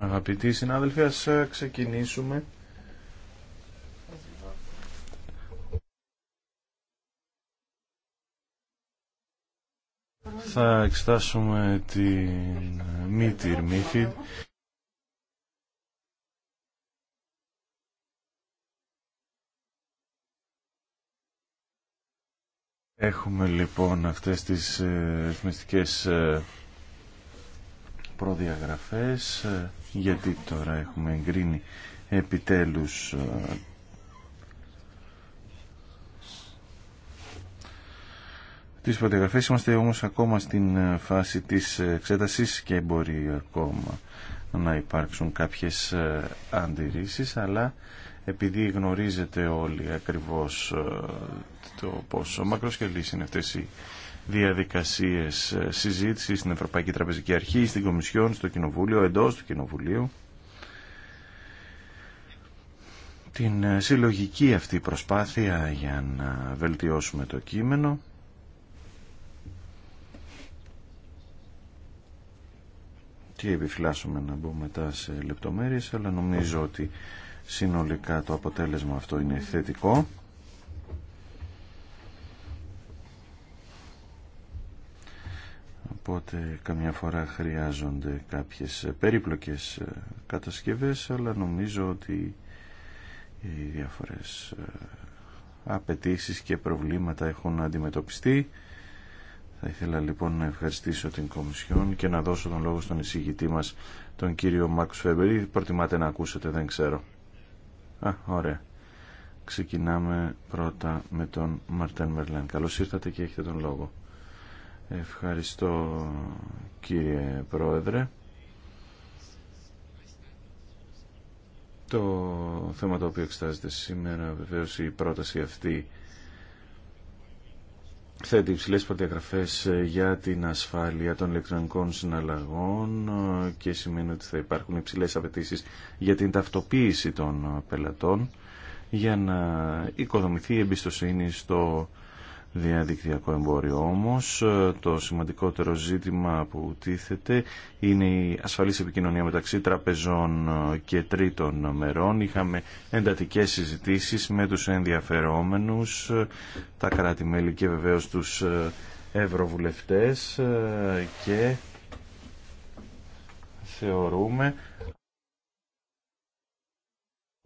Αγαπητοί συνάδελφοι, ας ε, ξεκινήσουμε. Θα εξετάσουμε την μύτη Έχουμε λοιπόν αυτές τις ε, ρυθμιστικές ε, προδιαγραφές ε, γιατί τώρα έχουμε εγκρίνει επιτέλους τις προδιαγραφές είμαστε όμως ακόμα στην φάση της εξέτασης και μπορεί ακόμα να υπάρξουν κάποιες αντιρρήσεις αλλά επειδή γνωρίζετε όλοι ακριβώς το πόσο μακροσκελής είναι αυτές οι διαδικασίες ε, συζήτηση στην Ευρωπαϊκή Τραπεζική Αρχή, στην Κομισιόν, στο Κοινοβούλιο, εντός του Κοινοβουλίου. Την ε, συλλογική αυτή προσπάθεια για να βελτιώσουμε το κείμενο. Και επιφυλάσσουμε να μπούμε μετά σε λεπτομέρειες, αλλά νομίζω ότι συνολικά το αποτέλεσμα αυτό είναι θετικό. Οπότε καμιά φορά χρειάζονται κάποιες περίπλοκες ε, κατασκευές, αλλά νομίζω ότι οι διάφορες ε, απαιτήσει και προβλήματα έχουν αντιμετωπιστεί. Θα ήθελα λοιπόν να ευχαριστήσω την Κομισιόν και να δώσω τον λόγο στον εισηγητή μας, τον κύριο Μάρκος Φέμπερη. Προτιμάτε να ακούσετε, δεν ξέρω. Α, ωραία. Ξεκινάμε πρώτα με τον Μαρτέν Μερλέν. Καλώς ήρθατε και έχετε τον λόγο. Ευχαριστώ κύριε Πρόεδρε. Το θέμα το οποίο εξετάζεται σήμερα βεβαίως η πρόταση αυτή θέτει υψηλές προδιαγραφές για την ασφάλεια των ηλεκτρονικών συναλλαγών και σημαίνει ότι θα υπάρχουν υψηλές απαιτήσει για την ταυτοποίηση των πελατών για να οικοδομηθεί η εμπιστοσύνη στο διαδικτυακό εμπόριο. Όμως το σημαντικότερο ζήτημα που τίθεται είναι η ασφαλής επικοινωνία μεταξύ τραπεζών και τρίτων μερών. Είχαμε εντατικές συζητήσεις με τους ενδιαφερόμενους, τα κράτη-μέλη και βεβαίως τους ευρωβουλευτές και θεωρούμε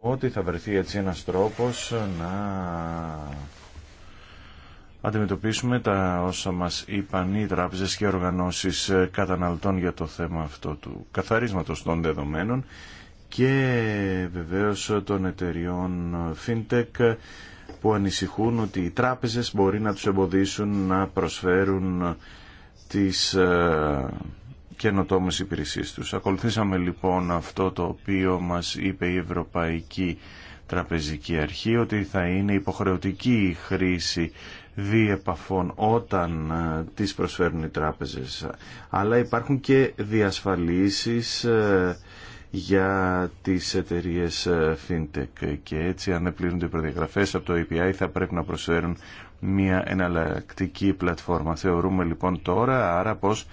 ότι θα βρεθεί έτσι ένας τρόπος να αντιμετωπίσουμε τα όσα μας είπαν οι τράπεζες και οργανώσεις ε, καταναλωτών για το θέμα αυτό του καθαρίσματος των δεδομένων και βεβαίως των εταιριών FinTech που ανησυχούν ότι οι τράπεζες μπορεί να τους εμποδίσουν να προσφέρουν τις ε, καινοτόμες υπηρεσίες τους. Ακολουθήσαμε λοιπόν αυτό το οποίο μας είπε η Ευρωπαϊκή Τραπεζική Αρχή ότι θα είναι υποχρεωτική η χρήση διεπαφών όταν ε, τις προσφέρουν οι τράπεζες. Αλλά υπάρχουν και διασφαλίσεις ε, για τις εταιρείες ε, FinTech και έτσι αν δεν πλήρούνται οι προδιαγραφές από το API e θα πρέπει να προσφέρουν μια εναλλακτική πλατφόρμα. Θεωρούμε λοιπόν τώρα άρα πως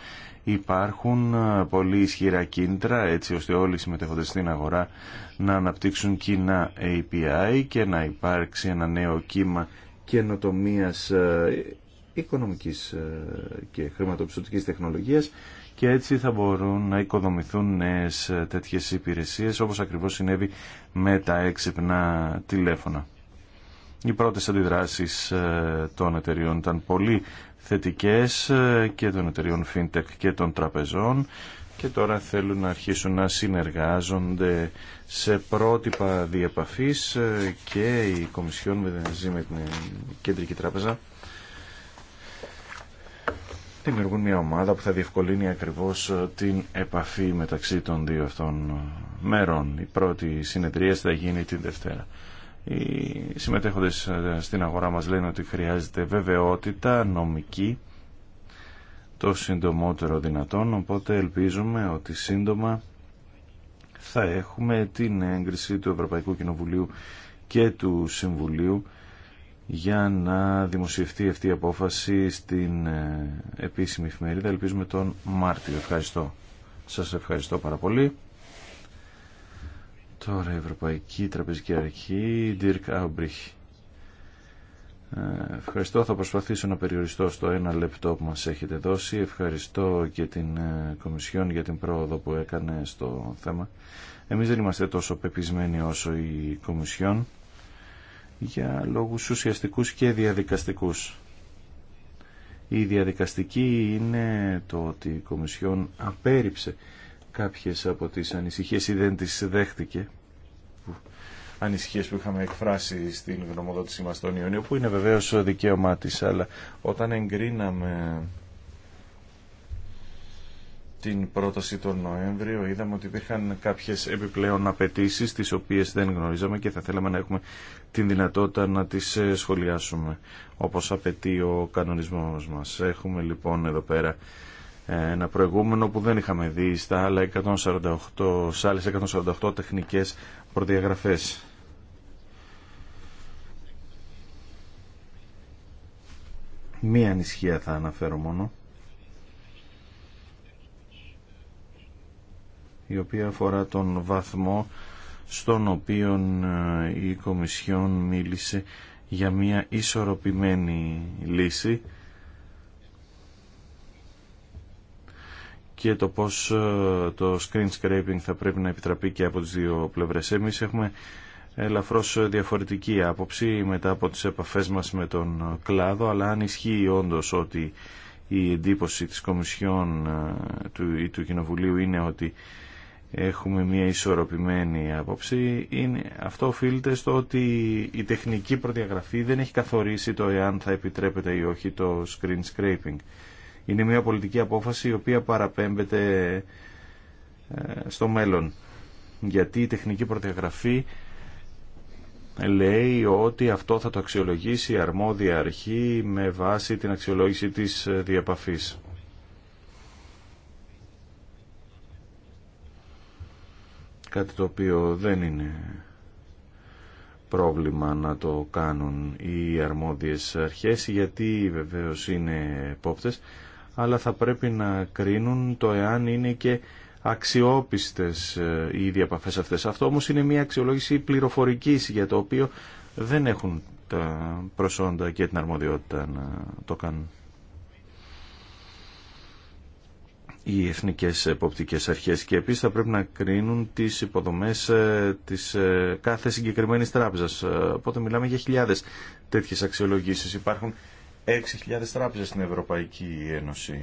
υπάρχουν πολύ ισχυρά κίνητρα έτσι ώστε όλοι οι συμμετέχοντες στην αγορά να αναπτύξουν κοινά API και να υπάρξει ένα νέο κύμα καινοτομία ε, οικονομικής ε, και χρηματοπιστωτικής τεχνολογίας και έτσι θα μπορούν να οικοδομηθούν νέες ε, τέτοιες υπηρεσίες όπως ακριβώς συνέβη με τα έξυπνα τηλέφωνα. Οι πρώτες αντιδράσεις των εταιριών ήταν πολύ θετικές και των εταιριών FinTech και των τραπεζών και τώρα θέλουν να αρχίσουν να συνεργάζονται σε πρότυπα διαπαφής ε, και η Κομισιόν με την Κεντρική Τράπεζα δημιουργούν μια ομάδα που θα διευκολύνει ακριβώς ε, την επαφή μεταξύ των δύο αυτών ε, μέρων. Η πρώτη συνεδρία θα γίνει την Δευτέρα. Οι συμμετέχοντες στην αγορά μας λένε ότι χρειάζεται βεβαιότητα νομική το συντομότερο δυνατόν, οπότε ελπίζουμε ότι σύντομα θα έχουμε την έγκριση του Ευρωπαϊκού Κοινοβουλίου και του Συμβουλίου για να δημοσιευτεί αυτή η απόφαση στην ε, επίσημη εφημερίδα, ελπίζουμε τον Μάρτιο. Ευχαριστώ. Σας ευχαριστώ πάρα πολύ. Τώρα η Ευρωπαϊκή Τραπεζική Αρχή, Dirk Aubrich. Ε, ευχαριστώ. Θα προσπαθήσω να περιοριστώ στο ένα λεπτό που μας έχετε δώσει. Ευχαριστώ και την ε, Κομισιόν για την πρόοδο που έκανε στο θέμα. Εμείς δεν είμαστε τόσο πεπισμένοι όσο η Κομισιόν για λόγους ουσιαστικούς και διαδικαστικούς. Η διαδικαστική είναι το ότι η Κομισιόν απέρριψε κάποιες από τις ανησυχίες ή δεν τις δέχτηκε ανησυχίες που είχαμε εκφράσει στην γνωμοδότησή μας τον Ιούνιο, που είναι βεβαίως δικαίωμά της, αλλά όταν εγκρίναμε την πρόταση τον Νοέμβριο είδαμε ότι υπήρχαν κάποιες επιπλέον απαιτήσει τι οποίες δεν γνωρίζαμε και θα θέλαμε να έχουμε την δυνατότητα να τις ε, σχολιάσουμε όπως απαιτεί ο κανονισμό μας. Έχουμε λοιπόν εδώ πέρα ε, ένα προηγούμενο που δεν είχαμε δει στα άλλα 148, σε άλλες 148 τεχνικές προδιαγραφές. Μία ανησυχία θα αναφέρω μόνο, η οποία αφορά τον βαθμό στον οποίο ε, η Κομισιόν μίλησε για μια ισορροπημένη λύση και το πώς ε, το screen scraping θα πρέπει να επιτραπεί και από τις δύο πλευρές. Εμείς έχουμε ελαφρώς διαφορετική άποψη μετά από τις επαφές μας με τον κλάδο, αλλά αν ισχύει όντως ότι η εντύπωση της Κομισιόν ε, του, ή του Κοινοβουλίου είναι ότι έχουμε μια ισορροπημένη άποψη, είναι, αυτό οφείλεται στο ότι η τεχνική προδιαγραφή δεν έχει καθορίσει το εάν θα επιτρέπεται ή όχι το screen scraping. Είναι μια πολιτική απόφαση η οποία παραπέμπεται ε, στο μέλλον. Γιατί η τεχνική προδιαγραφή λέει ότι αυτό θα το αξιολογήσει η αρμόδια αρχή με βάση την αξιολόγηση της διαπαφής. Κάτι το οποίο δεν είναι πρόβλημα να το κάνουν οι αρμόδιες αρχές γιατί βεβαίως είναι επόπτες αλλά θα πρέπει να κρίνουν το εάν είναι και αξιόπιστες ε, οι ίδιοι αυτές. Αυτό όμως είναι μια αξιολόγηση πληροφορικής για το οποίο δεν έχουν τα προσόντα και την αρμοδιότητα να το κάνουν. οι εθνικές εποπτικές αρχές και επίσης θα πρέπει να κρίνουν τις υποδομές ε, της ε, κάθε συγκεκριμένης τράπεζας. Οπότε μιλάμε για χιλιάδες τέτοιες αξιολογήσεις. Υπάρχουν 6.000 τράπεζες στην Ευρωπαϊκή Ένωση.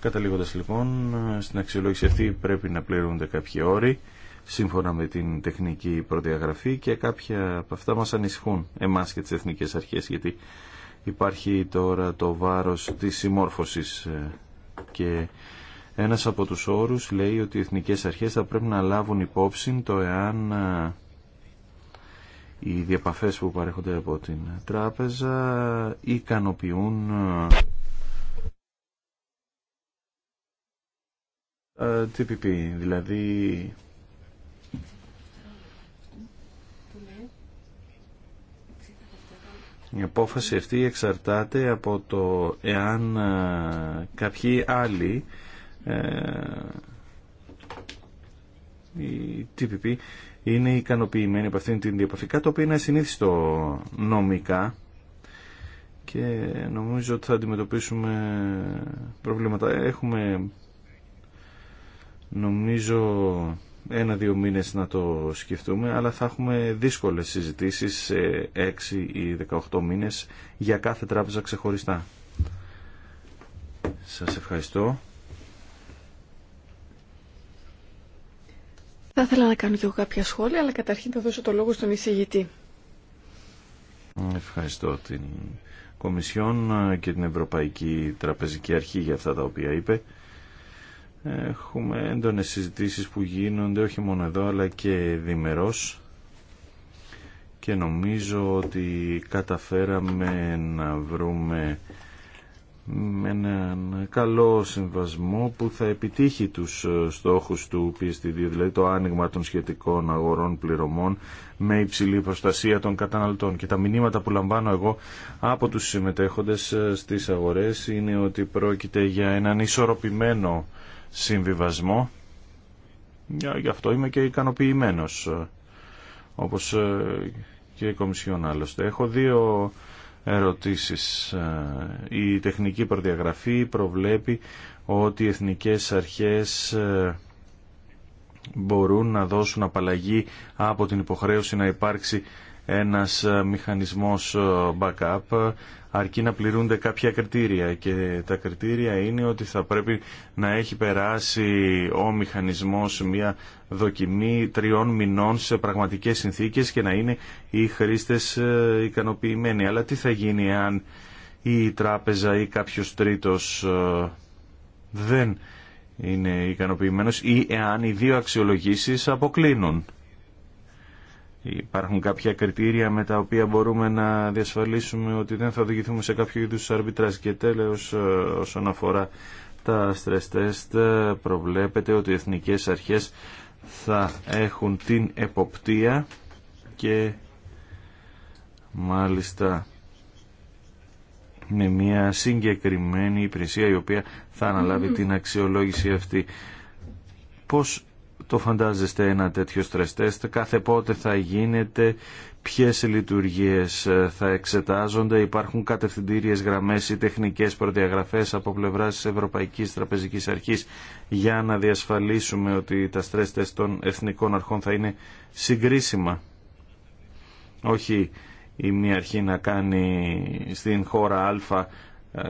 Καταλήγοντα λοιπόν, στην αξιολόγηση αυτή πρέπει να πληρούνται κάποιοι όροι σύμφωνα με την τεχνική προδιαγραφή και κάποια από αυτά μας ανησυχούν εμάς και τις εθνικές αρχές γιατί υπάρχει τώρα το βάρος της συμμόρφωσης ε, και ένας από τους όρους λέει ότι οι εθνικές αρχές θα πρέπει να λάβουν υπόψη το εάν ε, οι διαπαφές που παρέχονται από την τράπεζα ικανοποιούν ε, TPP, ε, δηλαδή η απόφαση αυτή εξαρτάται από το εάν ε, κάποιοι άλλοι η ε, TPP είναι ικανοποιημένοι από αυτήν την διαπαφή το οποίο είναι ασυνήθιστο νομικά και νομίζω ότι θα αντιμετωπίσουμε προβλήματα. Έχουμε νομίζω ένα-δύο μήνες να το σκεφτούμε, αλλά θα έχουμε δύσκολες συζητήσεις σε 6 ή 18 μήνες για κάθε τράπεζα ξεχωριστά. Σας ευχαριστώ. Θα ήθελα να κάνω και εγώ κάποια σχόλια, αλλά καταρχήν θα δώσω το λόγο στον εισηγητή. Ευχαριστώ την Κομισιόν και την Ευρωπαϊκή Τραπεζική Αρχή για αυτά τα οποία είπε. Έχουμε έντονες συζητήσεις που γίνονται όχι μόνο εδώ αλλά και διμερός και νομίζω ότι καταφέραμε να βρούμε έναν καλό συμβασμό που θα επιτύχει τους στόχους του PSD2, δηλαδή το άνοιγμα των σχετικών αγορών πληρωμών με υψηλή προστασία των καταναλωτών. Και τα μηνύματα που λαμβάνω εγώ από τους συμμετέχοντες στις αγορές είναι ότι πρόκειται για έναν ισορροπημένο συμβιβασμό. Γι' αυτό είμαι και ικανοποιημένος, όπως ε, και η Κομισιόν άλλωστε. Έχω δύο ερωτήσεις. Ε, η τεχνική προδιαγραφή προβλέπει ότι οι εθνικές αρχές ε, μπορούν να δώσουν απαλλαγή από την υποχρέωση να υπάρξει ένας μηχανισμός backup αρκεί να πληρούνται κάποια κριτήρια και τα κριτήρια είναι ότι θα πρέπει να έχει περάσει ο μηχανισμός μια δοκιμή τριών μηνών σε πραγματικές συνθήκες και να είναι οι χρήστες ε, ικανοποιημένοι. Αλλά τι θα γίνει αν η τράπεζα ή κάποιος τρίτος ε, δεν είναι ικανοποιημένος ή εάν οι δύο αξιολογήσεις αποκλίνουν. Υπάρχουν κάποια κριτήρια με τα οποία μπορούμε να διασφαλίσουμε ότι δεν θα οδηγηθούμε σε κάποιο είδους αρμπιτράζ και τέλο ε, όσον αφορά τα stress test προβλέπεται ότι οι εθνικές αρχές θα έχουν την εποπτεία και μάλιστα με μια συγκεκριμένη υπηρεσία η οποία θα αναλάβει την αξιολόγηση αυτή. Πώς το φαντάζεστε ένα τέτοιο stress test, κάθε πότε θα γίνεται, ποιες λειτουργίες ε, θα εξετάζονται, υπάρχουν κατευθυντήριες γραμμές ή τεχνικές προδιαγραφές από πλευράς της Ευρωπαϊκής Τραπεζικής Αρχής για να διασφαλίσουμε ότι τα stress test των εθνικών αρχών θα είναι συγκρίσιμα. Όχι η μία αρχή να κάνει στην χώρα Α ε,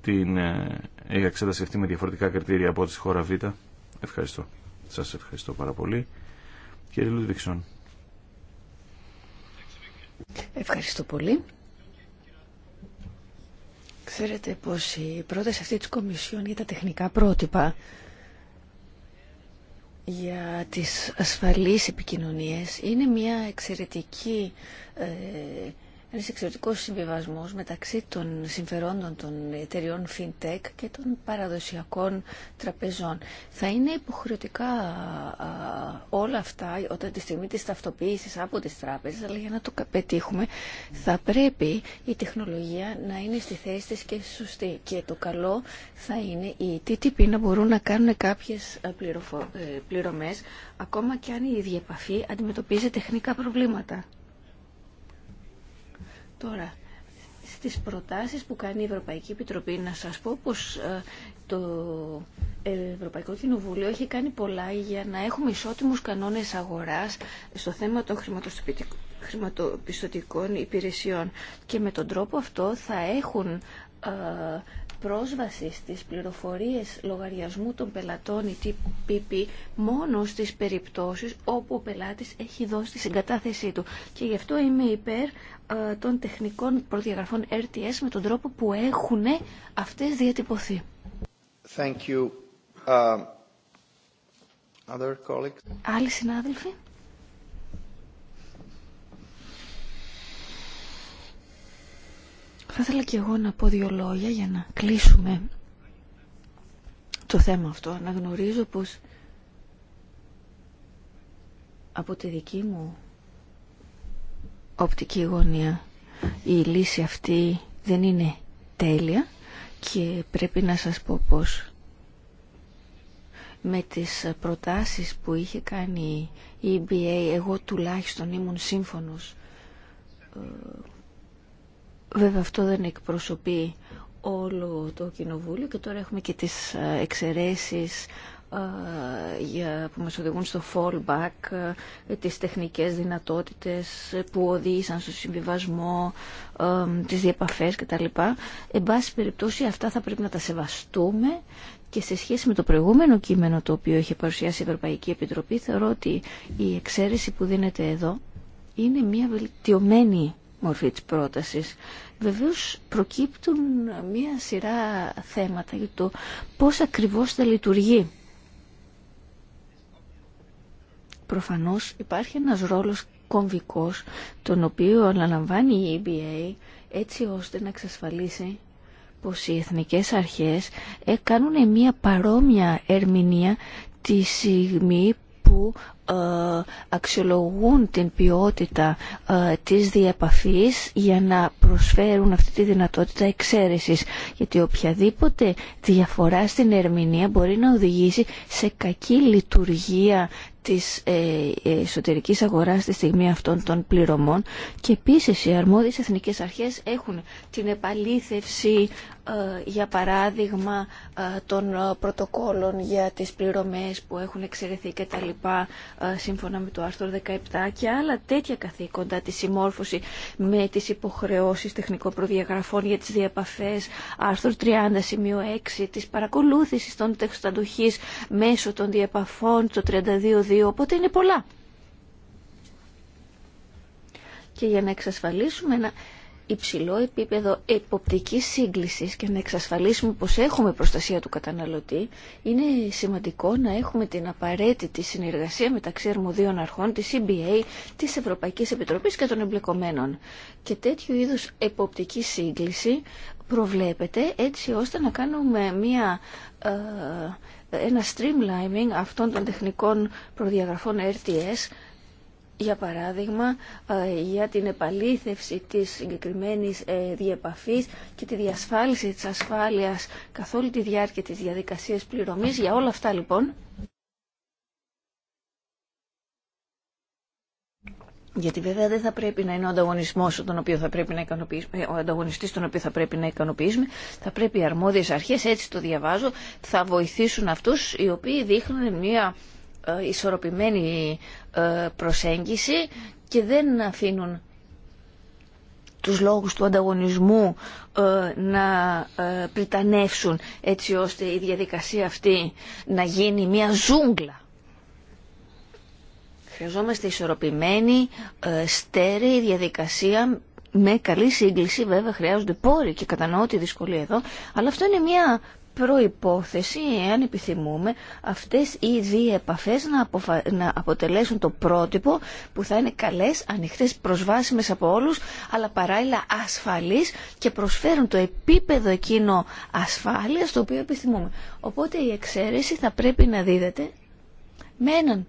την ε, εξέταση αυτή με διαφορετικά κριτήρια από τη χώρα Β. Ευχαριστώ. Σας ευχαριστώ πάρα πολύ. Κύριε Λουδβίξον. Ευχαριστώ πολύ. Ξέρετε πως η πρόταση αυτή της Κομισιόν για τα τεχνικά πρότυπα για τις ασφαλείς επικοινωνίες είναι μια εξαιρετική ε, ένα εξαιρετικό συμβιβασμό μεταξύ των συμφερόντων των εταιριών FinTech και των παραδοσιακών τραπεζών. Θα είναι υποχρεωτικά όλα αυτά όταν τη στιγμή τη ταυτοποίηση από τι τράπεζε, αλλά για να το πετύχουμε θα πρέπει η τεχνολογία να είναι στη θέση τη και σωστή. Και το καλό θα είναι οι TTP να μπορούν να κάνουν κάποιε πληρωμέ, ακόμα και αν η διεπαφή αντιμετωπίζει τεχνικά προβλήματα. Τώρα, στις προτάσεις που κάνει η Ευρωπαϊκή Επιτροπή, να σας πω πως ε, το Ευρωπαϊκό Κοινοβούλιο έχει κάνει πολλά για να έχουμε ισότιμους κανόνες αγοράς στο θέμα των χρηματοπιστωτικών υπηρεσιών και με τον τρόπο αυτό θα έχουν ε, πρόσβαση στις πληροφορίες λογαριασμού των πελατών ή TPP μόνο στις περιπτώσεις όπου ο πελάτης έχει δώσει τη συγκατάθεσή του. Και γι' αυτό είμαι υπέρ ε, των τεχνικών προδιαγραφών RTS με τον τρόπο που έχουν αυτές διατυπωθεί. Thank you. Um, other colleagues. Άλλοι συνάδελφοι. Θα ήθελα και εγώ να πω δύο λόγια για να κλείσουμε το θέμα αυτό. Να γνωρίζω πως από τη δική μου οπτική γωνία. Η λύση αυτή δεν είναι τέλεια και πρέπει να σας πω πως με τις προτάσεις που είχε κάνει η EBA εγώ τουλάχιστον ήμουν σύμφωνος ε, βέβαια αυτό δεν εκπροσωπεί όλο το κοινοβούλιο και τώρα έχουμε και τις εξαιρέσεις ε, που μας οδηγούν στο fallback, ε, τις τεχνικές δυνατότητες που οδήγησαν στο συμβιβασμό, ε, τις διαπαφές κτλ. Εν πάση περιπτώσει αυτά θα πρέπει να τα σεβαστούμε και σε σχέση με το προηγούμενο κείμενο το οποίο είχε παρουσιάσει η Ευρωπαϊκή Επιτροπή θεωρώ ότι η εξαίρεση που δίνεται εδώ είναι μια βελτιωμένη μορφή της πρότασης. Βεβαίως προκύπτουν μια σειρά θέματα για το πώς ακριβώς θα λειτουργεί Προφανώς υπάρχει ένας ρόλος κομβικός τον οποίο αναλαμβάνει η EBA έτσι ώστε να εξασφαλίσει πως οι εθνικές αρχές ε, κάνουν μια παρόμοια ερμηνεία τη στιγμή που ε, αξιολογούν την ποιότητα ε, της διαπαφής για να προσφέρουν αυτή τη δυνατότητα εξαίρεσης γιατί οποιαδήποτε διαφορά στην ερμηνεία μπορεί να οδηγήσει σε κακή λειτουργία της ε, ε, εσωτερικής αγοράς στη στιγμή αυτών των πληρωμών και επίσης οι αρμόδιες εθνικές αρχές έχουν την επαλήθευση ε, για παράδειγμα των πρωτοκόλων για τις πληρωμές που έχουν εξαιρεθεί και τα λοιπά σύμφωνα με το άρθρο 17 και άλλα τέτοια καθήκοντα, τη συμμόρφωση με τις υποχρεώσεις τεχνικών προδιαγραφών για τις διαπαφές άρθρο 30 σημείο 6 της παρακολούθησης των τεχσταντοχής μέσω των διαπαφών το 32 δύο, οπότε είναι πολλά. Και για να εξασφαλίσουμε ένα υψηλό επίπεδο εποπτικής σύγκλησης και να εξασφαλίσουμε πως έχουμε προστασία του καταναλωτή, είναι σημαντικό να έχουμε την απαραίτητη συνεργασία μεταξύ αρμοδίων αρχών, της EBA, της Ευρωπαϊκής Επιτροπής και των εμπλεκομένων. Και τέτοιου είδους εποπτική σύγκληση προβλέπεται έτσι ώστε να κάνουμε μία ε, ένα streamlining αυτών των τεχνικών προδιαγραφών RTS για παράδειγμα, ε, για την επαλήθευση της συγκεκριμένη ε, διεπαφής και τη διασφάλιση της ασφάλειας καθ' όλη τη διάρκεια της διαδικασίας πληρωμής. Για όλα αυτά, λοιπόν, Γιατί βέβαια δεν θα πρέπει να είναι ο ανταγωνισμό τον οποίο θα πρέπει να ικανοποιήσουμε, ε, ο ανταγωνιστή τον οποίο θα πρέπει να ικανοποιήσουμε. Θα πρέπει οι αρμόδιε αρχέ, έτσι το διαβάζω, θα βοηθήσουν αυτού οι οποίοι δείχνουν μια ε, ισορροπημένη ε, προσέγγιση και δεν αφήνουν τους λόγους του ανταγωνισμού να πριτανεύσουν έτσι ώστε η διαδικασία αυτή να γίνει μια ζούγκλα Χρειαζόμαστε ισορροπημένη, ε, στέρεη διαδικασία με καλή σύγκληση. Βέβαια χρειάζονται πόροι και κατανοώ τη δυσκολία εδώ, αλλά αυτό είναι μια προϋπόθεση, εάν επιθυμούμε, αυτές οι δύο επαφές να, να αποτελέσουν το πρότυπο που θα είναι καλές, ανοιχτές, προσβάσιμες από όλους, αλλά παράλληλα ασφαλείς και προσφέρουν το επίπεδο εκείνο ασφάλειας το οποίο επιθυμούμε. Οπότε η εξαίρεση θα πρέπει να δίδεται με έναν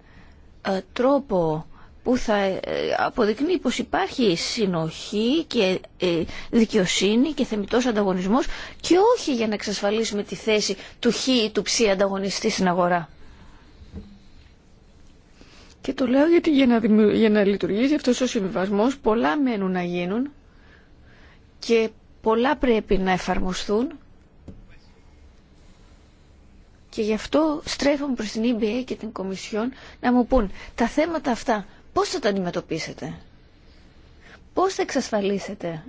ε, τρόπο που θα ε, αποδεικνύει πως υπάρχει συνοχή και ε, δικαιοσύνη και θεμητός ανταγωνισμός και όχι για να εξασφαλίσουμε τη θέση του χ ή του ψ ανταγωνιστή στην αγορά. Και το λέω γιατί για να, για να λειτουργήσει αυτός ο συμβιβασμός πολλά μένουν να γίνουν και πολλά πρέπει να εφαρμοστούν και γι' αυτό στρέφομαι προς την EBA και την Κομισιόν να μου πούν τα θέματα αυτά πώς θα τα αντιμετωπίσετε, πώς θα εξασφαλίσετε,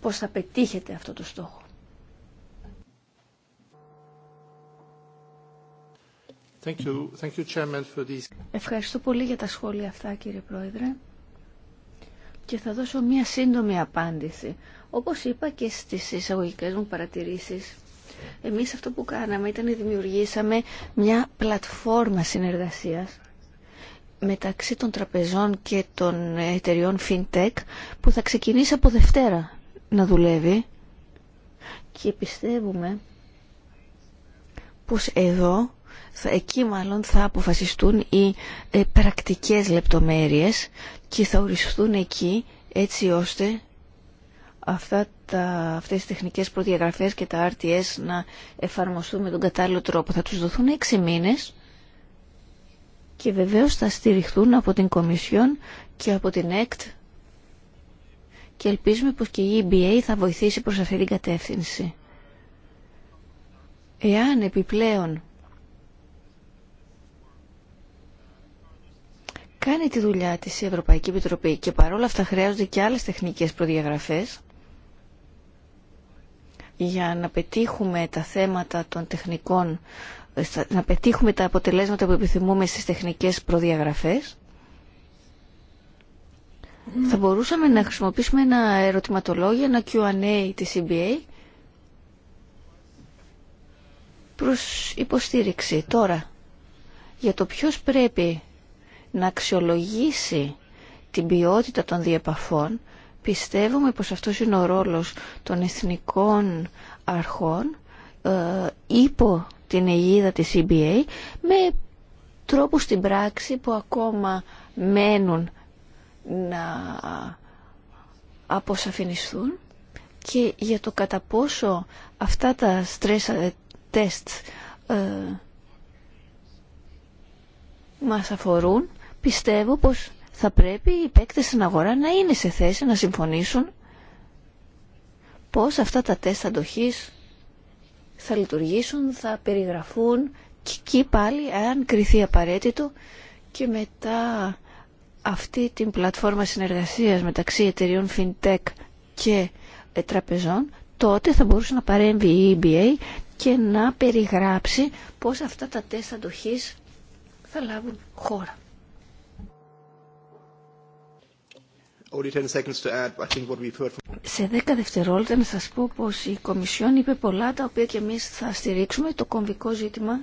πώς θα πετύχετε αυτό το στόχο. Thank you. Thank you, Chairman, for this. Ευχαριστώ πολύ για τα σχόλια αυτά κύριε Πρόεδρε και θα δώσω μία σύντομη απάντηση. Όπως είπα και στις εισαγωγικές μου παρατηρήσεις εμείς αυτό που κάναμε ήταν να δημιουργήσαμε μια πλατφόρμα συνεργασίας μεταξύ των τραπεζών και των εταιριών FinTech που θα ξεκινήσει από Δευτέρα να δουλεύει και πιστεύουμε πως εδώ θα εκεί μάλλον θα αποφασιστούν οι ε, πρακτικές λεπτομέρειες και θα οριστούν εκεί έτσι ώστε αυτά τα, αυτές τις τεχνικές προδιαγραφές και τα RTS να εφαρμοστούν με τον κατάλληλο τρόπο. Θα τους δοθούν έξι μήνες και βεβαίως θα στηριχθούν από την Κομισιόν και από την ΕΚΤ και ελπίζουμε πως και η EBA θα βοηθήσει προς αυτή την κατεύθυνση. Εάν επιπλέον κάνει τη δουλειά της η Ευρωπαϊκή Επιτροπή και παρόλα αυτά χρειάζονται και άλλες τεχνικές προδιαγραφές, για να πετύχουμε τα θέματα των τεχνικών, να πετύχουμε τα αποτελέσματα που επιθυμούμε στις τεχνικές προδιαγραφές. Ναι. Θα μπορούσαμε να χρησιμοποιήσουμε ένα ερωτηματολόγιο, ένα Q&A της CBA προς υποστήριξη. Τώρα, για το ποιος πρέπει να αξιολογήσει την ποιότητα των διεπαφών, Πιστεύουμε πως αυτός είναι ο ρόλος των εθνικών αρχών ε, υπό την αιγίδα της EBA με τρόπους στην πράξη που ακόμα μένουν να αποσαφινιστούν και για το κατά πόσο αυτά τα stress tests ε, μας αφορούν πιστεύω πως θα πρέπει οι παίκτες στην αγορά να είναι σε θέση να συμφωνήσουν πώς αυτά τα τεστ αντοχής θα λειτουργήσουν, θα περιγραφούν και εκεί πάλι αν κριθεί απαραίτητο και μετά αυτή την πλατφόρμα συνεργασίας μεταξύ εταιριών FinTech και ε, τραπεζών τότε θα μπορούσε να παρέμβει η EBA και να περιγράψει πώς αυτά τα τεστ αντοχής θα λάβουν χώρα. Σε δέκα δευτερόλεπτα να σας πω πως η Κομισιόν είπε πολλά τα οποία και εμείς θα στηρίξουμε. Το κομβικό ζήτημα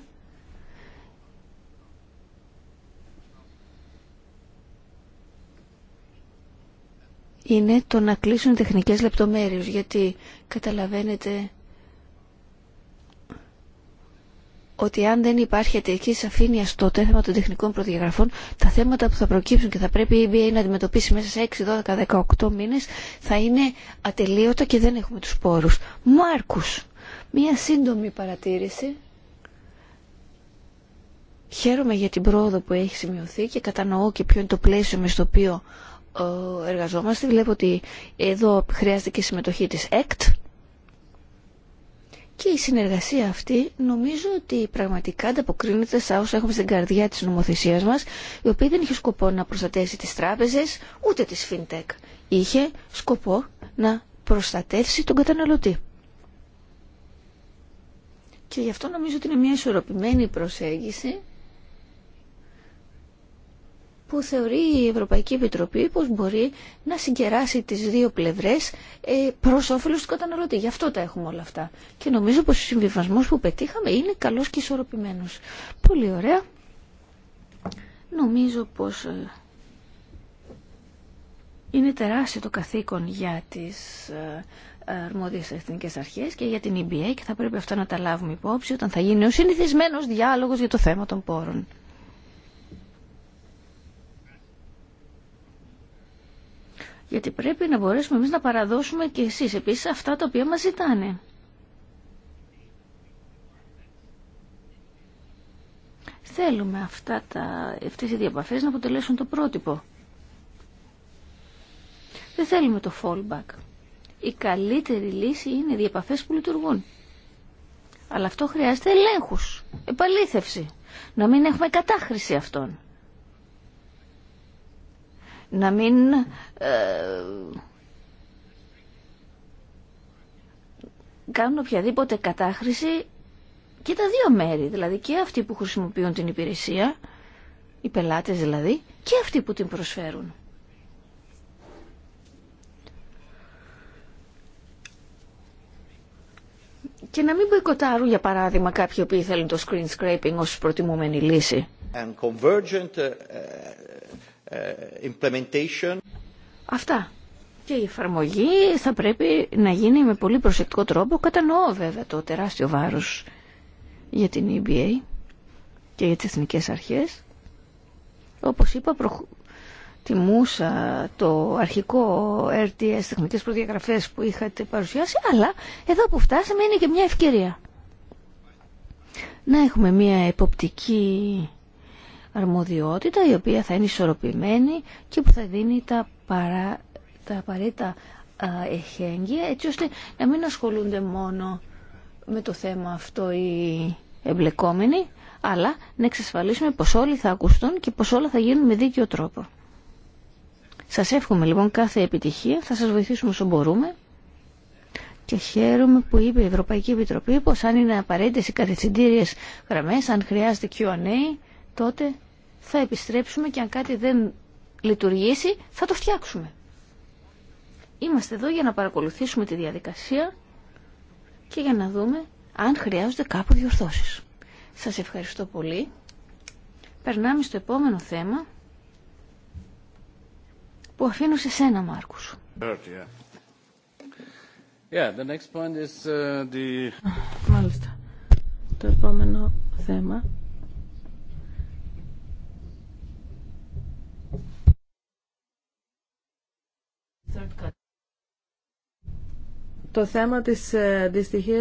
είναι το να κλείσουν τεχνικές λεπτομέρειες γιατί καταλαβαίνετε ότι αν δεν υπάρχει εταιρική σαφήνεια στο θέμα των τεχνικών προδιαγραφών, τα θέματα που θα προκύψουν και θα πρέπει η EBA να αντιμετωπίσει μέσα σε 6, 12, 18 μήνες θα είναι ατελείωτα και δεν έχουμε τους πόρους. Μάρκου, μία σύντομη παρατήρηση. Χαίρομαι για την πρόοδο που έχει σημειωθεί και κατανοώ και ποιο είναι το πλαίσιο με στο οποίο ε, εργαζόμαστε. Βλέπω ότι εδώ χρειάζεται και η συμμετοχή της ΕΚΤ και η συνεργασία αυτή νομίζω ότι πραγματικά ανταποκρίνεται σαν όσα έχουμε στην καρδιά της νομοθεσίας μας, η οποία δεν είχε σκοπό να προστατεύσει τις τράπεζες ούτε τις fintech. Είχε σκοπό να προστατεύσει τον καταναλωτή. Και γι' αυτό νομίζω ότι είναι μια ισορροπημένη προσέγγιση που θεωρεί η Ευρωπαϊκή Επιτροπή πως μπορεί να συγκεράσει τις δύο πλευρές ε, προς όφελος του καταναλωτή. Γι' αυτό τα έχουμε όλα αυτά. Και νομίζω πως ο συμβιβασμός που πετύχαμε είναι καλός και ισορροπημένος. Πολύ ωραία. Νομίζω πως ε, είναι τεράστιο το καθήκον για τις ε, αρμόδιες εθνικές αρχές και για την EBA και θα πρέπει αυτά να τα λάβουμε υπόψη όταν θα γίνει ο συνηθισμένος διάλογος για το θέμα των πόρων. γιατί πρέπει να μπορέσουμε εμείς να παραδώσουμε και εσείς επίσης αυτά τα οποία μας ζητάνε. Θέλουμε αυτά τα, αυτές οι διαπαφές να αποτελέσουν το πρότυπο. Δεν θέλουμε το fallback. Η καλύτερη λύση είναι οι διαπαφές που λειτουργούν. Αλλά αυτό χρειάζεται ελέγχους, επαλήθευση. Να μην έχουμε κατάχρηση αυτών να μην ε, κάνουν οποιαδήποτε κατάχρηση και τα δύο μέρη, δηλαδή και αυτοί που χρησιμοποιούν την υπηρεσία, οι πελάτες δηλαδή, και αυτοί που την προσφέρουν. Και να μην μποϊκοτάρουν, για παράδειγμα, κάποιοι οποίοι θέλουν το screen scraping ως προτιμούμενη λύση. Ε, ε, Αυτά. Και η εφαρμογή θα πρέπει να γίνει με πολύ προσεκτικό τρόπο. Κατανοώ βέβαια το τεράστιο βάρος για την EBA και για τις εθνικές αρχές. Όπως είπα, προ... τιμούσα το αρχικό RTS, τεχνικές προδιαγραφές που είχατε παρουσιάσει, αλλά εδώ που φτάσαμε είναι και μια ευκαιρία. Να έχουμε μια εποπτική αρμοδιότητα η οποία θα είναι ισορροπημένη και που θα δίνει τα, παρά, τα απαραίτητα εχέγγυα έτσι ώστε να μην ασχολούνται μόνο με το θέμα αυτό οι εμπλεκόμενοι αλλά να εξασφαλίσουμε πως όλοι θα ακουστούν και πως όλα θα γίνουν με δίκιο τρόπο. Σας εύχομαι λοιπόν κάθε επιτυχία, θα σας βοηθήσουμε όσο μπορούμε και χαίρομαι που είπε η Ευρωπαϊκή Επιτροπή πως αν είναι απαραίτητες οι κατευθυντήριες γραμμές, αν χρειάζεται Q&A, τότε θα επιστρέψουμε και αν κάτι δεν λειτουργήσει θα το φτιάξουμε. Είμαστε εδώ για να παρακολουθήσουμε τη διαδικασία και για να δούμε αν χρειάζονται κάπου διορθώσεις. Σας ευχαριστώ πολύ. Περνάμε στο επόμενο θέμα που αφήνω σε σένα Μάρκους. Uh, Μάλιστα. Το επόμενο θέμα το θέμα της ε,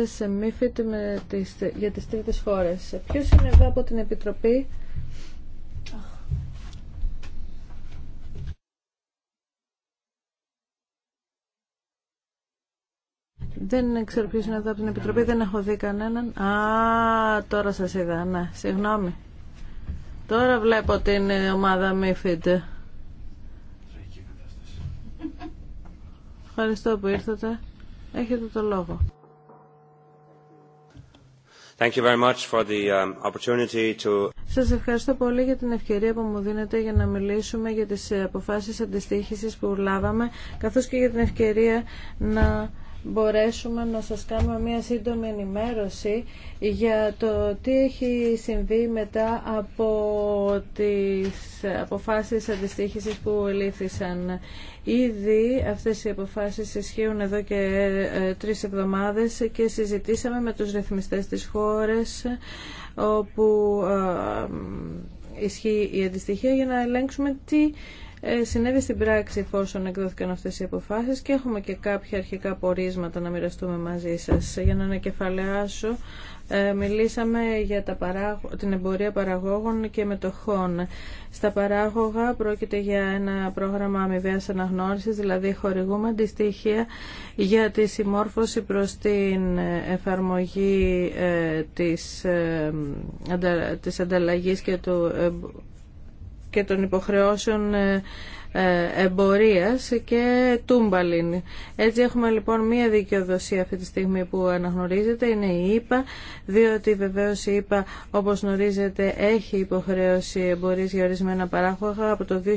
σε MIFID με τις, για τις τρίτες χώρες. Ποιος είναι εδώ από την Επιτροπή Δεν ξέρω ποιος είναι εδώ από την Επιτροπή, δεν έχω δει κανέναν. Α, τώρα σας είδα, ναι, συγγνώμη. Τώρα βλέπω την ε, ομάδα MIFID. ευχαριστώ που ήρθατε. Έχετε το λόγο. Thank um, Σας ευχαριστώ πολύ για την ευκαιρία που μου δίνετε για να μιλήσουμε για τις ε, αποφάσεις αντιστοίχησης που λάβαμε καθώς και για την ευκαιρία να μπορέσουμε να σας κάνουμε μια σύντομη ενημέρωση για το τι έχει συμβεί μετά από τις αποφάσεις αντιστοίχησης που ελήφθησαν. Ήδη αυτές οι αποφάσεις ισχύουν εδώ και ε, τρεις εβδομάδες και συζητήσαμε με τους ρυθμιστές της χώρας όπου ε, ε, ισχύει η αντιστοιχεία για να ελέγξουμε τι ε, συνέβη στην πράξη εφόσον εκδόθηκαν αυτές οι αποφάσεις και έχουμε και κάποια αρχικά πορίσματα να μοιραστούμε μαζί σας. Για να ανακεφαλαιάσω, ε, μιλήσαμε για τα παράγω... την εμπορία παραγόγων και μετοχών. Στα παράγωγα πρόκειται για ένα πρόγραμμα αμοιβαίας αναγνώρισης, δηλαδή χορηγούμε αντιστοιχεία για τη συμμόρφωση προς την εφαρμογή ε, της, ανταλλαγή και του και των υποχρεώσεων ε, ε, εμπορίας και τούμπαλιν. Έτσι έχουμε λοιπόν μία δικαιοδοσία αυτή τη στιγμή που αναγνωρίζεται, είναι η ΕΠΑ, διότι βεβαίως η ΕΠΑ όπως γνωρίζετε έχει υποχρέωση εμπορίας για ορισμένα παράγωγα από το 2013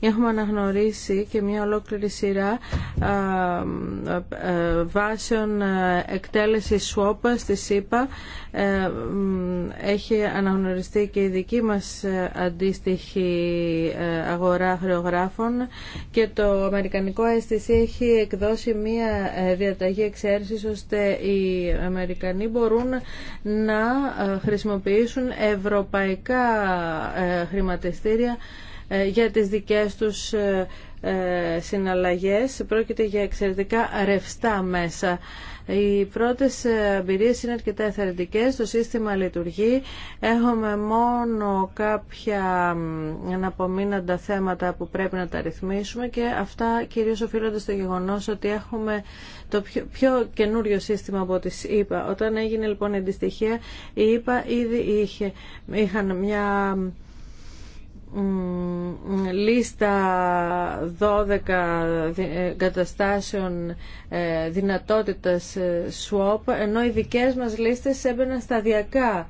έχουμε αναγνωρίσει και μία ολόκληρη σειρά βάσεων εκτέλεση ΣΟΠΑ στη ΣΥΠΑ ε, έχει αναγνωριστεί και η δική μας ε, αντίστοιχη αγορά χρεογράφων και το Αμερικανικό STC έχει εκδώσει μία ε, διαταγή εξαίρεσης ώστε οι Αμερικανοί μπορούν να ε, χρησιμοποιήσουν ευρωπαϊκά ε, χρηματιστήρια για τις δικές τους συναλλαγές. Πρόκειται για εξαιρετικά ρευστά μέσα. Οι πρώτες ε, εμπειρίε είναι αρκετά εθαρρυντικές, το σύστημα λειτουργεί. Έχουμε μόνο κάποια αναπομείναντα θέματα που πρέπει να τα ρυθμίσουμε και αυτά κυρίως οφείλονται στο γεγονός ότι έχουμε το πιο, πιο καινούριο σύστημα από τις είπα. Όταν έγινε λοιπόν η αντιστοιχεία, η ΕΠΑ ήδη είχε, είχαν μια λίστα 12 ε, καταστάσεων ε, δυνατότητας ε, swap ενώ οι δικές μας λίστες έμπαιναν σταδιακά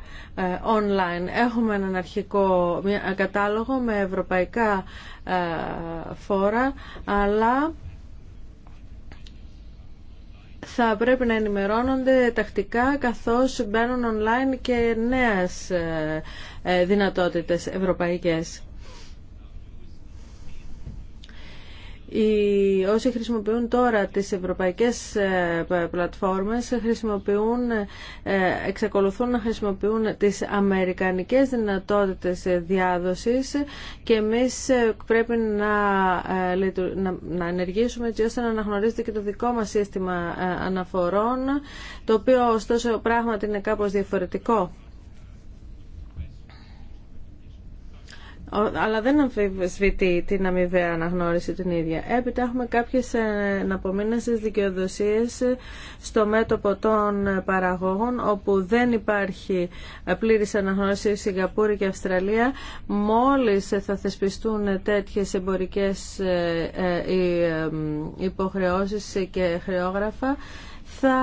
online. Έχουμε έναν αρχικό κατάλογο με ευρωπαϊκά φόρα αλλά θα πρέπει να ενημερώνονται τακτικά καθώς μπαίνουν online και νέες δυνατότητες ευρωπαϊκές. οι, όσοι χρησιμοποιούν τώρα τις ευρωπαϊκές ε, πλατφόρμες χρησιμοποιούν, ε, εξακολουθούν να χρησιμοποιούν τις αμερικανικές δυνατότητες διάδοσης και εμείς ε, πρέπει να, να, ενεργήσουμε έτσι ώστε να αναγνωρίζεται και το δικό μας σύστημα αναφορών το οποίο ωστόσο πράγματι είναι κάπως διαφορετικό. αλλά δεν αμφισβητεί την αμοιβαία αναγνώριση την ίδια. Έπειτα έχουμε κάποιες αναπομείνασες ε, δικαιοδοσίες ε, στο μέτωπο των ε, παραγόγων όπου δεν υπάρχει πλήρης αναγνώριση Σιγκαπούρη και Αυστραλία. Μόλις θα θεσπιστούν τέτοιες εμπορικές υποχρεώσεις και χρεόγραφα θα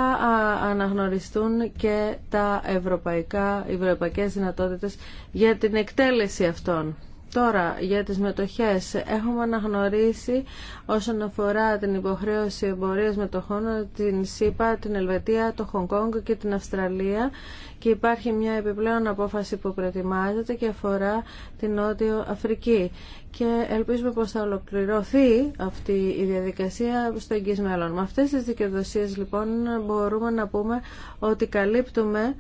αναγνωριστούν και τα ευρωπαϊκά, οι ευρωπαϊκές δυνατότητες για την εκτέλεση αυτών. Τώρα, για τις μετοχές, έχουμε αναγνωρίσει όσον αφορά την υποχρέωση εμπορία μετοχών την ΣΥΠΑ, την Ελβετία, το Χονγκ και την Αυστραλία και υπάρχει μια επιπλέον απόφαση που προετοιμάζεται και αφορά την Νότιο Αφρική. Και ελπίζουμε πως θα ολοκληρωθεί αυτή η διαδικασία στο εγγύς μέλλον. Με αυτές τις δικαιοδοσίες λοιπόν μπορούμε να πούμε ότι καλύπτουμε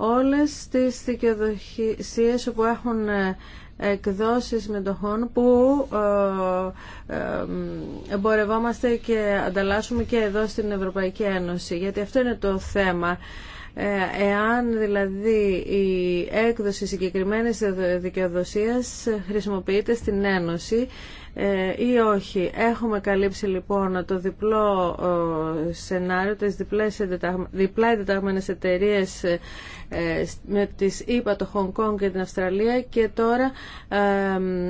όλες τις δικαιοδοσίες που έχουν ε, εκδόσεις μετοχών που ε, ε, εμπορευόμαστε και ανταλλάσσουμε και εδώ στην Ευρωπαϊκή Ένωση. Γιατί αυτό είναι το θέμα. Εάν δηλαδή η έκδοση συγκεκριμένης δικαιοδοσίας χρησιμοποιείται στην Ένωση, ε, ή όχι. Έχουμε καλύψει λοιπόν το διπλό σενάριο, τις διπλές διπλά εντεταγμένες εταιρείε ε, με τις ίπα το Χονγκ Κόνγκ και την Αυστραλία και τώρα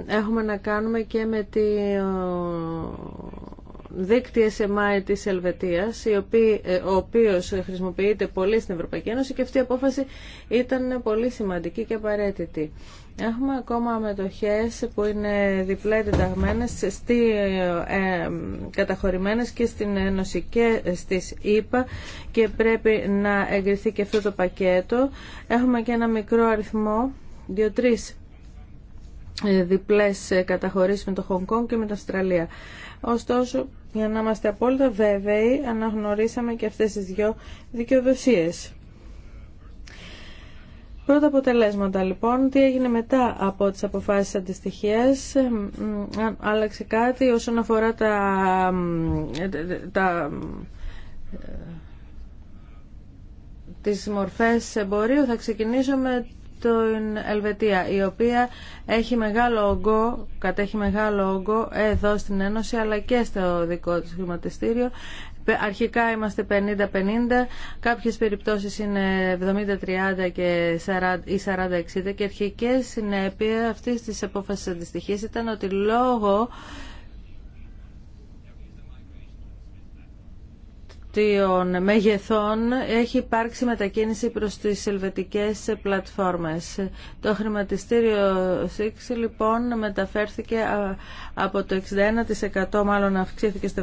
έχουμε να κάνουμε και με τη δίκτυα SMI της Ελβετίας, ε, ο οποίος χρησιμοποιείται πολύ στην Ευρωπαϊκή Ένωση και αυτή η απόφαση ήταν πολύ σημαντική και απαραίτητη. Έχουμε ακόμα μετοχές που είναι διπλά καταχωρημένε ε, καταχωρημένες και στην Ένωση και στις ΕΠΑ και πρέπει να εγκριθεί και αυτό το πακέτο. Έχουμε και ένα μικρό αριθμό, δύο-τρεις ε, διπλές καταχωρήσεις με το Χονγκ Κόνγκ και με την Αυστραλία. Ωστόσο, για να είμαστε απόλυτα βέβαιοι, αναγνωρίσαμε και αυτές τις δυο δικαιοδοσίες. Πρώτα αποτελέσματα λοιπόν, τι έγινε μετά από τις αποφάσεις αντιστοιχίας, άλλαξε κάτι όσον αφορά τα, τα, ε, τις μορφές εμπορίου. Θα ξεκινήσω με την Ελβετία, η οποία έχει μεγάλο ογκό, κατέχει μεγάλο ογκό εδώ στην Ένωση, αλλά και στο δικό της χρηματιστήριο αρχικά είμαστε 50-50, κάποιες περιπτώσεις είναι 70-30 και ή 40-60 και αρχικές συνέπειες αυτής της απόφασης αντιστοιχής ήταν ότι λόγω των μεγεθών έχει υπάρξει μετακίνηση προς τις ελβετικές πλατφόρμες. Το χρηματιστήριο ΣΥΚΣ λοιπόν μεταφέρθηκε από το 61% μάλλον αυξήθηκε στο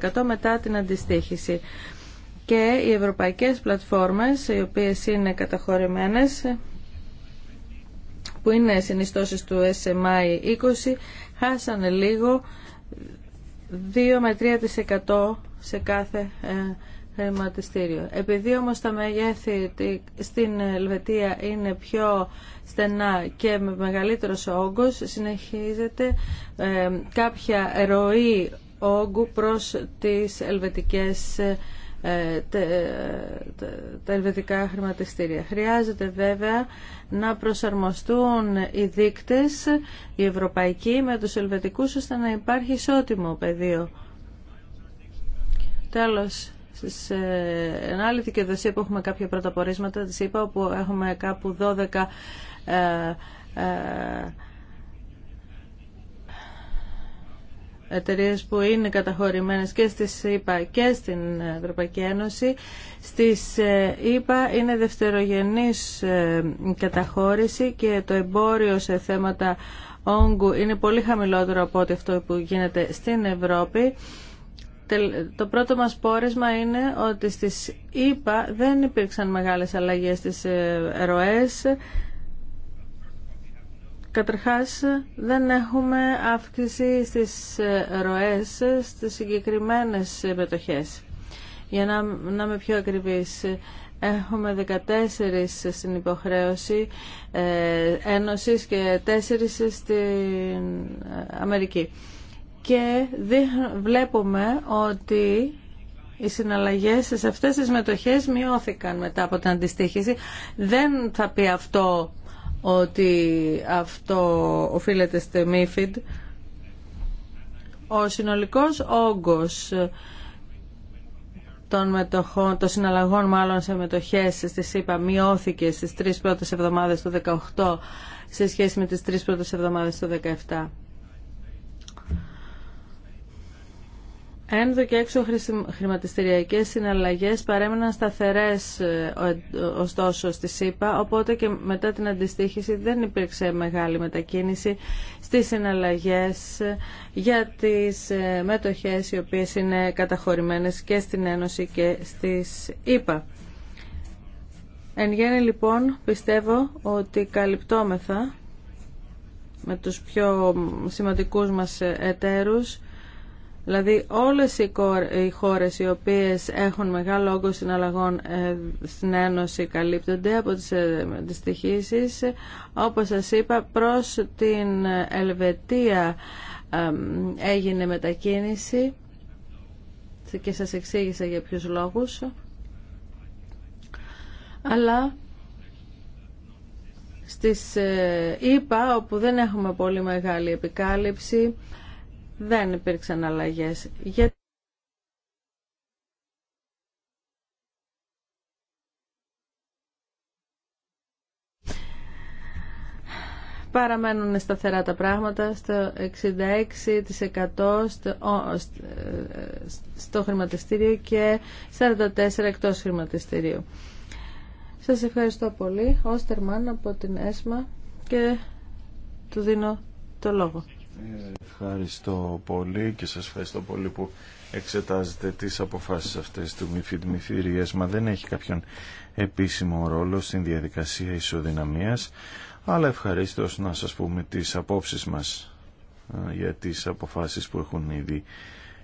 71% μετά την αντιστοίχηση. Και οι ευρωπαϊκές πλατφόρμες οι οποίες είναι καταχωρημένες που είναι συνιστώσεις του SMI 20 χάσανε λίγο 2 με 3% σε κάθε ε, χρηματιστήριο. Επειδή όμως τα μεγέθη στην Ελβετία είναι πιο στενά και με μεγαλύτερος όγκος, συνεχίζεται ε, κάποια ροή όγκου προς τις ελβετικές ε, ε, τα ελβετικά χρηματιστήρια. Χρειάζεται βέβαια να προσαρμοστούν οι δείκτες, οι ευρωπαϊκοί, με τους ελβετικούς, ώστε να υπάρχει ισότιμο πεδίο. Τέλος, σε ένα άλλη δικαιοδοσία που έχουμε κάποια πρωταπορίσματα, πορίσματα, είπα, όπου έχουμε κάπου 12 εταιρείες που είναι καταχωρημένες και στις ΕΠΑ και στην Ευρωπαϊκή Ένωση. Στις ΕΠΑ είναι δευτερογενής ε, καταχώρηση και το εμπόριο σε θέματα όγκου είναι πολύ χαμηλότερο από ό,τι αυτό που γίνεται στην Ευρώπη. Το πρώτο μας πόρισμα είναι ότι στις ΕΠΑ δεν υπήρξαν μεγάλες αλλαγές στις ε, ροές Καταρχάς δεν έχουμε αύξηση στις ροές στις συγκεκριμένες μετοχές. Για να, να είμαι πιο ακριβής, έχουμε 14 στην υποχρέωση ε, Ένωσης και 4 στην Αμερική. Και βλέπουμε ότι οι συναλλαγές σε αυτές τις μετοχές μειώθηκαν μετά από την αντιστοίχηση. Δεν θα πει αυτό ότι αυτό οφείλεται στη ΜΥΦΙΔ. Ο συνολικός όγκος των, μετοχών, των συναλλαγών μάλλον σε μετοχές στη ΣΥΠΑ μειώθηκε στις τρεις πρώτες εβδομάδες του 2018 σε σχέση με τις τρεις πρώτες εβδομάδες του 17. Ένδο και έξω χρηματιστηριακές συναλλαγές παρέμειναν σταθερές ε, ωστόσο στη ΣΥΠΑ, οπότε και μετά την αντιστοίχηση δεν υπήρξε μεγάλη μετακίνηση στις συναλλαγές για τις ε, μετοχές οι οποίες είναι καταχωρημένες και στην Ένωση και στις ΗΠΑ. Εν γέννη λοιπόν πιστεύω ότι καλυπτόμεθα με τους πιο σημαντικούς μας ε, εταίρους Δηλαδή όλες οι χώρες οι οποίες έχουν μεγάλο όγκο συναλλαγών ε, στην Ένωση καλύπτονται από τις αντιστοιχήσεις. Ε, όπως σας είπα, προς την Ελβετία έγινε μετακίνηση και σας εξήγησα για ποιους λόγους. Αλλά στις ε, ΗΠΑ, όπου δεν έχουμε πολύ μεγάλη επικάλυψη, δεν υπήρξαν αλλαγές. γιατί Παραμένουν σταθερά τα πράγματα στο 66% στο χρηματιστήριο και 44% εκτός χρηματιστηρίου. Σας ευχαριστώ πολύ. Ωστερμαν από την ΕΣΜΑ και του δίνω το λόγο. Ευχαριστώ πολύ και σας ευχαριστώ πολύ που εξετάζετε τις αποφάσεις αυτές του Μηφιντ μα δεν έχει κάποιον επίσημο ρόλο στην διαδικασία ισοδυναμίας αλλά ευχαριστώ να σας πούμε τις απόψεις μας για τις αποφάσεις που έχουν ήδη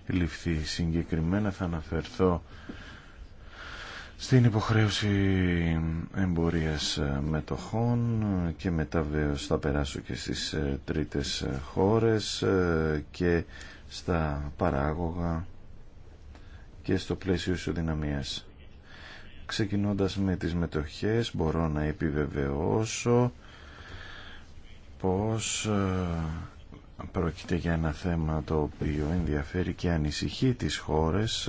ληφθεί συγκεκριμένα θα αναφερθώ στην υποχρέωση εμπορίας μετοχών και μετά βέβαια θα περάσω και στις ε, τρίτες ε, χώρες ε, και στα παράγωγα και στο πλαίσιο ισοδυναμίας. Ξεκινώντας με τις μετοχές μπορώ να επιβεβαιώσω πως πρόκειται για ένα θέμα το οποίο ενδιαφέρει και ανησυχεί τις χώρες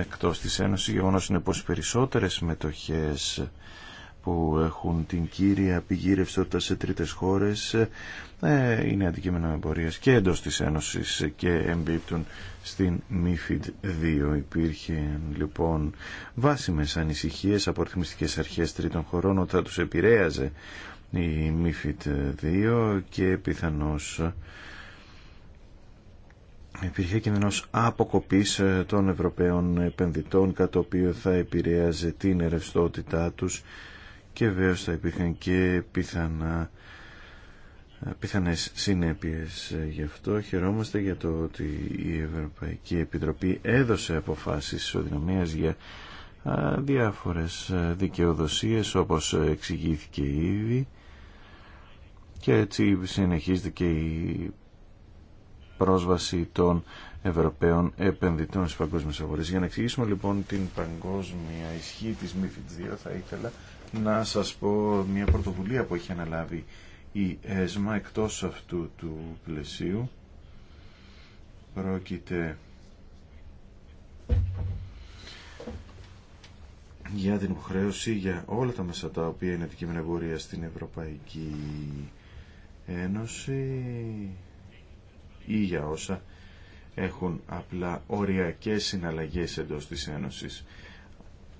εκτός της Ένωσης. Γεγονός είναι πως περισσότερες μετοχές που έχουν την κύρια πηγή ρευστότητα σε τρίτες χώρες ε, είναι αντικείμενα εμπορία και εντός της Ένωσης και εμπίπτουν στην MIFID 2. Υπήρχε λοιπόν βάσιμες ανησυχίες από ρυθμιστικές αρχές τρίτων χωρών όταν τους επηρέαζε η MIFID 2 και πιθανώς υπήρχε κίνδυνο αποκοπή ε, των Ευρωπαίων επενδυτών κατά το οποίο θα επηρέαζε την ρευστότητά του και βέβαια θα υπήρχαν και πιθανά ε, πιθανές συνέπειες ε, γι' αυτό χαιρόμαστε για το ότι η Ευρωπαϊκή Επιτροπή έδωσε αποφάσεις ισοδυναμίας για διάφορες δικαιοδοσίες όπως εξηγήθηκε ήδη και έτσι συνεχίζεται η πρόσβαση των Ευρωπαίων επενδυτών στις παγκόσμιες αγορές. Για να εξηγήσουμε λοιπόν την παγκόσμια ισχύ της MIFID 2 θα ήθελα να σας πω μια πρωτοβουλία που έχει αναλάβει η ΕΣΜΑ εκτός αυτού του πλαισίου. Πρόκειται για την υποχρέωση για όλα τα μέσα τα οποία είναι αντικείμενα εμπορία στην Ευρωπαϊκή Ένωση ή για όσα έχουν απλά οριακές συναλλαγές εντός της Ένωσης.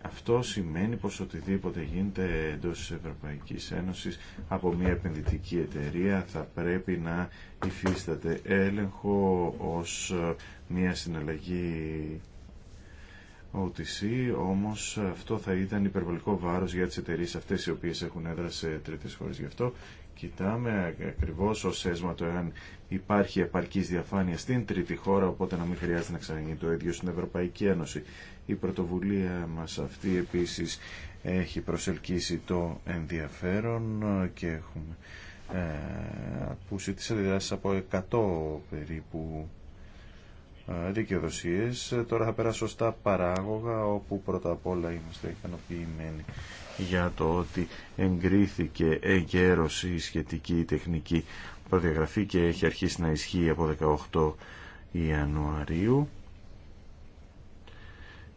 Αυτό σημαίνει πως οτιδήποτε γίνεται εντός της Ευρωπαϊκής Ένωσης από μια επενδυτική εταιρεία θα πρέπει να υφίσταται έλεγχο ως μια συναλλαγή OTC, όμως αυτό θα ήταν υπερβολικό βάρος για τις εταιρείες αυτές οι οποίες έχουν έδρα σε τρίτες χώρες. Γι' αυτό Κοιτάμε ακριβώς ως έσμα το εάν υπάρχει επαρκής διαφάνεια στην τρίτη χώρα, οπότε να μην χρειάζεται να ξαναγίνει το ίδιο στην Ευρωπαϊκή Ένωση. Η πρωτοβουλία μας αυτή επίσης έχει προσελκύσει το ενδιαφέρον και έχουμε ε, ακούσει τις αντιδράσεις από 100 περίπου ε, δικαιοδοσίες. Τώρα θα περάσω στα παράγωγα, όπου πρώτα απ' όλα είμαστε ικανοποιημένοι για το ότι εγκρίθηκε εγκαίρως η σχετική τεχνική προδιαγραφή και έχει αρχίσει να ισχύει από 18 Ιανουαρίου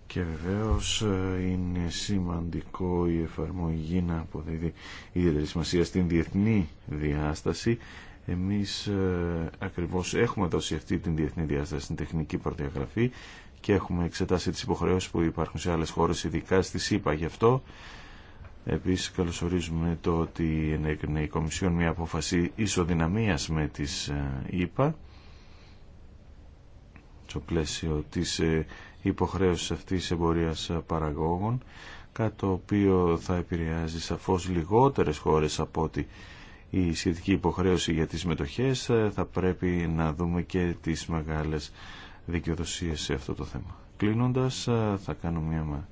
και βεβαίως ε, είναι σημαντικό η εφαρμογή να αποδίδει ιδιαίτερη σημασία στην διεθνή διάσταση εμείς ε, ακριβώς έχουμε δώσει αυτή την διεθνή διάσταση στην τεχνική προδιαγραφή και έχουμε εξετάσει τις υποχρεώσεις που υπάρχουν σε άλλες χώρες, ειδικά στη ΣΥΠΑ. Γι' αυτό Επίση, καλωσορίζουμε το ότι ενέκρινε η Κομισιόν μια απόφαση ισοδυναμία με τις ΕΠΑ στο πλαίσιο της ε, υποχρέωσης αυτής εμπορίας παραγόγων κάτι το οποίο θα επηρεάζει σαφώ λιγότερες χώρες από ότι η σχετική υποχρέωση για τις μετοχές ε, θα πρέπει να δούμε και τις μεγάλες δικαιοδοσίες σε αυτό το θέμα. Κλείνοντας ε, θα κάνω μια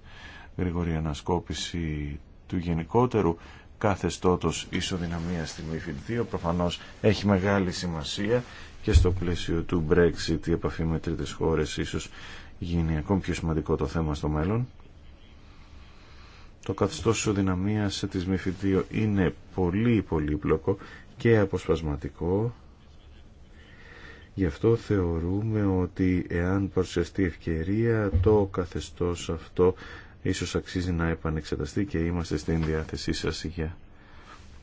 γρήγορη ανασκόπηση του γενικότερου καθεστώτος ισοδυναμίας στη MIFID 2 προφανώς έχει μεγάλη σημασία και στο πλαίσιο του Brexit η επαφή με τρίτες χώρες ίσως γίνει ακόμη πιο σημαντικό το θέμα στο μέλλον. Το καθεστώς ισοδυναμίας της MIFID 2 είναι πολύ πολύπλοκο και αποσπασματικό Γι' αυτό θεωρούμε ότι εάν παρουσιαστεί ευκαιρία το καθεστώς αυτό ίσως αξίζει να επανεξεταστεί και είμαστε στην διάθεσή σας για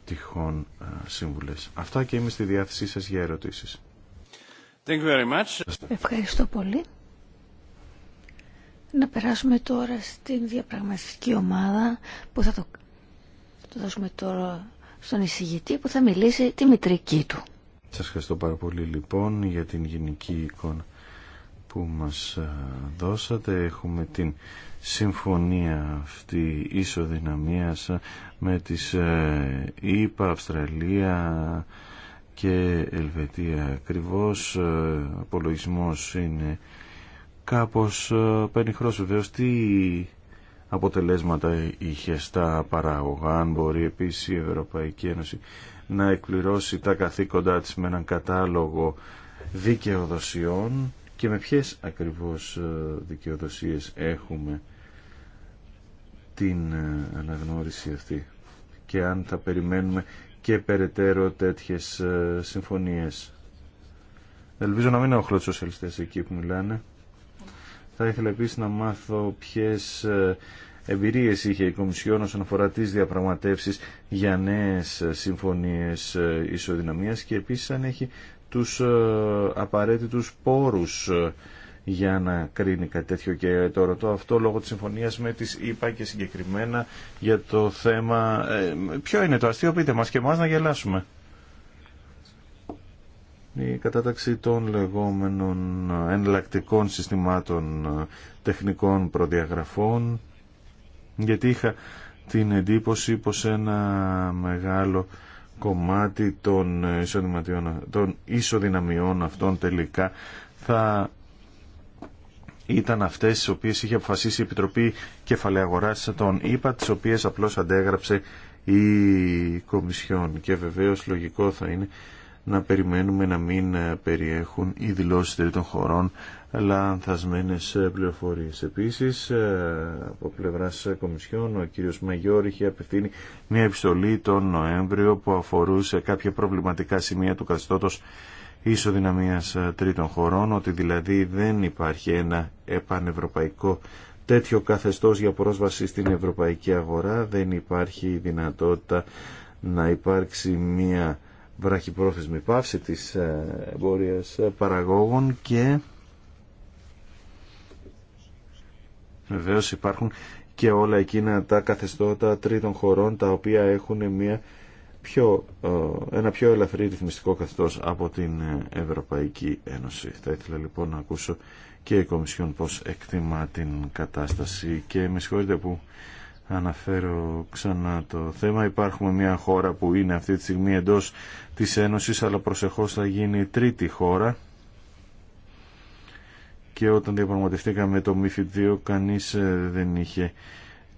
τυχόν σύμβουλες. Αυτά και είμαι στη διάθεσή σας για ερωτήσεις. Thank you very much. Ευχαριστώ πολύ. Να περάσουμε τώρα στην διαπραγματευτική ομάδα που θα το, το δώσουμε τώρα στον εισηγητή που θα μιλήσει τη μητρική του. Σας ευχαριστώ πάρα πολύ λοιπόν για την γενική εικόνα που μας δώσατε. Έχουμε την συμφωνία αυτή ισοδυναμίας με τις ε, ΗΠΑ, Αυστραλία και Ελβετία. Ακριβώ ε, απολογισμός είναι κάπως ε, παίρνει χρόνο βεβαίως τι αποτελέσματα είχε στα παράγωγα αν μπορεί επίσης η Ευρωπαϊκή Ένωση να εκπληρώσει τα καθήκοντά της με έναν κατάλογο δικαιοδοσιών και με ποιες ακριβώς δικαιοδοσίες έχουμε την ε, αναγνώριση αυτή και αν θα περιμένουμε και περαιτέρω τέτοιες ε, συμφωνίες. Ελπίζω να μην είναι τους σοσιαλιστές εκεί που μιλάνε. Θα ήθελα επίσης να μάθω ποιες ε, εμπειρίες είχε η Κομισιόν όσον αφορά τις διαπραγματεύσεις για νέες συμφωνίες ισοδυναμίας και επίσης αν έχει τους απαραίτητους πόρους για να κρίνει κάτι τέτοιο και το ρωτώ αυτό λόγω της συμφωνίας με τις είπα και συγκεκριμένα για το θέμα ε, ποιο είναι το αστείο πείτε μας και εμάς να γελάσουμε η κατάταξη των λεγόμενων εναλλακτικών συστημάτων ε, τεχνικών προδιαγραφών γιατί είχα την εντύπωση πως ένα μεγάλο κομμάτι των, των ισοδυναμιών αυτών τελικά θα ήταν αυτές τις οποίες είχε αποφασίσει η Επιτροπή Κεφαλαίου αγορά των ΙΠΑ, τις οποίες απλώς αντέγραψε η Κομισιόν. Και βεβαίως λογικό θα είναι να περιμένουμε να μην ε, περιέχουν οι δηλώσεις τρίτων χωρών λανθασμένες ε, πληροφορίες. Επίσης, ε, από πλευράς Κομισιόν, ο κύριος Μαγιόρ είχε απευθύνει μια επιστολή τον Νοέμβριο που αφορούσε κάποια προβληματικά σημεία του καθεστώτος ισοδυναμίας ε, τρίτων χωρών, ότι δηλαδή δεν υπάρχει ένα επανευρωπαϊκό τέτοιο καθεστώς για πρόσβαση στην ευρωπαϊκή αγορά, δεν υπάρχει η δυνατότητα να υπάρξει μία βραχυπρόθεσμη πάυση της ε, εμπορίας ε, παραγόγων και βεβαίω υπάρχουν και όλα εκείνα τα καθεστώτα τρίτων χωρών τα οποία έχουν μια πιο, ε, ένα πιο ελαφρύ ρυθμιστικό καθεστώς από την Ευρωπαϊκή Ένωση. Θα ήθελα λοιπόν να ακούσω και η Κομισιόν πώς εκτιμά την κατάσταση και με συγχωρείτε που αναφέρω ξανά το θέμα. Υπάρχουμε μια χώρα που είναι αυτή τη στιγμή εντός της Ένωσης αλλά προσεχώς θα γίνει τρίτη χώρα και όταν διαπραγματευτήκαμε το MIFID 2 κανείς ε, δεν είχε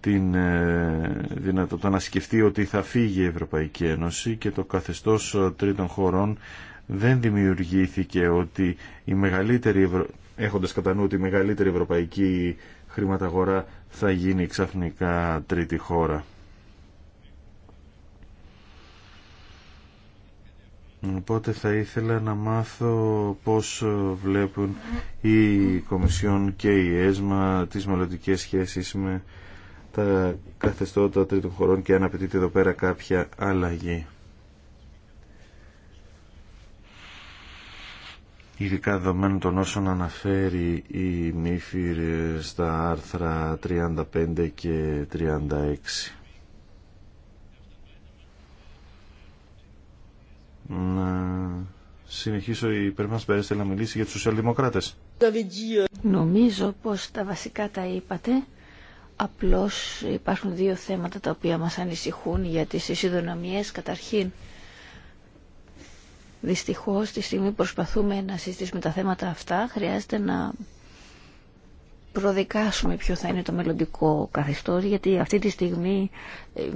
την ε, δυνατότητα να σκεφτεί ότι θα φύγει η Ευρωπαϊκή Ένωση και το καθεστώς ε, τρίτων χωρών δεν δημιουργήθηκε ότι η μεγαλύτερη έχοντας κατά νου ότι η μεγαλύτερη ευρωπαϊκή χρηματαγορά θα γίνει ξαφνικά τρίτη χώρα. Οπότε θα ήθελα να μάθω πώς ε, βλέπουν η Κομισιόν και η ΕΣΜΑ τις μελλοντικές σχέσεις με τα καθεστώτα τρίτων χωρών και αν απαιτείται εδώ πέρα κάποια αλλαγή. Ειδικά δεδομένων των όσων αναφέρει η Μήφυρ στα άρθρα 35 και 36. Να συνεχίσω η Περμάς θέλει να μιλήσει για τους σοσιαλδημοκράτες. Νομίζω πως τα βασικά τα είπατε. Απλώς υπάρχουν δύο θέματα τα οποία μας ανησυχούν για τις ισοδονομίες. Καταρχήν, δυστυχώς τη στιγμή που προσπαθούμε να συζητήσουμε τα θέματα αυτά, χρειάζεται να προδικάσουμε ποιο θα είναι το μελλοντικό καθεστώς, γιατί αυτή τη στιγμή ε,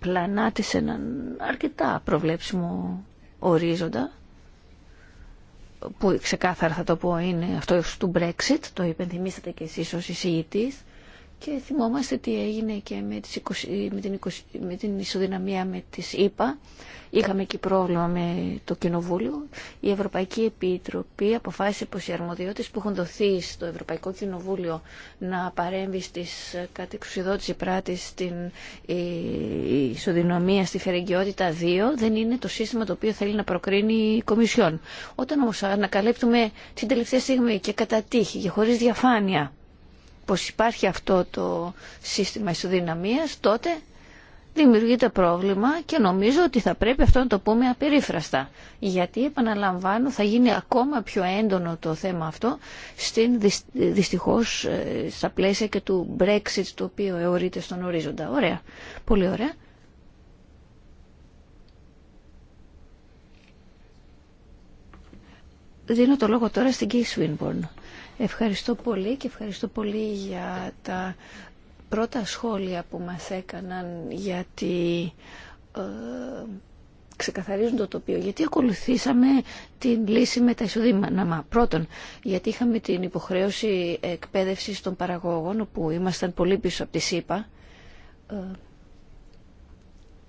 πλανάτησε σε έναν αρκετά προβλέψιμο ορίζοντα που ξεκάθαρα θα το πω είναι αυτό του Brexit, το υπενθυμίσατε και εσείς ως εισηγητής και θυμόμαστε τι έγινε και με, με, την, 20, με την ισοδυναμία με τις ΗΠΑ. Είχαμε εκεί πρόβλημα με το Κοινοβούλιο. Η Ευρωπαϊκή Επιτροπή αποφάσισε πως οι αρμοδιότητες που έχουν δοθεί στο Ευρωπαϊκό Κοινοβούλιο να παρέμβει στις κατεξουσιοδότηση πράτη στην ε, ισοδυναμία, στη φερεγγιότητα 2 δεν είναι το σύστημα το οποίο θέλει να προκρίνει η Κομισιόν. Όταν όμως ανακαλύπτουμε την τελευταία στιγμή και κατά τύχη και χωρίς διαφάνεια πως υπάρχει αυτό το σύστημα ισοδυναμίας, τότε δημιουργείται πρόβλημα και νομίζω ότι θα πρέπει αυτό να το πούμε απερίφραστα. Γιατί, επαναλαμβάνω, θα γίνει ακόμα πιο έντονο το θέμα αυτό στην, δυστυχώς ε, στα πλαίσια και του Brexit το οποίο εωρείται στον ορίζοντα. Ωραία. Πολύ ωραία. Δίνω το λόγο τώρα στην Κίη Ευχαριστώ πολύ και ευχαριστώ πολύ για τα πρώτα σχόλια που μας έκαναν γιατί ε, ξεκαθαρίζουν το τοπίο. Γιατί ακολουθήσαμε την λύση με τα εισοδήμανα Πρώτον, γιατί είχαμε την υποχρέωση εκπαίδευσης των παραγόγων, όπου ήμασταν πολύ πίσω από τη ΣΥΠΑ. Ε,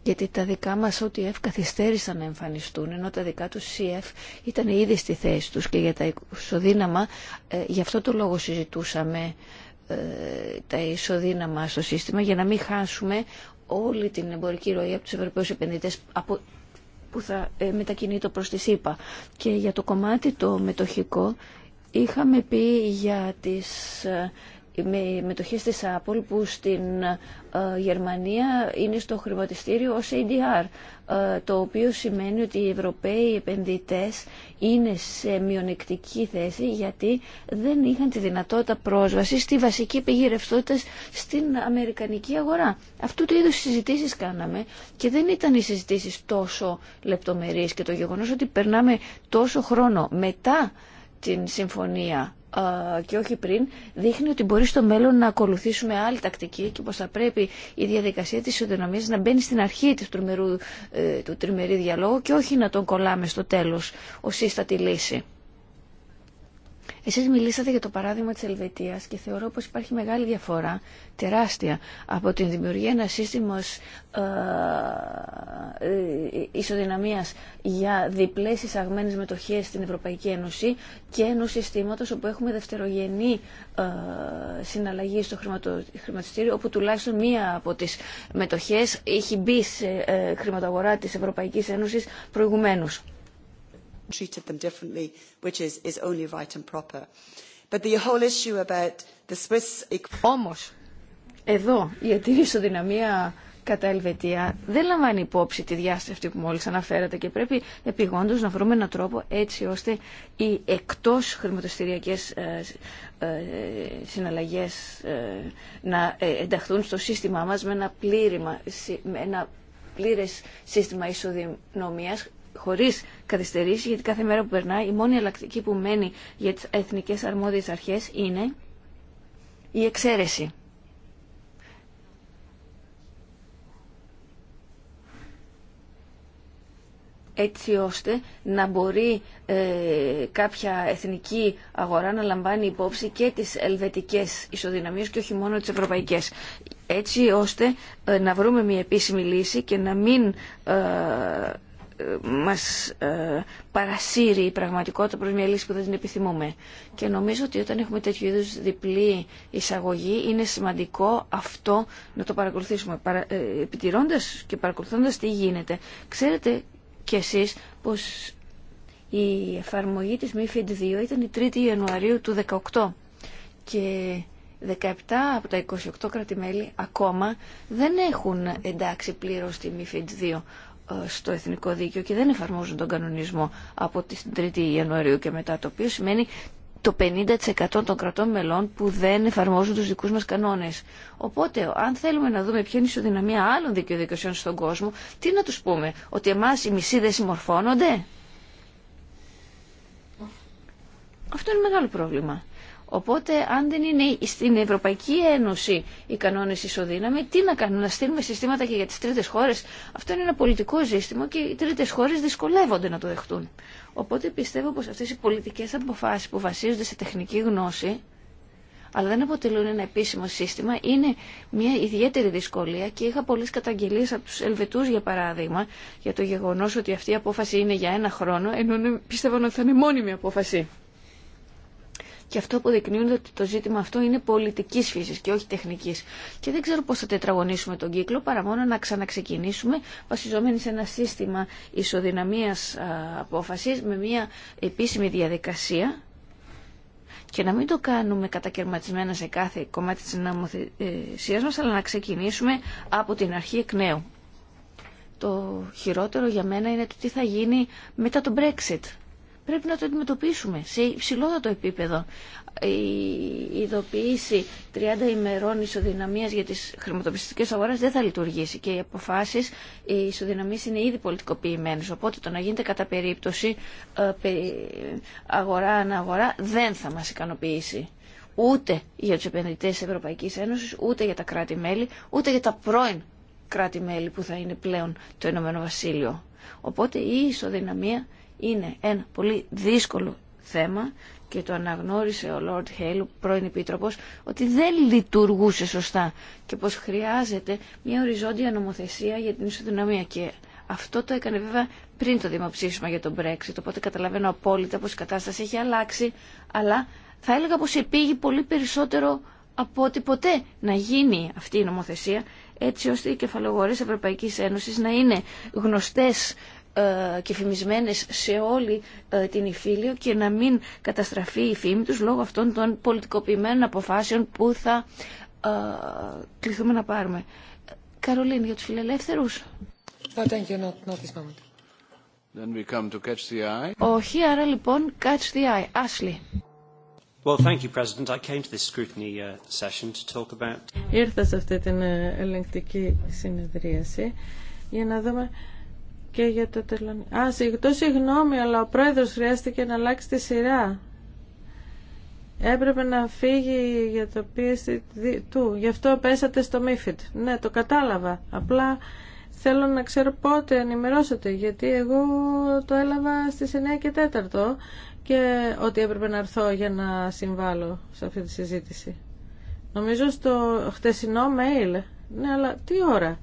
γιατί τα δικά μας OTF καθυστέρησαν να εμφανιστούν, ενώ τα δικά τους CF ήταν ήδη στη θέση τους και για τα ισοδύναμα, ε, γι' αυτό το λόγο συζητούσαμε ε, τα ισοδύναμα στο σύστημα, για να μην χάσουμε όλη την εμπορική ροή από τους Ευρωπαίους επενδυτές που θα ε, μετακινεί το προς τη ΣΥΠΑ. Και για το κομμάτι το μετοχικό είχαμε πει για τις ε, με μετοχές της Apple που στην ε, Γερμανία είναι στο χρηματιστήριο ως ADR ε, το οποίο σημαίνει ότι οι Ευρωπαίοι επενδυτές είναι σε μειονεκτική θέση γιατί δεν είχαν τη δυνατότητα πρόσβαση στη βασική πηγή στην Αμερικανική αγορά. Αυτού του είδους συζητήσεις κάναμε και δεν ήταν οι συζητήσεις τόσο λεπτομερείς και το γεγονός ότι περνάμε τόσο χρόνο μετά την συμφωνία και όχι πριν, δείχνει ότι μπορεί στο μέλλον να ακολουθήσουμε άλλη τακτική και πως θα πρέπει η διαδικασία της ισοδυναμίας να μπαίνει στην αρχή της τριμερού, ε, του τριμερή διαλόγου και όχι να τον κολλάμε στο τέλος ως σύστατη λύση. Εσείς μιλήσατε για το παράδειγμα της Ελβετίας και θεωρώ πως υπάρχει μεγάλη διαφορά, τεράστια, από την δημιουργία ένα σύστημα ε, ε, ισοδυναμίας για διπλές εισαγμένες μετοχές στην Ευρωπαϊκή Ένωση και ενό συστήματος όπου έχουμε δευτερογενή ε, συναλλαγή στο χρηματιστήριο όπου τουλάχιστον μία από τις μετοχές έχει μπει σε ε, χρηματογορά της Ευρωπαϊκής Ένωσης προηγουμένως treated them Όμως, εδώ η εταιρεία ισοδυναμία κατά Ελβετία δεν λαμβάνει υπόψη τη διάσταση αυτή που μόλις αναφέρατε και πρέπει επιγόντως να βρούμε έναν τρόπο έτσι ώστε οι εκτός χρηματοστηριακές ε, ε, συναλλαγές ε, να ενταχθούν στο σύστημά μας με ένα, πλήρημα, με ένα πλήρες σύστημα ισοδυναμίας χωρίς καθυστερήσει, γιατί κάθε μέρα που περνάει η μόνη αλλακτική που μένει για τις εθνικές αρμόδιες αρχές είναι η εξαίρεση. έτσι ώστε να μπορεί ε, κάποια εθνική αγορά να λαμβάνει υπόψη και τις ελβετικές ισοδυναμίες και όχι μόνο τις ευρωπαϊκές. Έτσι ώστε ε, να βρούμε μια επίσημη λύση και να μην ε, μας ε, παρασύρει η πραγματικότητα προς μια λύση που δεν την επιθυμούμε. Και νομίζω ότι όταν έχουμε τέτοιου είδους διπλή εισαγωγή είναι σημαντικό αυτό να το παρακολουθήσουμε. Ε, επιτηρώντας και παρακολουθώντας τι γίνεται, ξέρετε κι εσείς πως η εφαρμογή της MIFID 2 ήταν η 3η Ιανουαρίου του 2018 και 17 από τα 28 κράτη-μέλη ακόμα δεν έχουν εντάξει πλήρως τη MIFID 2. Ε, στο Εθνικό Δίκαιο και δεν εφαρμόζουν τον κανονισμό από την 3η Ιανουαρίου και μετά, το οποίο σημαίνει το 50% των κρατών μελών που δεν εφαρμόζουν τους δικούς μας κανόνες. Οπότε, αν θέλουμε να δούμε ποια είναι η ισοδυναμία άλλων δικαιοδικασιών στον κόσμο, τι να τους πούμε, ότι εμάς οι μισοί δεν συμμορφώνονται. Αυτό είναι μεγάλο πρόβλημα. Οπότε αν δεν είναι στην Ευρωπαϊκή Ένωση οι κανόνε ισοδύναμη, τι να κάνουμε, να στείλουμε συστήματα και για τι τρίτε χώρε, Αυτό είναι ένα πολιτικό ζήτημα και οι τρίτες χώρε δυσκολεύονται να το δεχτούν. Οπότε πιστεύω πω αυτέ οι πολιτικέ αποφάσει που βασίζονται σε τεχνική γνώση αλλά δεν αποτελούν ένα επίσημο σύστημα, είναι μια ιδιαίτερη δυσκολία και είχα πολλέ καταγγελίε από του Ελβετού, για παράδειγμα, για το γεγονό ότι αυτή η απόφαση είναι για ένα χρόνο, ενώ πιστεύω ότι θα είναι μόνιμη απόφαση. Και αυτό αποδεικνύουν ότι το ζήτημα αυτό είναι πολιτικής φύση και όχι τεχνικής. Και δεν ξέρω πώς θα τετραγωνίσουμε τον κύκλο παρά μόνο να ξαναξεκινήσουμε βασιζόμενοι σε ένα σύστημα ισοδυναμίας απόφαση με μια επίσημη διαδικασία και να μην το κάνουμε κατακαιρματισμένα σε κάθε κομμάτι της νομοθεσίας μας, αλλά να ξεκινήσουμε από την αρχή εκ νέου. Το χειρότερο για μένα είναι το τι θα γίνει μετά το Brexit πρέπει να το αντιμετωπίσουμε σε υψηλότατο επίπεδο. Η ειδοποίηση 30 ημερών ισοδυναμία για τι χρηματοπιστικέ αγορέ δεν θα λειτουργήσει και οι αποφάσει, οι ισοδυναμίε είναι ήδη πολιτικοποιημένε. Οπότε το να γίνεται κατά περίπτωση ε, αγορά αγορά-αναγορά δεν θα μα ικανοποιήσει ούτε για του επενδυτέ τη Ευρωπαϊκή Ένωση, ούτε για τα κράτη-μέλη, ούτε για τα πρώην κράτη-μέλη που θα είναι πλέον το Ηνωμένο Βασίλειο. Οπότε η ισοδυναμία είναι ένα πολύ δύσκολο θέμα και το αναγνώρισε ο Λόρτ Χέιλ, πρώην Επίτροπος, ότι δεν λειτουργούσε σωστά και πως χρειάζεται μια οριζόντια νομοθεσία για την ισοδυναμία και αυτό το έκανε βέβαια πριν το δημοψήφισμα για τον Brexit, οπότε καταλαβαίνω απόλυτα πως η κατάσταση έχει αλλάξει, αλλά θα έλεγα πως επήγει πολύ περισσότερο από ότι ποτέ να γίνει αυτή η νομοθεσία, έτσι ώστε οι κεφαλογορές Ευρωπαϊκής Ένωσης να είναι γνωστές ε, και φημισμένες σε όλη ε, την Ιφίλιο και να μην καταστραφεί η φήμη τους λόγω αυτών των πολιτικοποιημένων αποφάσεων που θα ε, κληθούμε να πάρουμε. Καρολίν, για τους φιλελεύθερους. Όχι, άρα λοιπόν catch the eye. Ashley. Well, thank you, President. Ήρθα σε αυτή την ελεγκτική συνεδρίαση για να δούμε και για τα τελωνία. Α, ζητώ συγγνώμη, αλλά ο πρόεδρο χρειάστηκε να αλλάξει τη σειρά. Έπρεπε να φύγει για το πίεση του. Γι' αυτό πέσατε στο Μίφιτ. Ναι, το κατάλαβα. Απλά θέλω να ξέρω πότε ενημερώσατε, γιατί εγώ το έλαβα στις 9 και 4 και ότι έπρεπε να έρθω για να συμβάλλω σε αυτή τη συζήτηση. Νομίζω στο χτεσινό mail. Ναι, αλλά τι ώρα.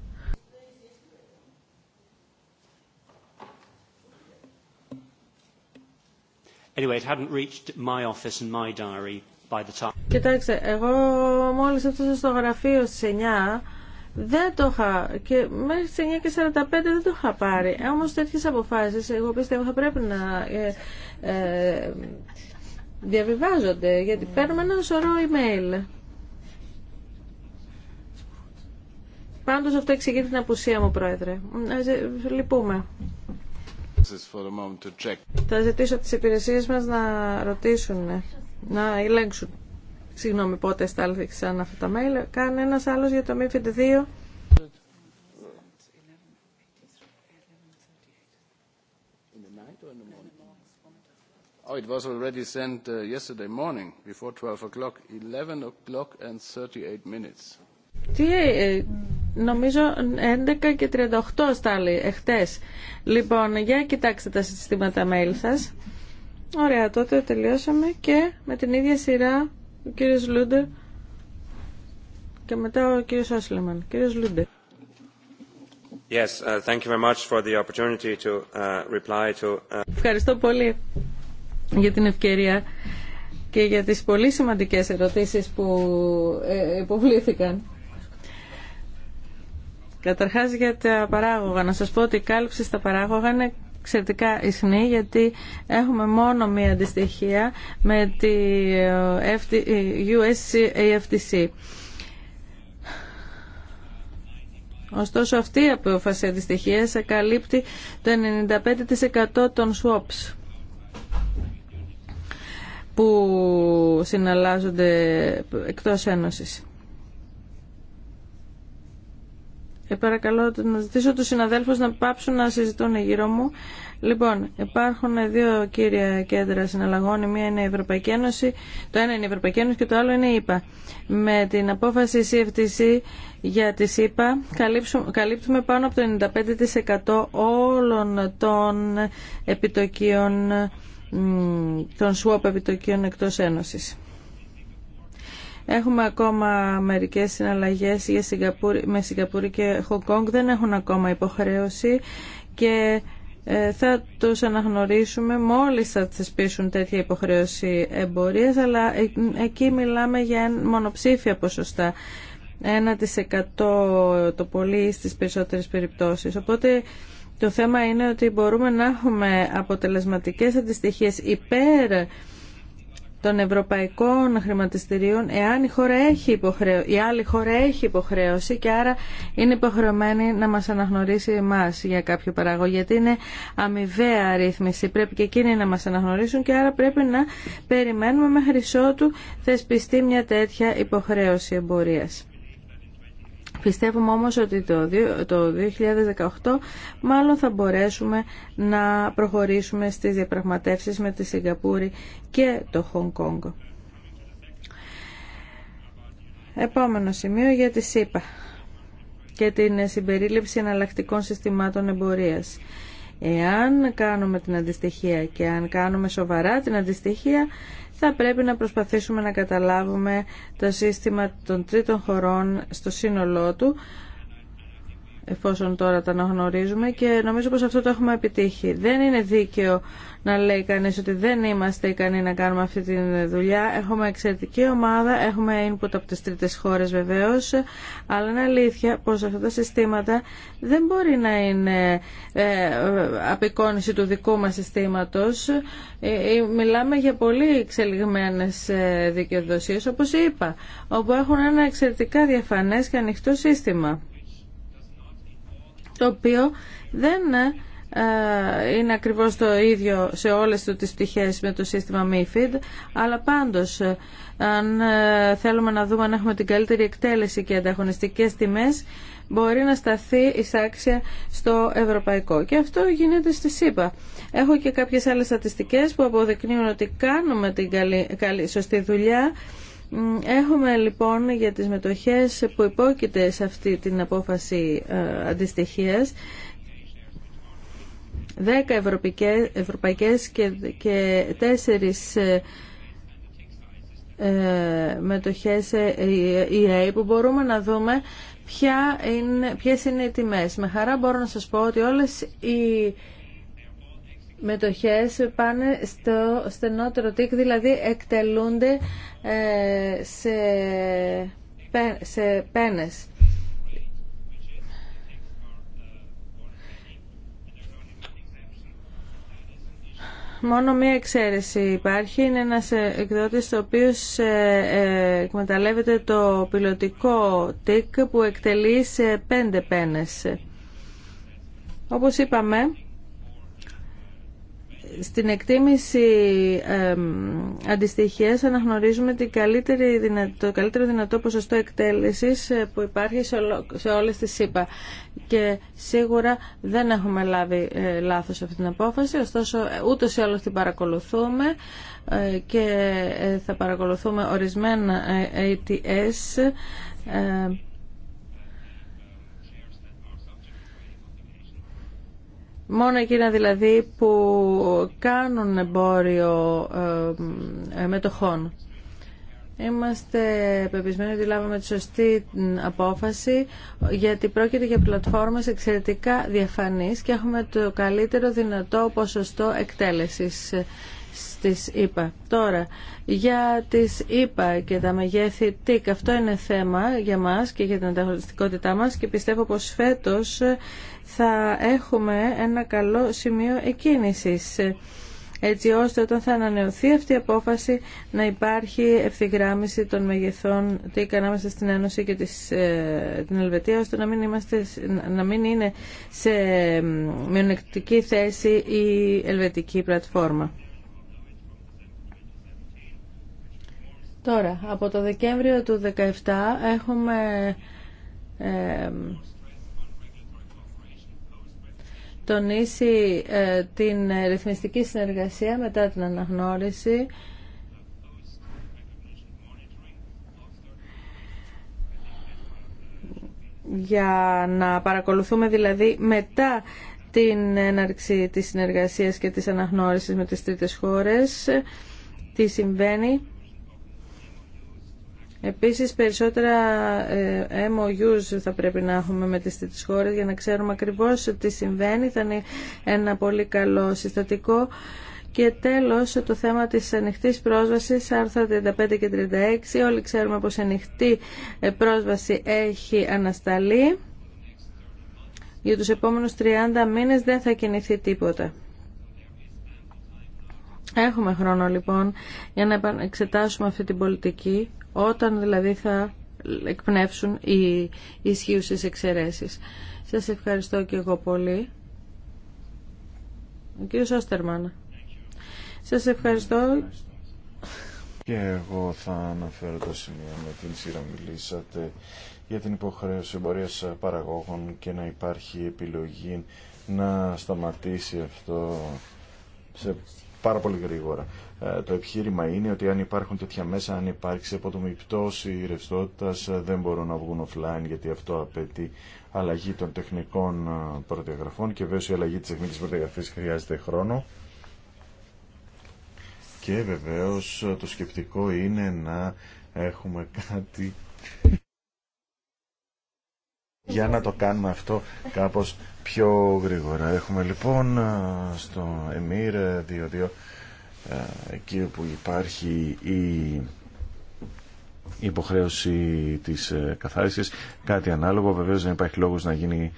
Anyway, it hadn't reached my office and my diary by the time. Κοιτάξτε, εγώ μόλις έφτασα στο γραφείο στις 9, δεν το είχα και μέχρι στις 9 και 45 δεν το είχα πάρει. Ε, Όμω τέτοιε τέτοιες αποφάσεις, εγώ πιστεύω θα πρέπει να ε, ε, διαβιβάζονται, γιατί παίρνουμε ένα σωρό email. Πάντως αυτό εξηγεί την απουσία μου, Πρόεδρε. Ε, λυπούμε. Θα ζητήσω από τις υπηρεσίες μας να ρωτήσουν, να ελέγξουν. Συγγνώμη πότε στάλθηξαν αυτά τα mail. Κάνε ένας άλλος για το MIFID 2. Oh, it was already sent uh, yesterday morning, before 12 o'clock, 11 o'clock and 38 minutes. Ε, νομίζω 11 και 38 στάλει εχθές. Λοιπόν, για κοιτάξτε τα συστήματα mail σας. Ωραία, τότε τελειώσαμε και με την ίδια σειρά ο κύριος Λούντερ και μετά ο κύριος Άσλεμαν. Κύριος Λούντερ. Uh, for the opportunity uh, uh, Ευχαριστώ πολύ για την ευκαιρία και για τις πολύ σημαντικές ερωτήσεις που ε, υποβλήθηκαν. Καταρχά για τα παράγωγα. Να σας πω ότι η κάλυψη στα παράγωγα είναι εξαιρετικά ισχυρή γιατί έχουμε μόνο μία αντιστοιχεία με τη ε, ε, USC-AFTC. Ωστόσο αυτή η απόφαση αντιστοιχείας καλύπτει το 95% των swaps που συναλλάζονται εκτός ένωσης. Ε, παρακαλώ να ζητήσω τους συναδέλφους να πάψουν να συζητούν γύρω μου. Λοιπόν, υπάρχουν δύο κύρια κέντρα συναλλαγών. Η μία είναι η Ευρωπαϊκή Ένωση, το ένα είναι η Ευρωπαϊκή Ένωση και το άλλο είναι η ΕΠΑ. Με την απόφαση CFTC για τη ΣΥΠΑ καλύπτουμε πάνω από το 95% όλων των επιτοκίων, των επιτοκίων εκτός Ένωσης. Έχουμε ακόμα μερικέ συναλλαγές με Σιγκαπούρη και Χογκόγκ. Δεν έχουν ακόμα υποχρέωση και ε, θα τους αναγνωρίσουμε μόλις θα θεσπίσουν τέτοια υποχρέωση εμπορίας, αλλά ε, εκεί μιλάμε για μονοψήφια ποσοστά. 1% το πολύ στις περισσότερες περιπτώσεις. Οπότε το θέμα είναι ότι μπορούμε να έχουμε αποτελεσματικές αντιστοιχίες υπέρ των ευρωπαϊκών χρηματιστηρίων εάν η, χώρα έχει υποχρέω... η άλλη χώρα έχει υποχρέωση και άρα είναι υποχρεωμένη να μας αναγνωρίσει εμάς για κάποιο παράγο γιατί είναι αμοιβαία ρύθμιση πρέπει και εκείνοι να μας αναγνωρίσουν και άρα πρέπει να περιμένουμε μέχρι ότου θεσπιστεί μια τέτοια υποχρέωση εμπορίας. Πιστεύουμε όμως ότι το 2018 μάλλον θα μπορέσουμε να προχωρήσουμε στις διαπραγματεύσεις με τη Σιγκαπούρη και το Χονγκ Κονγκ. Επόμενο σημείο για τη ΣΥΠΑ και την συμπερίληψη εναλλακτικών συστημάτων εμπορίας. Εάν κάνουμε την αντιστοιχία και αν κάνουμε σοβαρά την αντιστοιχία, θα πρέπει να προσπαθήσουμε να καταλάβουμε το σύστημα των τρίτων χωρών στο σύνολό του, εφόσον τώρα τα αναγνωρίζουμε και νομίζω πως αυτό το έχουμε επιτύχει. Δεν είναι δίκαιο να λέει κανείς ότι δεν είμαστε ικανοί να κάνουμε αυτή τη δουλειά. Έχουμε εξαιρετική ομάδα, έχουμε input από τις τρίτες χώρες βεβαίως, αλλά είναι αλήθεια πως αυτά τα συστήματα δεν μπορεί να είναι ε, απεικόνηση του δικού μας συστήματος. Ε, ε, μιλάμε για πολύ εξελιγμένες δικαιοδοσίες, όπως είπα, όπου έχουν ένα εξαιρετικά διαφανές και ανοιχτό σύστημα, το οποίο δεν ε, είναι ακριβώς το ίδιο σε όλες τις πτυχές με το σύστημα MIFID αλλά πάντως ε, αν ε, θέλουμε να δούμε αν έχουμε την καλύτερη εκτέλεση και ανταγωνιστικές τιμές μπορεί να σταθεί η στάξια στο ευρωπαϊκό. Και αυτό γίνεται στη ΣΥΠΑ. Έχω και κάποιες άλλες στατιστικές που αποδεικνύουν ότι κάνουμε την καλή, καλή σωστή δουλειά Έχουμε λοιπόν για τις μετοχές που υπόκειται σε αυτή την απόφαση ε, δέκα ευρωπαϊκές, και, και τέσσερις ε, ε, μετοχές EA ε, που μπορούμε να δούμε ποια είναι, ποιες είναι οι τιμές. Με χαρά μπορώ να σας πω ότι όλες οι μετοχές πάνε στο στενότερο τίκ, δηλαδή εκτελούνται σε, σε πένες. Μόνο μία εξαίρεση υπάρχει. Είναι ένας ε, εκδότης ο οποίος ε, ε, εκμεταλλεύεται το πιλωτικό τικ που εκτελεί σε πέντε πένες. Όπως είπαμε, στην εκτίμηση ε, αντιστοιχίας αναγνωρίζουμε το καλύτερο δυνατό ποσοστό εκτέλεσης ε, που υπάρχει σε, όλε σε όλες τις ΣΥΠΑ. Και σίγουρα δεν έχουμε λάβει ε, λάθος αυτή την απόφαση, ωστόσο ε, ούτως ή άλλως την παρακολουθούμε ε, και θα παρακολουθούμε ορισμένα ATS Μόνο εκείνα δηλαδή που κάνουν εμπόριο ε, ε, μετοχών. Είμαστε πεπισμένοι ότι λάβαμε τη σωστή απόφαση γιατί πρόκειται για πλατφόρμες εξαιρετικά διαφανείς και έχουμε το καλύτερο δυνατό ποσοστό εκτέλεσης ε, στις ΕΠΑ. Τώρα, για τις ΕΠΑ και τα μεγέθη ΤΙΚ, αυτό είναι θέμα για μας και για την ανταγωνιστικότητά μας και πιστεύω πως φέτος θα έχουμε ένα καλό σημείο εκκίνησης έτσι ώστε όταν θα ανανεωθεί αυτή η απόφαση να υπάρχει ευθυγράμμιση των μεγεθών τι ανάμεσα στην Ένωση και της, ε, την Ελβετία ώστε να μην, είμαστε, να μην είναι σε μειονεκτική θέση η ελβετική πλατφόρμα. Τώρα, από το Δεκέμβριο του 2017 έχουμε ε, τονίσει ε, την ρυθμιστική συνεργασία μετά την αναγνώριση για να παρακολουθούμε δηλαδή μετά την έναρξη της συνεργασίας και της αναγνώρισης με τις τρίτες χώρες τι συμβαίνει Επίσης περισσότερα ε, MOUs θα πρέπει να έχουμε με τις χώρε χώρες για να ξέρουμε ακριβώς τι συμβαίνει. Θα είναι ένα πολύ καλό συστατικό. Και τέλος το θέμα της ανοιχτής πρόσβασης, άρθρα 35 και 36. Όλοι ξέρουμε πως η ανοιχτή ε, πρόσβαση έχει ανασταλεί. Για τους επόμενους 30 μήνες δεν θα κινηθεί τίποτα. Έχουμε χρόνο λοιπόν για να εξετάσουμε αυτή την πολιτική όταν δηλαδή θα εκπνεύσουν οι ισχύουσες εξαιρέσεις. Σας ευχαριστώ και εγώ πολύ. Ο κύριος Σα Σας ευχαριστώ. Και εγώ θα αναφέρω το σημείο με την σειρά μιλήσατε για την υποχρέωση εμπορία παραγόγων και να υπάρχει επιλογή να σταματήσει αυτό σε πάρα πολύ γρήγορα. Ε, το επιχείρημα είναι ότι αν υπάρχουν τέτοια μέσα, αν υπάρξει απότομη πτώση ρευστότητα, ε, δεν μπορούν να βγουν offline γιατί αυτό απαιτεί αλλαγή των τεχνικών ε, προδιαγραφών και βέβαια η αλλαγή τη τεχνικής προδιαγραφή χρειάζεται χρόνο. Και βεβαίως το σκεπτικό είναι να έχουμε κάτι για να το κάνουμε αυτό κάπως πιο γρήγορα. Έχουμε λοιπόν στο ΕΜΗΡ 2-2 ε, ε, εκεί που υπάρχει η υποχρέωση της ε, καθάρισης κάτι ανάλογο βεβαίως δεν υπάρχει λόγος να γίνει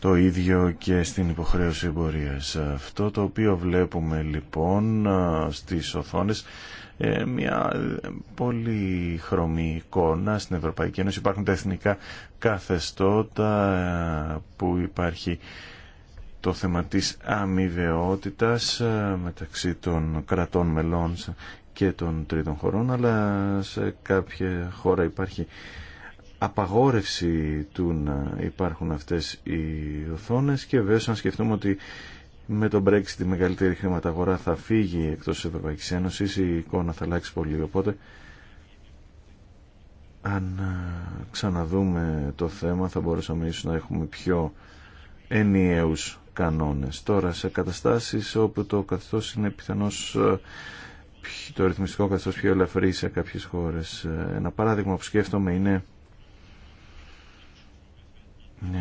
το ίδιο και στην υποχρέωση εμπορίας. Αυτό το οποίο βλέπουμε λοιπόν στις οθόνες ε, μια ε, πολύ χρωμή εικόνα στην Ευρωπαϊκή Ένωση. Υπάρχουν τα εθνικά καθεστώτα ε, που υπάρχει το θέμα της αμοιβαιότητας μεταξύ των κρατών μελών και των τρίτων χωρών, αλλά σε κάποια χώρα υπάρχει απαγόρευση του να υπάρχουν αυτές οι οθόνες και βέβαια να σκεφτούμε ότι με τον Brexit η μεγαλύτερη χρηματαγορά θα φύγει εκτός της Ευρωπαϊκής Ένωσης, η εικόνα θα αλλάξει πολύ, οπότε αν ξαναδούμε το θέμα θα μπορούσαμε ίσως να έχουμε πιο ενιαίους κανόνες. Τώρα σε καταστάσεις όπου το καθεστώς είναι πιθανώς το ρυθμιστικό καθεστώς πιο ελαφρύ σε κάποιες χώρες. Ένα παράδειγμα που σκέφτομαι είναι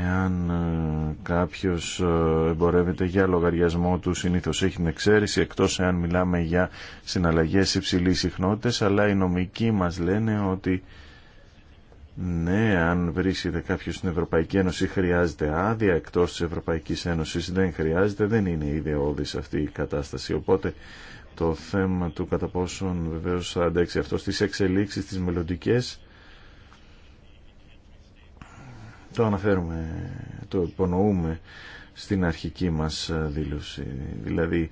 Εάν ε, κάποιος ε, εμπορεύεται για λογαριασμό του συνήθως έχει την εξαίρεση εκτός εάν μιλάμε για συναλλαγές υψηλής συχνότητες αλλά οι νομικοί μας λένε ότι ναι, αν βρίσκεται κάποιος στην Ευρωπαϊκή Ένωση χρειάζεται άδεια εκτός της Ευρωπαϊκής Ένωσης δεν χρειάζεται, δεν είναι ιδεώδης αυτή η κατάσταση οπότε το θέμα του κατά πόσον βεβαίως θα αντέξει αυτό στις εξελίξεις, τις μελλοντικέ το αναφέρουμε, το υπονοούμε στην αρχική μας δήλωση. Δηλαδή,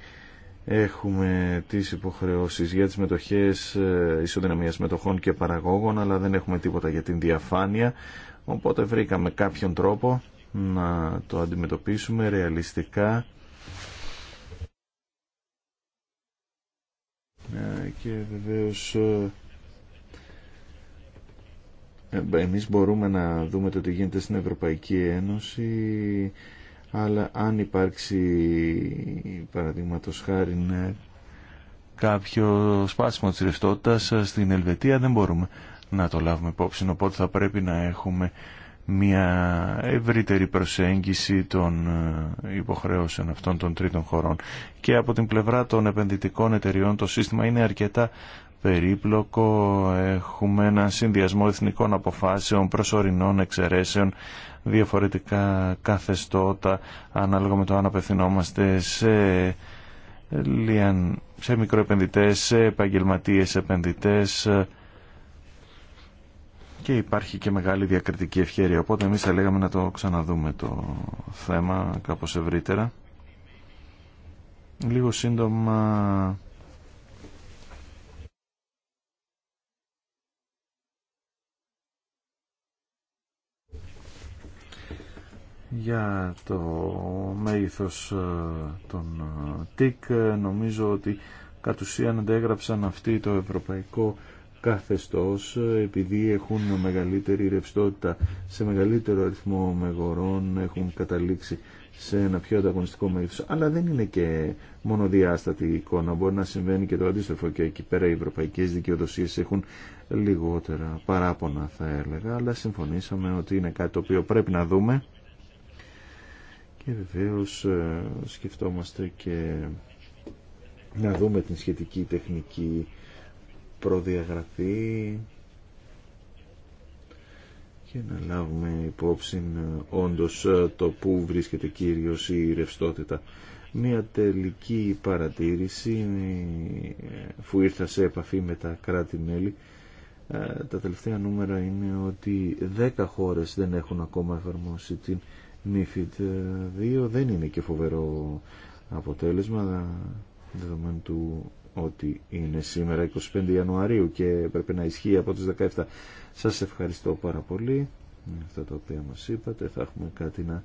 έχουμε τις υποχρεώσεις για τις μετοχές ε, ισοδυναμίας μετοχών και παραγόγων, αλλά δεν έχουμε τίποτα για την διαφάνεια, οπότε βρήκαμε κάποιον τρόπο να το αντιμετωπίσουμε ρεαλιστικά ε, και βεβαίως ε, ε, εμείς μπορούμε να δούμε το τι γίνεται στην Ευρωπαϊκή Ένωση, αλλά αν υπάρξει, παραδείγματο χάρη, ναι, κάποιο σπάσιμο της ρευστότητα στην Ελβετία, δεν μπορούμε να το λάβουμε υπόψη. Οπότε θα πρέπει να έχουμε μια ευρύτερη προσέγγιση των ε, υποχρεώσεων αυτών των τρίτων χωρών. Και από την πλευρά των επενδυτικών εταιριών το σύστημα είναι αρκετά περίπλοκο. Έχουμε ένα συνδυασμό εθνικών αποφάσεων, προσωρινών εξαιρέσεων, διαφορετικά καθεστώτα ανάλογα με το αν απευθυνόμαστε σε, σε μικροεπενδυτές, σε επαγγελματίες επενδυτές και υπάρχει και μεγάλη διακριτική ευχαίρεια. Οπότε εμείς θα λέγαμε να το ξαναδούμε το θέμα κάπως ευρύτερα. Λίγο σύντομα για το μέγεθος ε, των ε, ΤΙΚ ε, νομίζω ότι κατ' ουσίαν αντέγραψαν αυτοί το ευρωπαϊκό καθεστώς επειδή έχουν μεγαλύτερη ρευστότητα σε μεγαλύτερο αριθμό μεγορών έχουν καταλήξει σε ένα πιο ανταγωνιστικό μέγεθος αλλά δεν είναι και μονοδιάστατη η εικόνα μπορεί να συμβαίνει και το αντίστροφο και εκεί πέρα οι ευρωπαϊκές δικαιοδοσίες έχουν λιγότερα παράπονα θα έλεγα αλλά συμφωνήσαμε ότι είναι κάτι το οποίο πρέπει να δούμε και βεβαίως ε, σκεφτόμαστε και να δούμε την σχετική τεχνική προδιαγραφή και να λάβουμε υπόψη ε, όντως ε, το που βρίσκεται κύριος η ρευστότητα. Μια τελική παρατήρηση που ήρθα σε επαφή με τα κράτη-μέλη τα τελευταία νούμερα είναι ότι 10 χώρες δεν έχουν ακόμα εφαρμόσει την ΜΥΦΙΤ 2 δεν είναι και φοβερό αποτέλεσμα δεδομένου του ότι είναι σήμερα 25 Ιανουαρίου και πρέπει να ισχύει από τις 17. Σας ευχαριστώ πάρα πολύ για αυτά τα οποία μας είπατε. Θα έχουμε κάτι να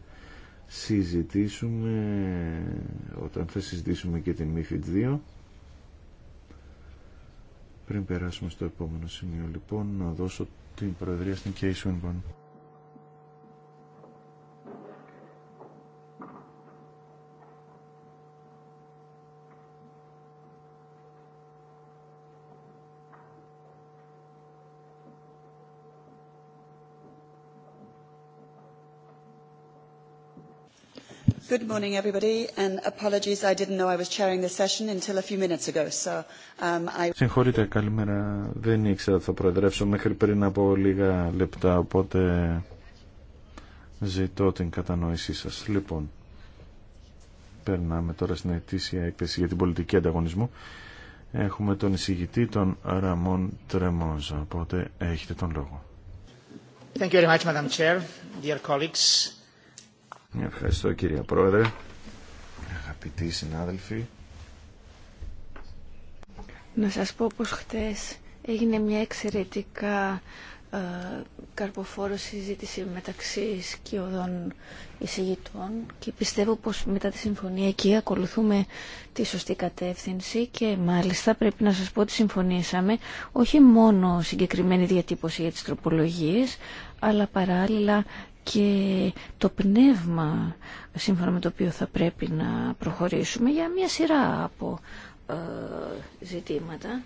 συζητήσουμε όταν θα συζητήσουμε και την ΜΥΦΙΤ 2. Πριν περάσουμε στο επόμενο σημείο λοιπόν να δώσω την προεδρία στην Κέι Good morning, everybody, and apologies, I didn't know I was chairing this session until a few minutes ago, so um, I... Συγχωρείτε, καλημέρα. Δεν ήξερα θα προεδρεύσω μέχρι πριν από λίγα λεπτά, οπότε ζητώ την κατανόησή σας. Λοιπόν, περνάμε τώρα στην ετήσια έκθεση για την πολιτική ανταγωνισμού. Έχουμε τον εισηγητή, τον Ραμόν Τρεμόζα, οπότε έχετε τον λόγο. Thank you very much, Madam Chair, dear colleagues. Ευχαριστώ κύριε Πρόεδρε. Αγαπητοί συνάδελφοι. Να σας πω πως χτες έγινε μια εξαιρετικά ε, καρποφόρο συζήτηση μεταξύ σκιωδών εισηγητών και πιστεύω πως μετά τη συμφωνία εκεί ακολουθούμε τη σωστή κατεύθυνση και μάλιστα πρέπει να σας πω ότι συμφωνήσαμε όχι μόνο συγκεκριμένη διατύπωση για τις τροπολογίες αλλά παράλληλα και το πνεύμα σύμφωνα με το οποίο θα πρέπει να προχωρήσουμε για μια σειρά από ε, ζητήματα.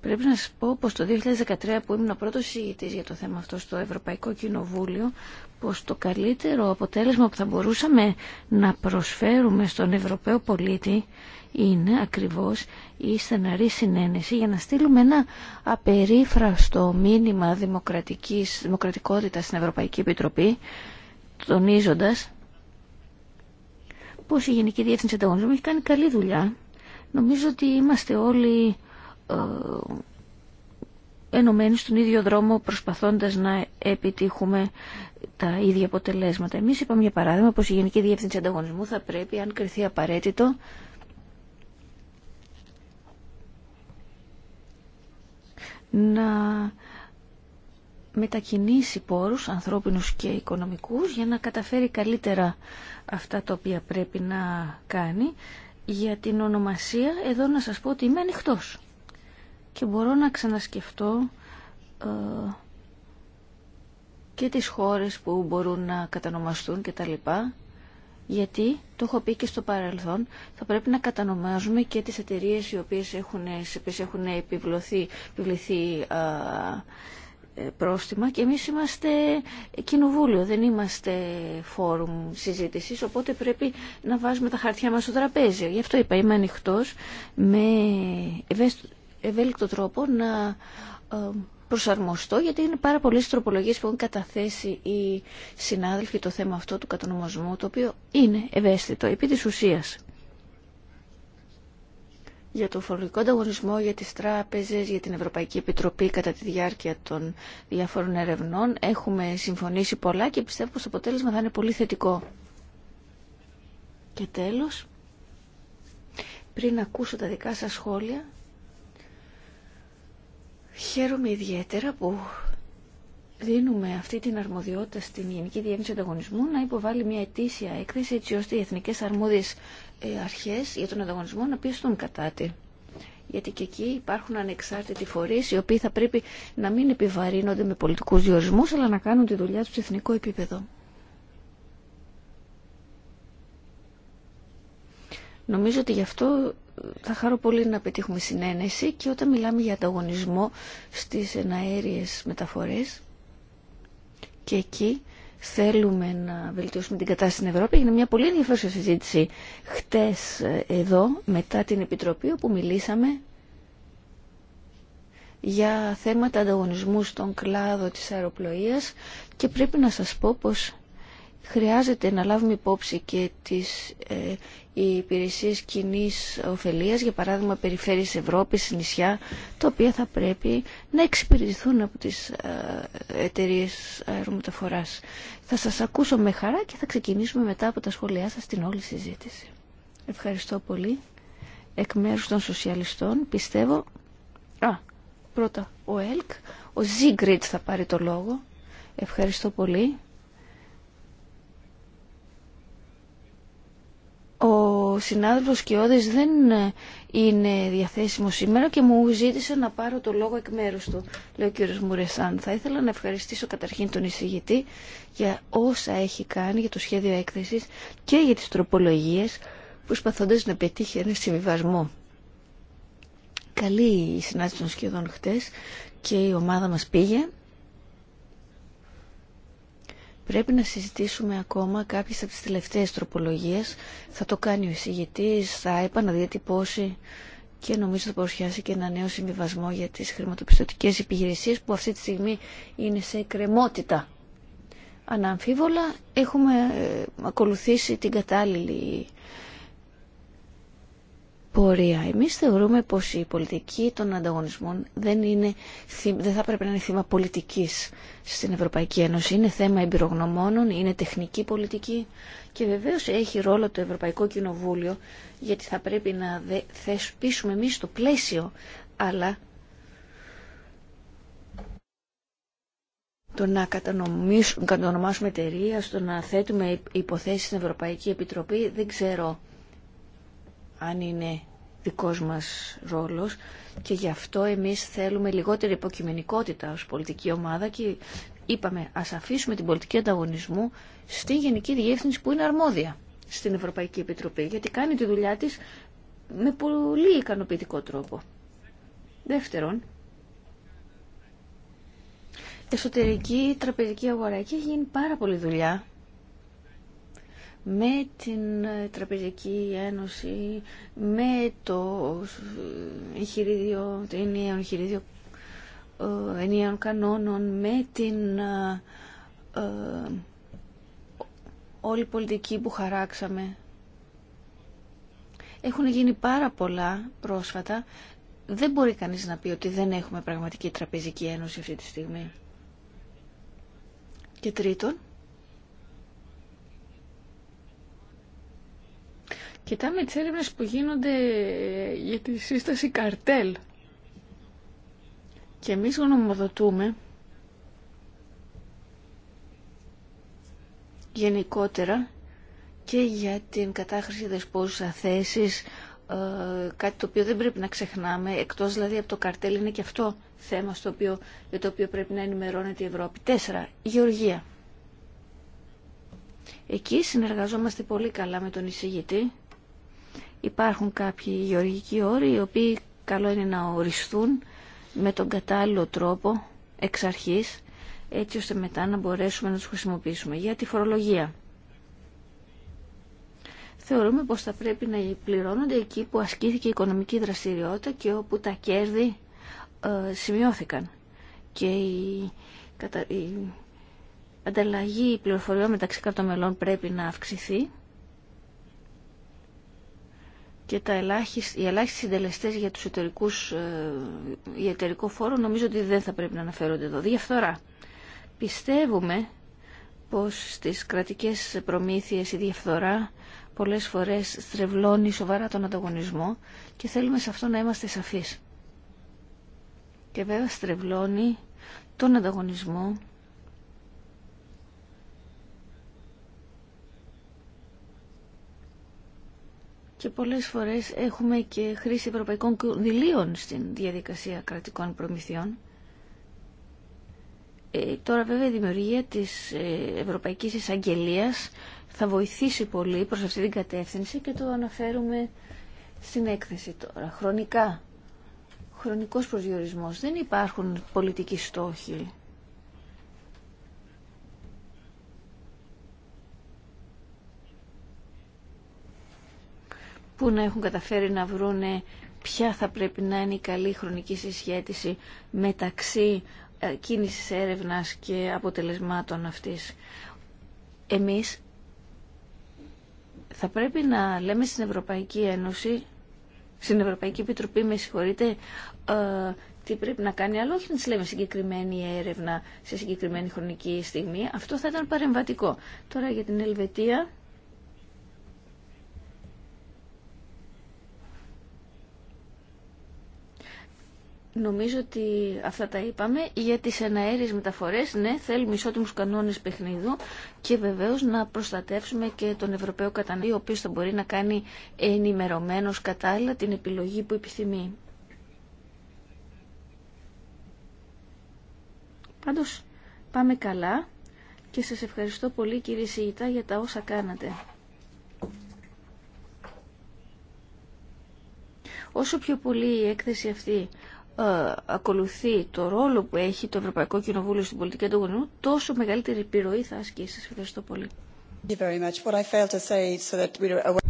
Πρέπει να σας πω πως το 2013 που ήμουν πρώτος ηγητής για το θέμα αυτό στο Ευρωπαϊκό Κοινοβούλιο, πως το καλύτερο αποτέλεσμα που θα μπορούσαμε να προσφέρουμε στον Ευρωπαίο πολίτη είναι ακριβώς η στεναρή συνένεση για να στείλουμε ένα απερίφραστο μήνυμα δημοκρατικής, δημοκρατικότητας στην Ευρωπαϊκή Επιτροπή τονίζοντας πως η Γενική Διεύθυνση Ανταγωνισμού έχει κάνει καλή δουλειά. Νομίζω ότι είμαστε όλοι ε, ενωμένοι στον ίδιο δρόμο προσπαθώντας να επιτύχουμε τα ίδια αποτελέσματα. Εμείς είπαμε για παράδειγμα πως η Γενική Διεύθυνση Ανταγωνισμού θα πρέπει, αν κριθεί απαραίτητο, να μετακινήσει πόρους ανθρώπινους και οικονομικούς για να καταφέρει καλύτερα αυτά τα οποία πρέπει να κάνει. Για την ονομασία εδώ να σας πω ότι είμαι ανοιχτό. και μπορώ να ξανασκεφτώ ε, και τις χώρες που μπορούν να κατανομαστούν και τα λοιπά γιατί το έχω πει και στο παρελθόν, θα πρέπει να κατανομάζουμε και τις εταιρείε οι οποίες έχουν, σε οποίες έχουν επιβληθεί, επιβληθεί πρόστιμα και εμείς είμαστε κοινοβούλιο, δεν είμαστε φόρουμ συζήτησης, οπότε πρέπει να βάζουμε τα χαρτιά μας στο τραπέζι. Γι' αυτό είπα, είμαι ανοιχτό με ευέλικτο τρόπο να ε, προσαρμοστώ γιατί είναι πάρα πολλέ τροπολογίε που έχουν καταθέσει οι συνάδελφοι το θέμα αυτό του κατονομασμού, το οποίο είναι ευαίσθητο επί τη ουσία. Για τον φορολογικό ανταγωνισμό, για τις τράπεζες, για την Ευρωπαϊκή Επιτροπή κατά τη διάρκεια των διάφορων ερευνών έχουμε συμφωνήσει πολλά και πιστεύω πως το αποτέλεσμα θα είναι πολύ θετικό. Και τέλος, πριν ακούσω τα δικά σας σχόλια, Χαίρομαι ιδιαίτερα που δίνουμε αυτή την αρμοδιότητα στην Γενική Διεύθυνση Ανταγωνισμού να υποβάλει μια ετήσια έκθεση έτσι ώστε οι εθνικές αρμόδιες ε, αρχές για τον ανταγωνισμό να πιεστούν κατά τη. Γιατί και εκεί υπάρχουν ανεξάρτητοι φορείς οι οποίοι θα πρέπει να μην επιβαρύνονται με πολιτικούς διορισμούς αλλά να κάνουν τη δουλειά του σε εθνικό επίπεδο. Νομίζω ότι γι' αυτό θα χαρώ πολύ να πετύχουμε συνένεση και όταν μιλάμε για ανταγωνισμό στις εναέριες μεταφορές και εκεί θέλουμε να βελτιώσουμε την κατάσταση στην Ευρώπη. είναι μια πολύ ενδιαφέρουσα συζήτηση χτες ε, εδώ μετά την Επιτροπή όπου μιλήσαμε για θέματα ανταγωνισμού στον κλάδο της αεροπλοείας και πρέπει να σας πω πως χρειάζεται να λάβουμε υπόψη και τις ε, κοινή για παράδειγμα περιφέρειες Ευρώπης, νησιά, τα οποία θα πρέπει να εξυπηρετηθούν από τις ε, εταιρείε αερομεταφοράς. Θα σας ακούσω με χαρά και θα ξεκινήσουμε μετά από τα σχόλιά σας την όλη συζήτηση. Ευχαριστώ πολύ. Εκ μέρους των σοσιαλιστών πιστεύω... Α, πρώτα ο ΕΛΚ, ο Ζίγκριτ θα πάρει το λόγο. Ευχαριστώ πολύ. Ο συνάδελφος Κιώδης δεν είναι διαθέσιμο σήμερα και μου ζήτησε να πάρω το λόγο εκ μέρους του, λέει ο κύριος Μουρεσάν. Θα ήθελα να ευχαριστήσω καταρχήν τον εισηγητή για όσα έχει κάνει για το σχέδιο έκθεσης και για τις τροπολογίες, προσπαθώντας να πετύχει ένα συμβιβασμό. Καλή η συνάντηση των σχεδόν χτες και η ομάδα μας πήγε Πρέπει να συζητήσουμε ακόμα κάποιες από τις τελευταίες τροπολογίες. Θα το κάνει ο εισηγητής, θα επαναδιατυπώσει και νομίζω θα παρουσιάσει και ένα νέο συμβιβασμό για τις χρηματοπιστωτικές υπηρεσίες που αυτή τη στιγμή είναι σε κρεμότητα. Αναμφίβολα έχουμε ε, ακολουθήσει την κατάλληλη πορεία. Εμείς θεωρούμε πως η πολιτική των ανταγωνισμών δεν, είναι, δεν θα πρέπει να είναι θύμα πολιτικής στην Ευρωπαϊκή Ένωση. Είναι θέμα εμπειρογνωμόνων, είναι τεχνική πολιτική και βεβαίως έχει ρόλο το Ευρωπαϊκό Κοινοβούλιο γιατί θα πρέπει να θεσπίσουμε εμείς το πλαίσιο αλλά το να κατονομάσουμε εταιρεία, στο να θέτουμε υποθέσεις στην Ευρωπαϊκή Επιτροπή, δεν ξέρω αν είναι δικός μας ρόλος και γι' αυτό εμείς θέλουμε λιγότερη υποκειμενικότητα ως πολιτική ομάδα και είπαμε ας αφήσουμε την πολιτική ανταγωνισμού στην Γενική Διεύθυνση που είναι αρμόδια στην Ευρωπαϊκή Επιτροπή γιατί κάνει τη δουλειά της με πολύ ικανοποιητικό τρόπο. Δεύτερον, εσωτερική τραπεζική αγορά. Εκεί έχει γίνει πάρα πολλή δουλειά με την ε, Τραπεζική Ένωση, με το ε, εγχειρίδιο, το ενιαίο εγχειρίδιο ε, ενιαίων κανόνων, με την ε, όλη πολιτική που χαράξαμε. Έχουν γίνει πάρα πολλά πρόσφατα. Δεν μπορεί κανείς να πει ότι δεν έχουμε πραγματική τραπεζική ένωση αυτή τη στιγμή. Και τρίτον, Κοιτάμε τις έρευνες που γίνονται για τη σύσταση καρτέλ και εμείς γνωμοδοτούμε γενικότερα και για την κατάχρηση δεσπόζουσα θέσης ε, κάτι το οποίο δεν πρέπει να ξεχνάμε εκτός δηλαδή από το καρτέλ είναι και αυτό θέμα στο οποίο, για το οποίο πρέπει να ενημερώνεται η Ευρώπη. Τέσσερα, η Γεωργία. Εκεί συνεργαζόμαστε πολύ καλά με τον εισηγητή Υπάρχουν κάποιοι γεωργικοί όροι οι οποίοι καλό είναι να οριστούν με τον κατάλληλο τρόπο εξ αρχής έτσι ώστε μετά να μπορέσουμε να τους χρησιμοποιήσουμε. Για τη φορολογία. Θεωρούμε πως θα πρέπει να πληρώνονται εκεί που ασκήθηκε η οικονομική δραστηριότητα και όπου τα κέρδη ε, σημειώθηκαν. Και η, κατα... η ανταλλαγή πληροφοριών μεταξύ κρατομελών πρέπει να αυξηθεί και τα ελάχιστη, οι ελάχιστοι συντελεστέ για του εταιρικού η ε, εταιρικό φόρο νομίζω ότι δεν θα πρέπει να αναφέρονται εδώ. Διαφθορά. Πιστεύουμε πως στις κρατικές προμήθειες η διαφθορά πολλές φορές στρεβλώνει σοβαρά τον ανταγωνισμό και θέλουμε σε αυτό να είμαστε σαφείς. Και βέβαια στρεβλώνει τον ανταγωνισμό και πολλές φορές έχουμε και χρήση ευρωπαϊκών κονδυλίων στην διαδικασία κρατικών προμηθειών. Ε, τώρα βέβαια η δημιουργία της ε, Ευρωπαϊκής εισαγγελία θα βοηθήσει πολύ προς αυτή την κατεύθυνση και το αναφέρουμε στην έκθεση τώρα. Χρονικά, χρονικός προσδιορισμός. Δεν υπάρχουν πολιτικοί στόχοι που να έχουν καταφέρει να βρούνε ποια θα πρέπει να είναι η καλή χρονική συσχέτιση μεταξύ ε, κίνησης έρευνας και αποτελεσμάτων αυτής. Εμείς θα πρέπει να λέμε στην Ευρωπαϊκή Ένωση, στην Ευρωπαϊκή Επιτροπή, με συγχωρείτε, ε, τι πρέπει να κάνει, αλλά όχι να της λέμε συγκεκριμένη έρευνα σε συγκεκριμένη χρονική στιγμή. Αυτό θα ήταν παρεμβατικό. Τώρα για την Ελβετία Νομίζω ότι αυτά τα είπαμε. Για τις εναέρειες μεταφορές, ναι, θέλουμε ισότιμου κανόνες παιχνίδου και βεβαίω να προστατεύσουμε και τον Ευρωπαίο καταναλωτή, ο οποίος θα μπορεί να κάνει ενημερωμένο κατάλληλα την επιλογή που επιθυμεί. Πάντω, πάμε καλά και σας ευχαριστώ πολύ κύριε Σιγητά για τα όσα κάνατε. Όσο πιο πολύ η έκθεση αυτή ε, ακολουθεί το ρόλο που έχει το Ευρωπαϊκό Κοινοβούλιο στην πολιτική ανταγωνισμού, τόσο μεγαλύτερη επιρροή θα ασκήσει. Σας ευχαριστώ πολύ.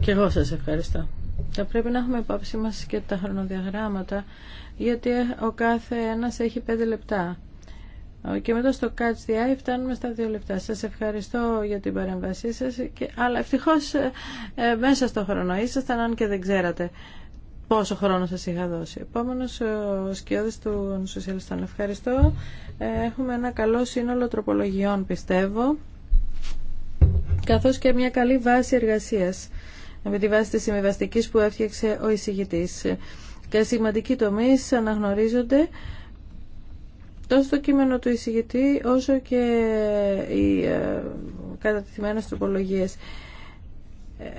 Και εγώ σας ευχαριστώ. Θα πρέπει να έχουμε υπόψη μας και τα χρονοδιαγράμματα, γιατί ο κάθε ένας έχει πέντε λεπτά. Και μετά στο Catch the Eye φτάνουμε στα δύο λεπτά. Σας ευχαριστώ για την παρέμβασή σας, και... αλλά ευτυχώς ε, ε, μέσα στο χρόνο ήσασταν, αν και δεν ξέρατε πόσο χρόνο σας είχα δώσει. Επόμενος ο σκιώδης του Σοσιαλιστών. Ευχαριστώ. Ε, έχουμε ένα καλό σύνολο τροπολογιών πιστεύω καθώς και μια καλή βάση εργασίας με τη βάση της συμβιβαστική που έφτιαξε ο εισηγητής. Και σημαντικοί τομείς αναγνωρίζονται τόσο το κείμενο του εισηγητή όσο και οι ε, τροπολογίε τροπολογίες. Ε,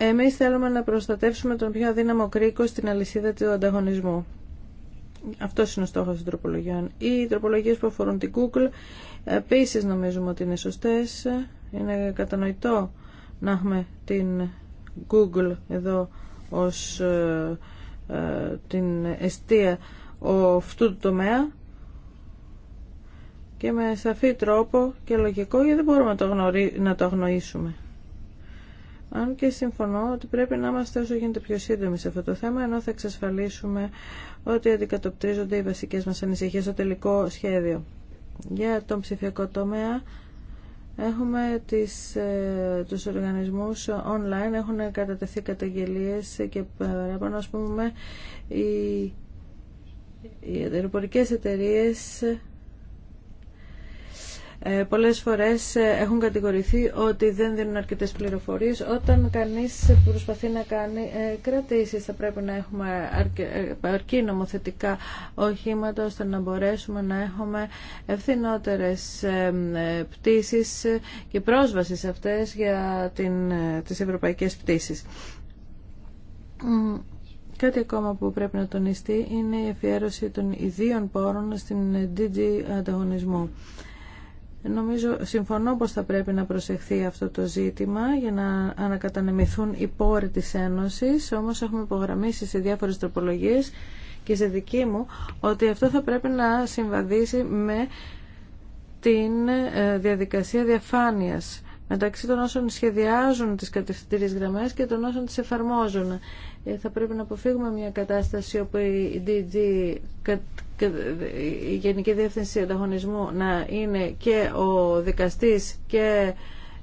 εμείς θέλουμε να προστατεύσουμε τον πιο αδύναμο κρίκο στην αλυσίδα του ανταγωνισμού. Αυτό είναι ο στόχο των τροπολογιών. Οι τροπολογίε που αφορούν την Google επίση νομίζουμε ότι είναι σωστέ. Είναι κατανοητό να έχουμε την Google εδώ ως ε, ε, την αιστεία αυτού του τομέα και με σαφή τρόπο και λογικό γιατί δεν μπορούμε να το, αγνοήσουμε. Αν και συμφωνώ ότι πρέπει να είμαστε όσο γίνεται πιο σύντομοι σε αυτό το θέμα, ενώ θα εξασφαλίσουμε ότι αντικατοπτρίζονται οι βασικές μας ανησυχίες στο τελικό σχέδιο. Για τον ψηφιακό τομέα, Έχουμε τις, ε, τους οργανισμούς online, έχουν κατατεθεί καταγγελίες και παραπάνω, ας πούμε, οι, οι εταιρείε ε, πολλές φορές ε, έχουν κατηγορηθεί ότι δεν δίνουν αρκετές πληροφορίες όταν κανείς προσπαθεί να κάνει ε, κρατήσεις θα πρέπει να έχουμε αρκεί νομοθετικά οχήματα ώστε να μπορέσουμε να έχουμε ευθυνότερες πτήσεις και πρόσβαση σε αυτές για την, τις ευρωπαϊκές πτήσεις. Κάτι ακόμα που πρέπει να τονιστεί είναι η εφιέρωση των ιδίων πόρων στην DG ανταγωνισμού. Νομίζω, συμφωνώ πως θα πρέπει να προσεχθεί αυτό το ζήτημα για να ανακατανεμηθούν οι πόροι της Ένωσης, όμως έχουμε υπογραμμίσει σε διάφορες τροπολογίες και σε δική μου ότι αυτό θα πρέπει να συμβαδίσει με την ε, διαδικασία διαφάνειας μεταξύ των όσων σχεδιάζουν τις κατευθυντήριες γραμμές και των όσων τις εφαρμόζουν. Ε, θα πρέπει να αποφύγουμε μια κατάσταση όπου η DG, η Γενική Διεύθυνση Ανταγωνισμού, να είναι και ο δικαστής και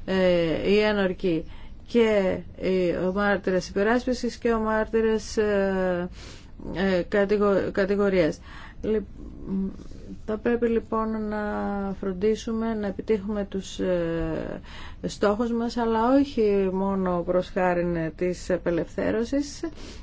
ε, η ένορκη και ε, ο μάρτυρας υπεράσπισης και ο μάρτυρας κατηγορίας. Θα πρέπει λοιπόν να φροντίσουμε να επιτύχουμε τους στόχος μας, αλλά όχι μόνο προς χάρη της απελευθέρωσης.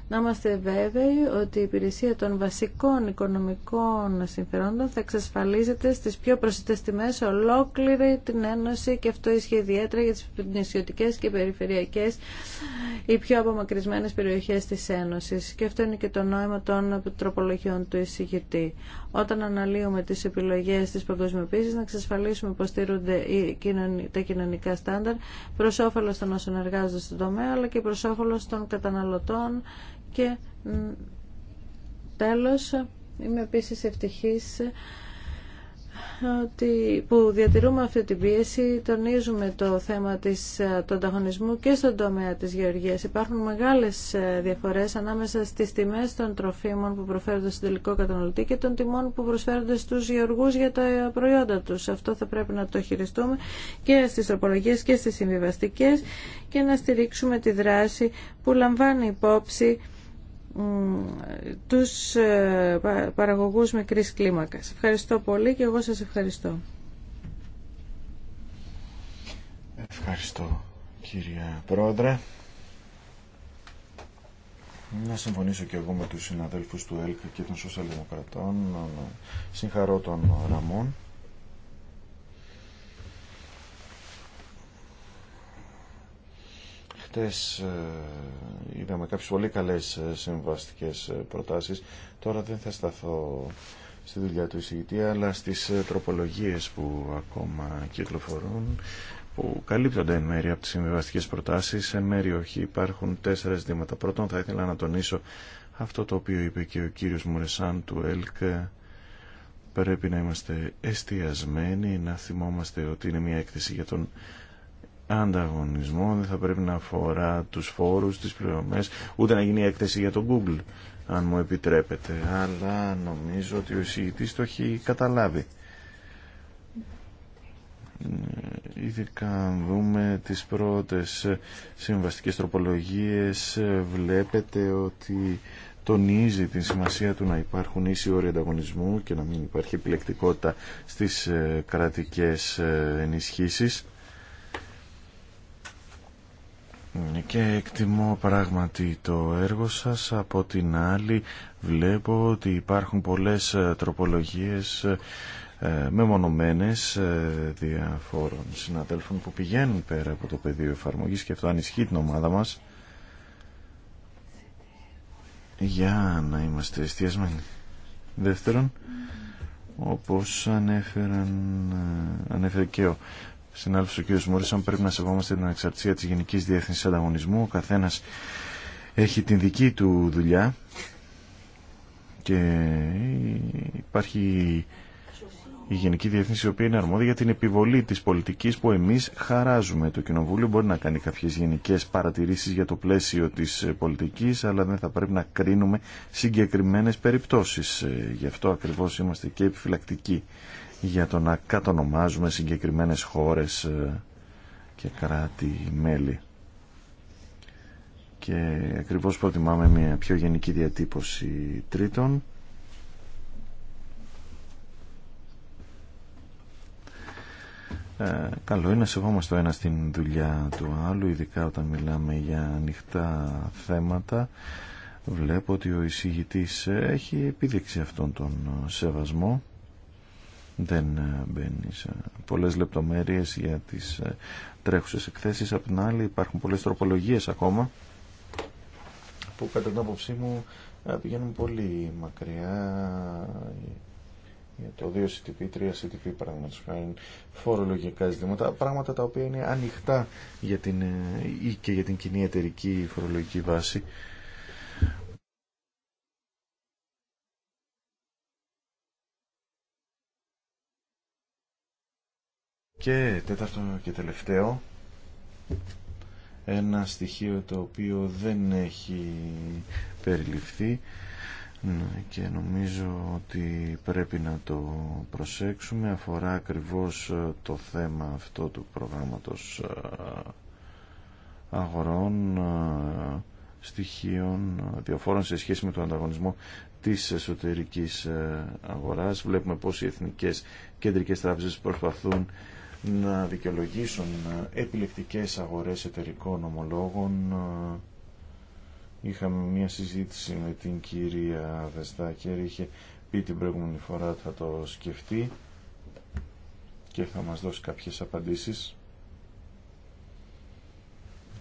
Να είμαστε βέβαιοι ότι η υπηρεσία των βασικών οικονομικών συμφερόντων θα εξασφαλίζεται στις πιο προσιτές τιμές ολόκληρη την Ένωση και αυτό ισχύει ιδιαίτερα για τις νησιωτικές και περιφερειακές οι πιο απομακρυσμένες περιοχές της Ένωσης. Και αυτό είναι και το νόημα των τροπολογιών του εισηγητή. Όταν αναλύουμε τις επιλογές της παγκοσμιοποίησης, να εξασφαλίσουμε πως στήρουν τα κοινωνικά στάδια στάνταρ προς όφελος των όσων εργάζονται στον τομέα αλλά και προ όφελο των καταναλωτών και τέλος είμαι επίση ευτυχής ότι που διατηρούμε αυτή την πίεση τονίζουμε το θέμα της, ε, του ανταγωνισμού και στον τομέα της γεωργίας. Υπάρχουν μεγάλες ε, διαφορές ανάμεσα στις τιμές των τροφίμων που προφέρονται στον τελικό καταναλωτή και των τιμών που προσφέρονται στους γεωργούς για τα προϊόντα τους. Αυτό θα πρέπει να το χειριστούμε και στις τροπολογίες και στις συμβιβαστικές και να στηρίξουμε τη δράση που λαμβάνει υπόψη τους ε, παραγωγούς μικρής κλίμακας. Ευχαριστώ πολύ και εγώ σας ευχαριστώ. Ευχαριστώ κυρία Πρόεδρε. Να συμφωνήσω και εγώ με τους συναδέλφους του ΕΛΚ και των Σοσιαλδημοκρατών. Συγχαρώ τον Ραμόν Χτες ε, είδαμε κάποιες πολύ καλές ε, συμβαστικές ε, προτάσεις. Τώρα δεν θα σταθώ στη δουλειά του εισηγητή, αλλά στις τροπολογίες που ακόμα κυκλοφορούν, που καλύπτονται εν μέρη από τις συμβαστικές προτάσεις, εν μέρη όχι. Υπάρχουν τέσσερα ζητήματα. Πρώτον, θα ήθελα να τονίσω αυτό το οποίο είπε και ο κύριος Μουρεσάν του ΕΛΚ. Πρέπει να είμαστε εστιασμένοι, να θυμόμαστε ότι είναι μια έκθεση για τον ανταγωνισμό, δεν θα πρέπει να αφορά τους φόρους, τις πληρωμές, ούτε να γίνει έκθεση για το Google, αν μου επιτρέπετε. Αλλά νομίζω ότι ο εισηγητής το έχει καταλάβει. Ε, ειδικά αν δούμε τις πρώτες συμβαστικές τροπολογίες, βλέπετε ότι τονίζει την σημασία του να υπάρχουν ίσοι όροι ανταγωνισμού και να μην υπάρχει επιλεκτικότητα στις ε, κρατικές ε, ενισχύσεις ναι, και εκτιμώ πράγματι το έργο σας. Από την άλλη βλέπω ότι υπάρχουν πολλές ε, τροπολογίες ε, μεμονωμένες ε, διαφόρων συναδέλφων που πηγαίνουν πέρα από το πεδίο εφαρμογής και αυτό ανισχύει την ομάδα μας για να είμαστε εστιασμένοι. Δεύτερον, όπως ανέφεραν, ανέφερε και ο συνάδελφος ο κ. αν πρέπει να σεβόμαστε την ανεξαρτησία τη Γενική Διεθνής Ανταγωνισμού. Ο καθένα έχει την δική του δουλειά και υπάρχει η Γενική Διεύθυνση η οποία είναι αρμόδια για την επιβολή τη πολιτική που εμεί χαράζουμε. Το Κοινοβούλιο μπορεί να κάνει κάποιε γενικέ παρατηρήσει για το πλαίσιο τη πολιτική, αλλά δεν θα πρέπει να κρίνουμε συγκεκριμένε περιπτώσει. Ε, γι' αυτό ακριβώ είμαστε και επιφυλακτικοί για το να κατονομάζουμε συγκεκριμένες χώρες ε, και κράτη-μέλη. Και ακριβώς προτιμάμε μια πιο γενική διατύπωση τρίτων. Ε, καλό είναι να σεβόμαστε ο ένα στην δουλειά του άλλου, ειδικά όταν μιλάμε για ανοιχτά θέματα. Βλέπω ότι ο εισηγητής έχει επίδειξει αυτόν τον σεβασμό δεν ε, μπαίνει σε πολλές λεπτομέρειες για τις ε, τρέχουσες εκθέσεις. Απ' την άλλη υπάρχουν πολλές τροπολογίες ακόμα που κατά την άποψή μου ε, πηγαίνουν πολύ μακριά για το 2 CTP, 3 CTP παραδείγματος χάρη, φορολογικά ζητήματα, πράγματα τα οποία είναι ανοιχτά για την, ή και για την κοινή εταιρική φορολογική βάση Και τέταρτο και τελευταίο, ένα στοιχείο το οποίο δεν έχει περιληφθεί ναι, και νομίζω ότι πρέπει να το προσέξουμε αφορά ακριβώς ε, το θέμα αυτό του προγράμματος ε, αγορών ε, στοιχείων διαφόρων σε σχέση με τον ανταγωνισμό της εσωτερικής αγοράς. Βλέπουμε πως οι εθνικές κεντρικές τράπεζες προσπαθούν να δικαιολογήσουν ε, επιλεκτικές αγορές εταιρικών ομολόγων. Ε, είχαμε μια συζήτηση με την κυρία Βεστάκερ, είχε πει την προηγούμενη φορά ότι θα το σκεφτεί και θα μας δώσει κάποιες απαντήσεις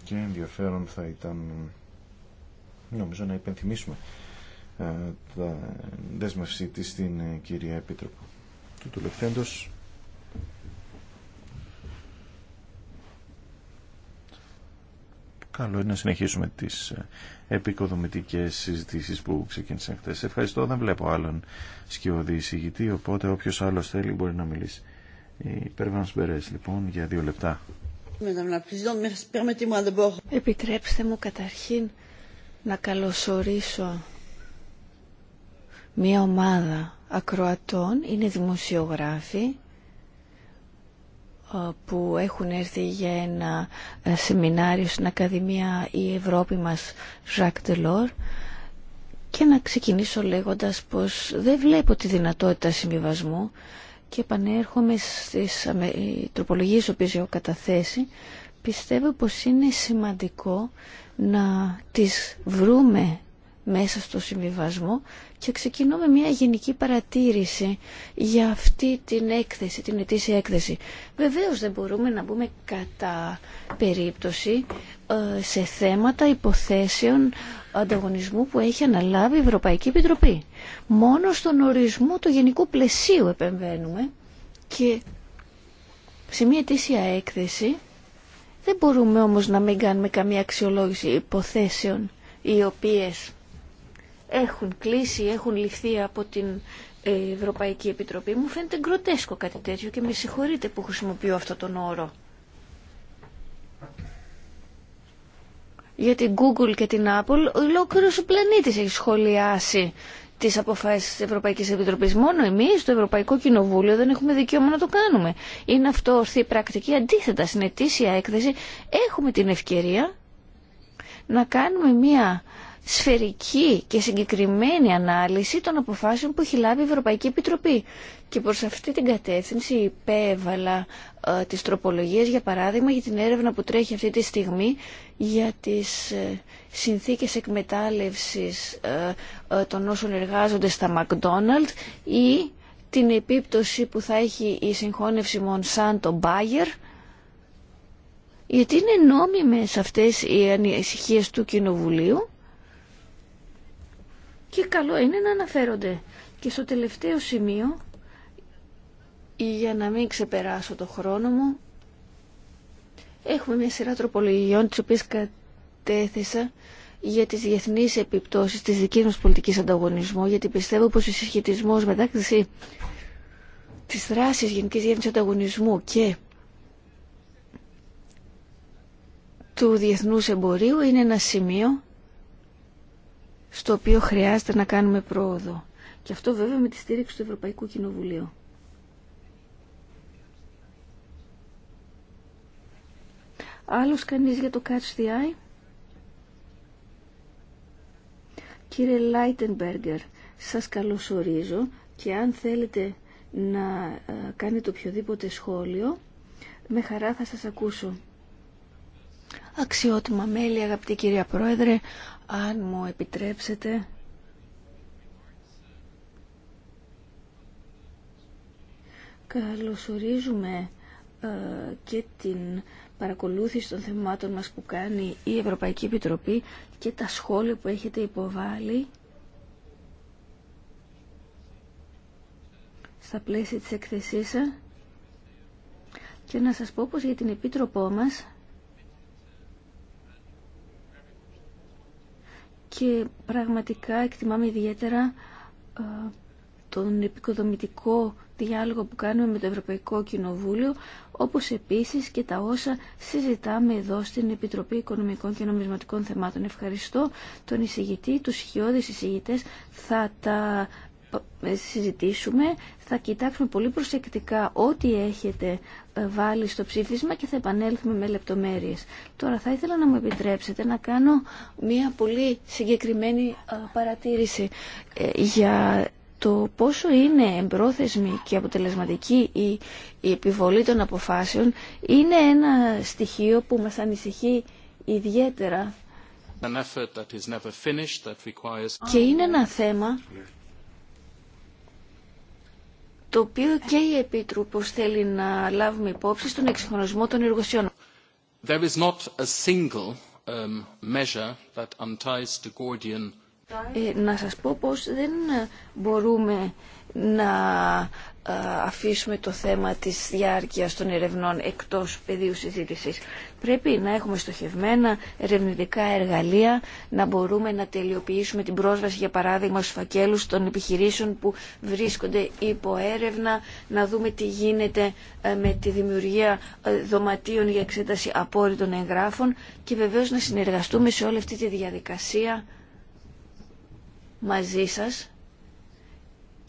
και ενδιαφέρον θα ήταν νομίζω να υπενθυμίσουμε ε, τα δέσμευσή της στην κυρία Επίτροπο. Του τελευταίντος καλό είναι να συνεχίσουμε τις ε, επικοδομητικές συζητήσεις που ξεκίνησαν χθε. Ευχαριστώ, δεν βλέπω άλλον σκιωδή εισηγητή, οπότε όποιος άλλος θέλει μπορεί να μιλήσει. Η Περβάνα λοιπόν, για δύο λεπτά. Επιτρέψτε μου καταρχήν να καλωσορίσω μία ομάδα ακροατών, είναι δημοσιογράφοι, ε, που έχουν έρθει για ένα ε, σεμινάριο στην Ακαδημία η Ευρώπη μας Jacques Delors και να ξεκινήσω λέγοντας πως δεν βλέπω τη δυνατότητα συμβιβασμού και επανέρχομαι στις τροπολογίες που έχω καταθέσει πιστεύω πως είναι σημαντικό να τις βρούμε μέσα στο συμβιβασμό και ξεκινώ με μια γενική παρατήρηση για αυτή την έκθεση, την ετήσια έκθεση. Βεβαίως δεν μπορούμε να μπούμε κατά περίπτωση ε, σε θέματα υποθέσεων ανταγωνισμού που έχει αναλάβει η Ευρωπαϊκή Επιτροπή. Μόνο στον ορισμό του γενικού πλαισίου επεμβαίνουμε και σε μια ετήσια έκθεση δεν μπορούμε όμως να μην κάνουμε καμία αξιολόγηση υποθέσεων οι οποίες έχουν κλείσει, έχουν ληφθεί από την ε, Ευρωπαϊκή Επιτροπή. Μου φαίνεται γκροτέσκο κάτι τέτοιο και με συγχωρείτε που χρησιμοποιώ αυτό τον όρο. Για την Google και την Apple, ολόκληρο ο πλανήτης έχει σχολιάσει τι αποφάσει τη Ευρωπαϊκή Επιτροπή. Μόνο εμεί, το Ευρωπαϊκό Κοινοβούλιο, δεν έχουμε δικαίωμα να το κάνουμε. Είναι αυτό ορθή πρακτική. Αντίθετα, στην ετήσια έκθεση έχουμε την ευκαιρία να κάνουμε μία σφαιρική και συγκεκριμένη ανάλυση των αποφάσεων που έχει λάβει η Ευρωπαϊκή Επιτροπή. Και προς αυτή την κατεύθυνση υπέβαλα ε, τις τροπολογίες, για παράδειγμα, για την έρευνα που τρέχει αυτή τη στιγμή για τις ε, συνθήκες εκμετάλλευσης ε, ε, των όσων εργάζονται στα McDonald's ή την επίπτωση που θα έχει η συγχώνευση Monsanto-Bayer, γιατί είναι νόμιμες αυτές οι ανησυχίες του Κοινοβουλίου και καλό είναι να αναφέρονται. Και στο τελευταίο σημείο, για να μην ξεπεράσω το χρόνο μου, έχουμε μια σειρά τροπολογιών τις οποίες κατέθεσα για τις διεθνείς επιπτώσεις της δικής μας πολιτικής ανταγωνισμού, γιατί πιστεύω πως ο συσχετισμός μεταξύ της δράσης Γενικής Διεύθυνσης Ανταγωνισμού και του διεθνούς εμπορίου είναι ένα σημείο στο οποίο χρειάζεται να κάνουμε πρόοδο. Και αυτό βέβαια με τη στήριξη του Ευρωπαϊκού Κοινοβουλίου. Άλλος κανείς για το Catch the Eye? Κύριε Λάιτενμπεργκερ, σας καλωσορίζω και αν θέλετε να ε, κάνετε οποιοδήποτε σχόλιο, με χαρά θα σας ακούσω. Αξιότιμα μέλη, αγαπητή κυρία Πρόεδρε, αν μου επιτρέψετε... Καλωσορίζουμε ε, και την παρακολούθηση των θεμάτων μας που κάνει η Ευρωπαϊκή Επιτροπή και τα σχόλια που έχετε υποβάλει στα πλαίσια της εκθεσής σας και να σας πω πως για την Επίτροπό μας και πραγματικά εκτιμάμε ιδιαίτερα ε, τον επικοδομητικό διάλογο που κάνουμε με το Ευρωπαϊκό Κοινοβούλιο, όπως επίσης και τα όσα συζητάμε εδώ στην Επιτροπή Οικονομικών και Νομισματικών Θεμάτων. Ευχαριστώ τον εισηγητή, τους χειώδεις εισηγητές, θα τα συζητήσουμε θα κοιτάξουμε πολύ προσεκτικά ό,τι έχετε ε, βάλει στο ψήφισμα και θα επανέλθουμε με λεπτομέρειες. Τώρα θα ήθελα να μου επιτρέψετε να κάνω μια πολύ συγκεκριμένη ε, παρατήρηση ε, για το πόσο είναι εμπρόθεσμη και αποτελεσματική η, επιβολή των αποφάσεων είναι ένα στοιχείο που μας ανησυχεί ιδιαίτερα. Και είναι ένα θέμα το οποίο και η Επίτροπος θέλει να λάβουμε υπόψη στον εξυγχρονισμό των εργοσιών. There is not a single um, measure that unties the Gordian ε, να σας πω πως δεν μπορούμε να αφήσουμε το θέμα της διάρκειας των ερευνών εκτός πεδίου συζήτησης. Πρέπει να έχουμε στοχευμένα ερευνητικά εργαλεία, να μπορούμε να τελειοποιήσουμε την πρόσβαση, για παράδειγμα, στους φακέλους των επιχειρήσεων που βρίσκονται υπό έρευνα, να δούμε τι γίνεται ε, με τη δημιουργία ε, δωματίων για εξέταση απόρριτων εγγράφων και βεβαίως να συνεργαστούμε σε όλη αυτή τη διαδικασία μαζί σας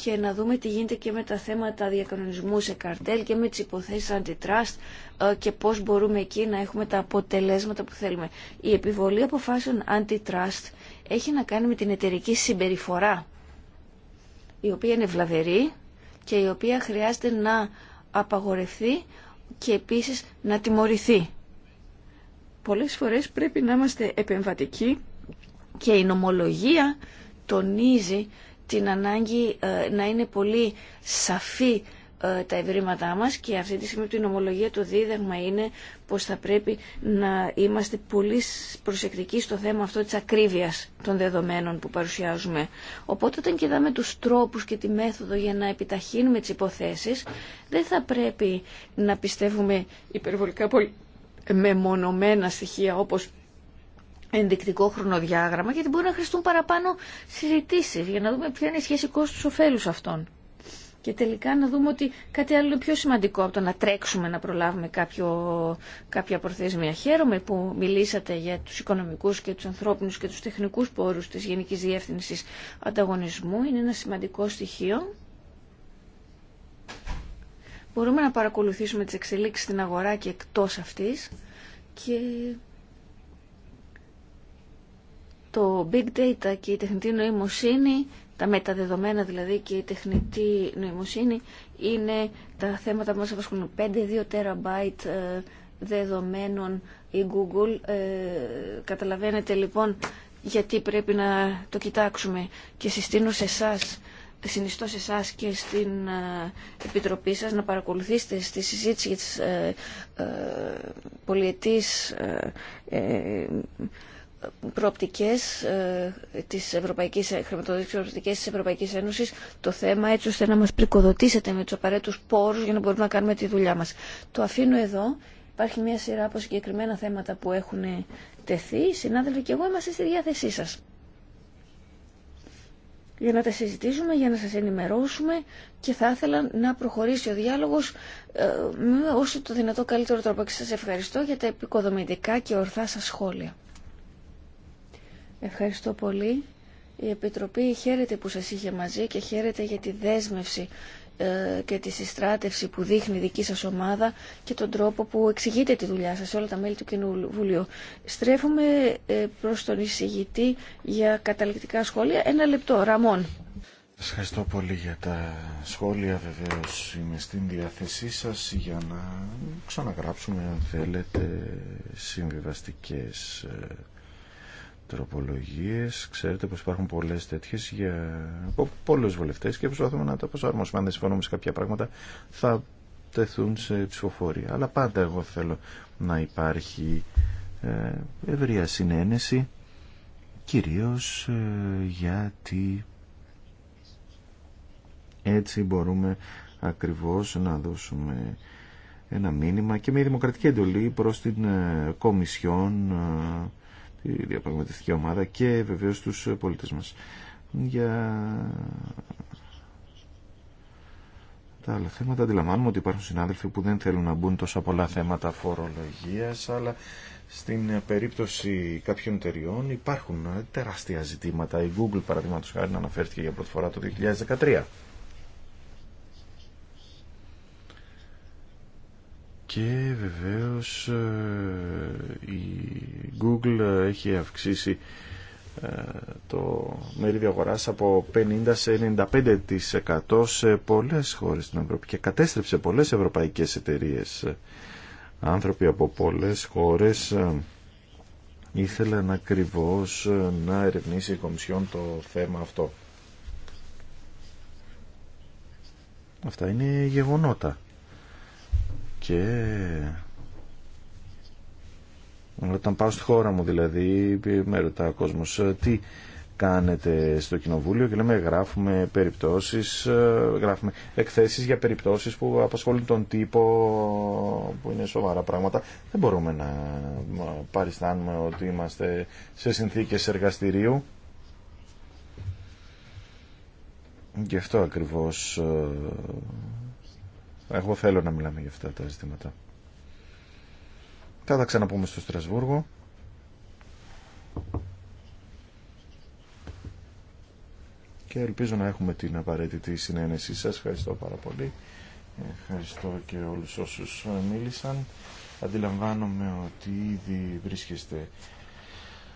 και να δούμε τι γίνεται και με τα θέματα διακανονισμού σε καρτέλ και με τις υποθέσεις αντιτράστ ε, και πώς μπορούμε εκεί να έχουμε τα αποτελέσματα που θέλουμε. Η επιβολή αποφάσεων αντιτράστ έχει να κάνει με την εταιρική συμπεριφορά, η οποία είναι βλαβερή και η οποία χρειάζεται να απαγορευτεί και επίσης να τιμωρηθεί. Πολλές φορές πρέπει να είμαστε επεμβατικοί και η νομολογία τονίζει την ανάγκη ε, να είναι πολύ σαφή ε, τα ευρήματά μας και αυτή τη στιγμή την ομολογία το δίδαγμα είναι πως θα πρέπει να είμαστε πολύ προσεκτικοί στο θέμα αυτό της ακρίβειας των δεδομένων που παρουσιάζουμε. Οπότε όταν κοιτάμε τους τρόπους και τη μέθοδο για να επιταχύνουμε τις υποθέσεις δεν θα πρέπει να πιστεύουμε υπερβολικά πολύ με μονομένα στοιχεία όπως ενδεικτικό χρονοδιάγραμμα γιατί μπορεί να χρειαστούν παραπάνω συζητήσει για να δούμε ποια είναι η σχέση κόστους ωφέλους αυτών. Και τελικά να δούμε ότι κάτι άλλο είναι πιο σημαντικό από το να τρέξουμε να προλάβουμε κάποιο, κάποια προθεσμία. Χαίρομαι που μιλήσατε για τους οικονομικούς και τους ανθρώπινους και τους τεχνικούς πόρους της Γενικής Διεύθυνσης Ανταγωνισμού. Είναι ένα σημαντικό στοιχείο. Μπορούμε να παρακολουθήσουμε τις εξελίξεις στην αγορά και εκτός αυτής. Και το big data και η τεχνητή νοημοσύνη, τα μεταδεδομένα δηλαδή και η τεχνητή νοημοσύνη είναι τα θέματα που μας απασχολούν. 5-2 terabyte ε, δεδομένων η Google. Ε, καταλαβαίνετε λοιπόν γιατί πρέπει να το κοιτάξουμε και συστήνω σε εσά συνιστώ σε εσά και στην ε, Επιτροπή σας να παρακολουθήσετε στη συζήτηση για προοπτικές ε, της Ευρωπαϊκής, χρηματοδοτικές προοπτικές της Ευρωπαϊκής Ένωσης το θέμα έτσι ώστε να μας πρικοδοτήσετε με τους απαραίτητους πόρους για να μπορούμε να κάνουμε τη δουλειά μας. Το αφήνω εδώ. Υπάρχει μια σειρά από συγκεκριμένα θέματα που έχουν τεθεί. Συνάδελφοι και εγώ είμαστε στη διάθεσή σας. Για να τα συζητήσουμε, για να σας ενημερώσουμε και θα ήθελα να προχωρήσει ο διάλογος ε, με όσο το δυνατό καλύτερο τρόπο. Και σας ευχαριστώ για τα επικοδομητικά και ορθά σας σχόλια. Ευχαριστώ πολύ. Η Επιτροπή χαίρεται που σας είχε μαζί και χαίρεται για τη δέσμευση ε, και τη συστράτευση που δείχνει η δική σας ομάδα και τον τρόπο που εξηγείτε τη δουλειά σας σε όλα τα μέλη του Βουλίου. Στρέφουμε ε, προς τον εισηγητή για καταληκτικά σχόλια. Ένα λεπτό. Ραμόν. Σας ευχαριστώ πολύ για τα σχόλια. Βεβαίως είμαι στην διάθεσή σας για να ξαναγράψουμε αν θέλετε συμβιβαστικές ε, τροπολογίες. Ξέρετε πως υπάρχουν πολλές τέτοιες για... από πολλούς βουλευτές και προσπαθούμε να τα προσαρμόσουμε. Αν δεν συμφωνούμε σε κάποια πράγματα θα τεθούν σε ψηφοφορία. Αλλά πάντα εγώ θέλω να υπάρχει ε, ευρεία συνένεση κυρίως ε, γιατί έτσι μπορούμε ακριβώς να δώσουμε ένα μήνυμα και μια δημοκρατική εντολή προς την ε, Κομισιόν τη διαπραγματευτική ομάδα και βεβαίως τους πολίτες μας. Για τα άλλα θέματα αντιλαμβάνουμε ότι υπάρχουν συνάδελφοι που δεν θέλουν να μπουν τόσα πολλά θέματα φορολογίας, αλλά στην περίπτωση κάποιων εταιριών υπάρχουν τεράστια ζητήματα. Η Google, παραδείγματος χάρη, αναφέρθηκε για πρώτη φορά το 2013. και βεβαίως ε, η Google έχει αυξήσει ε, το μερίδιο αγοράς από 50% σε 95% σε πολλές χώρες στην Ευρώπη και κατέστρεψε πολλές ευρωπαϊκές εταιρείες. Άνθρωποι από πολλές χώρες ε, ήθελαν ακριβώς να ερευνήσει η Κομισιόν το θέμα αυτό. Αυτά είναι γεγονότα και όταν πάω στη χώρα μου δηλαδή με ρωτά ο κόσμος «Ε, τι κάνετε στο κοινοβούλιο και λέμε γράφουμε περιπτώσεις ε, γράφουμε εκθέσεις για περιπτώσεις που απασχολούν τον τύπο που είναι σοβαρά πράγματα δεν μπορούμε να παριστάνουμε ότι είμαστε σε συνθήκες εργαστηρίου και αυτό ακριβώς ε, εγώ θέλω να μιλάμε για αυτά τα ζητήματα. Θα τα ξαναπούμε στο Στρασβούργο. Και ελπίζω να έχουμε την απαραίτητη συνένεσή σας. Ευχαριστώ πάρα πολύ. Ευχαριστώ και όλους όσους μίλησαν. Αντιλαμβάνομαι ότι ήδη βρίσκεστε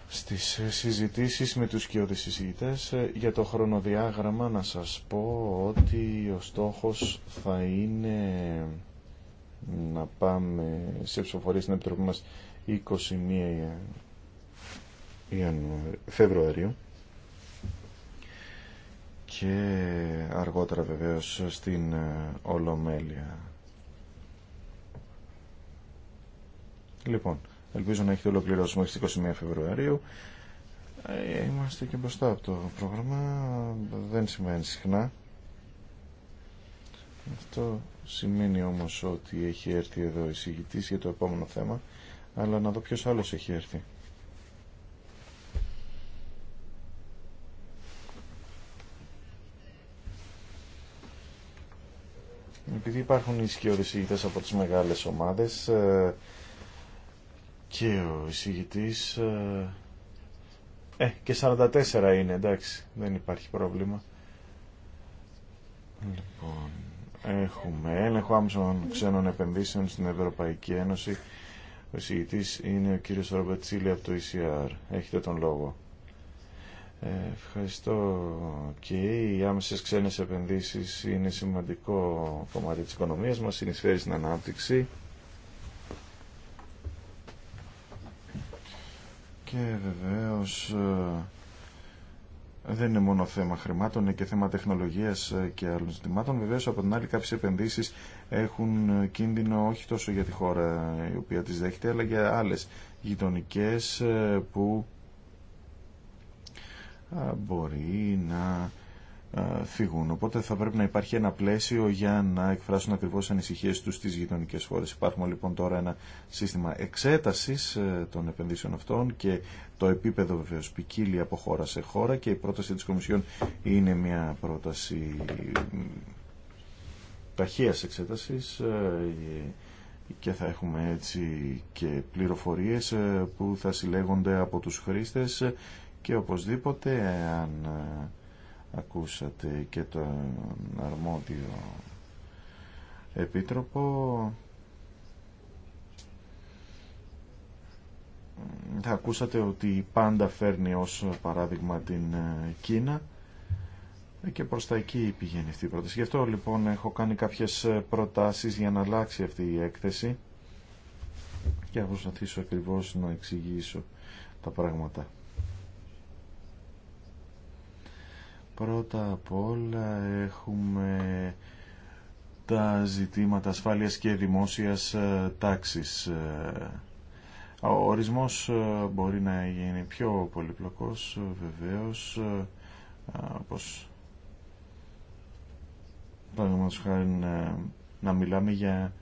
στις συζητήσεις με τους κοιόδης ε, για το χρονοδιάγραμμα να σας πω ότι ο στόχος θα είναι να πάμε σε ψηφοφορία στην Επιτροπή μας 21 Φεβρουαρίου και αργότερα βεβαίως στην ε, Ολομέλεια. Λοιπόν, Ελπίζω να έχετε ολοκληρώσει μέχρι 21 Φεβρουαρίου. Ε, είμαστε και μπροστά από το πρόγραμμα. Δεν σημαίνει συχνά. Αυτό σημαίνει όμως ότι έχει έρθει εδώ συγητής για το επόμενο θέμα. Αλλά να δω ποιος άλλος έχει έρθει. Επειδή υπάρχουν οι από τις μεγάλες ομάδες, ε, και ο εισηγητής ε, ε και 44 είναι, εντάξει, δεν υπάρχει πρόβλημα. Λοιπόν, έχουμε έλεγχο άμεσων ξένων επενδύσεων στην Ευρωπαϊκή Ένωση. Ο εισηγητής είναι ο κύριος Ρομπετσίλη από το ECR. Έχετε τον λόγο. Ε, ευχαριστώ και οι άμεσες ξένες επενδύσεις είναι σημαντικό κομμάτι της οικονομίας μας, συνεισφέρει στην ανάπτυξη Και βεβαίως ε, δεν είναι μόνο θέμα χρημάτων, είναι και θέμα τεχνολογίας ε, και άλλων ζητημάτων. Βεβαίως από την άλλη κάποιες επενδύσεις έχουν ε, κίνδυνο όχι τόσο για τη χώρα η οποία τις δέχεται, αλλά για άλλες γειτονικές που μπορεί να ε, φύγουν. Οπότε θα πρέπει να υπάρχει ένα πλαίσιο για να εκφράσουν ακριβώς ανησυχίε τους στι γειτονικές χώρες. Υπάρχουν λοιπόν τώρα ένα σύστημα εξέτασης ε, των επενδύσεων αυτών και το επίπεδο βεβαίω ποικίλει από χώρα σε χώρα και η πρόταση της Κομισιόν είναι μια πρόταση ταχεία εξέτασης ε, και θα έχουμε έτσι και πληροφορίες που θα συλλέγονται από τους χρήστες και οπωσδήποτε αν ακούσατε και τον αρμόδιο επίτροπο θα ακούσατε ότι πάντα φέρνει ως παράδειγμα την ε, Κίνα και προς τα εκεί πηγαίνει αυτή η πρόταση. Γι' αυτό λοιπόν έχω κάνει κάποιες ε, προτάσεις για να αλλάξει αυτή η έκθεση και θα προσπαθήσω ακριβώς να εξηγήσω τα πράγματα. Πρώτα απ' όλα έχουμε τα ζητήματα ασφάλειας και δημόσιας ε, τάξης. Ε, ο ορισμός ε, μπορεί να γίνει πιο πολυπλοκός βεβαίως όπως παραδείγματος χάρη να, να μιλάμε για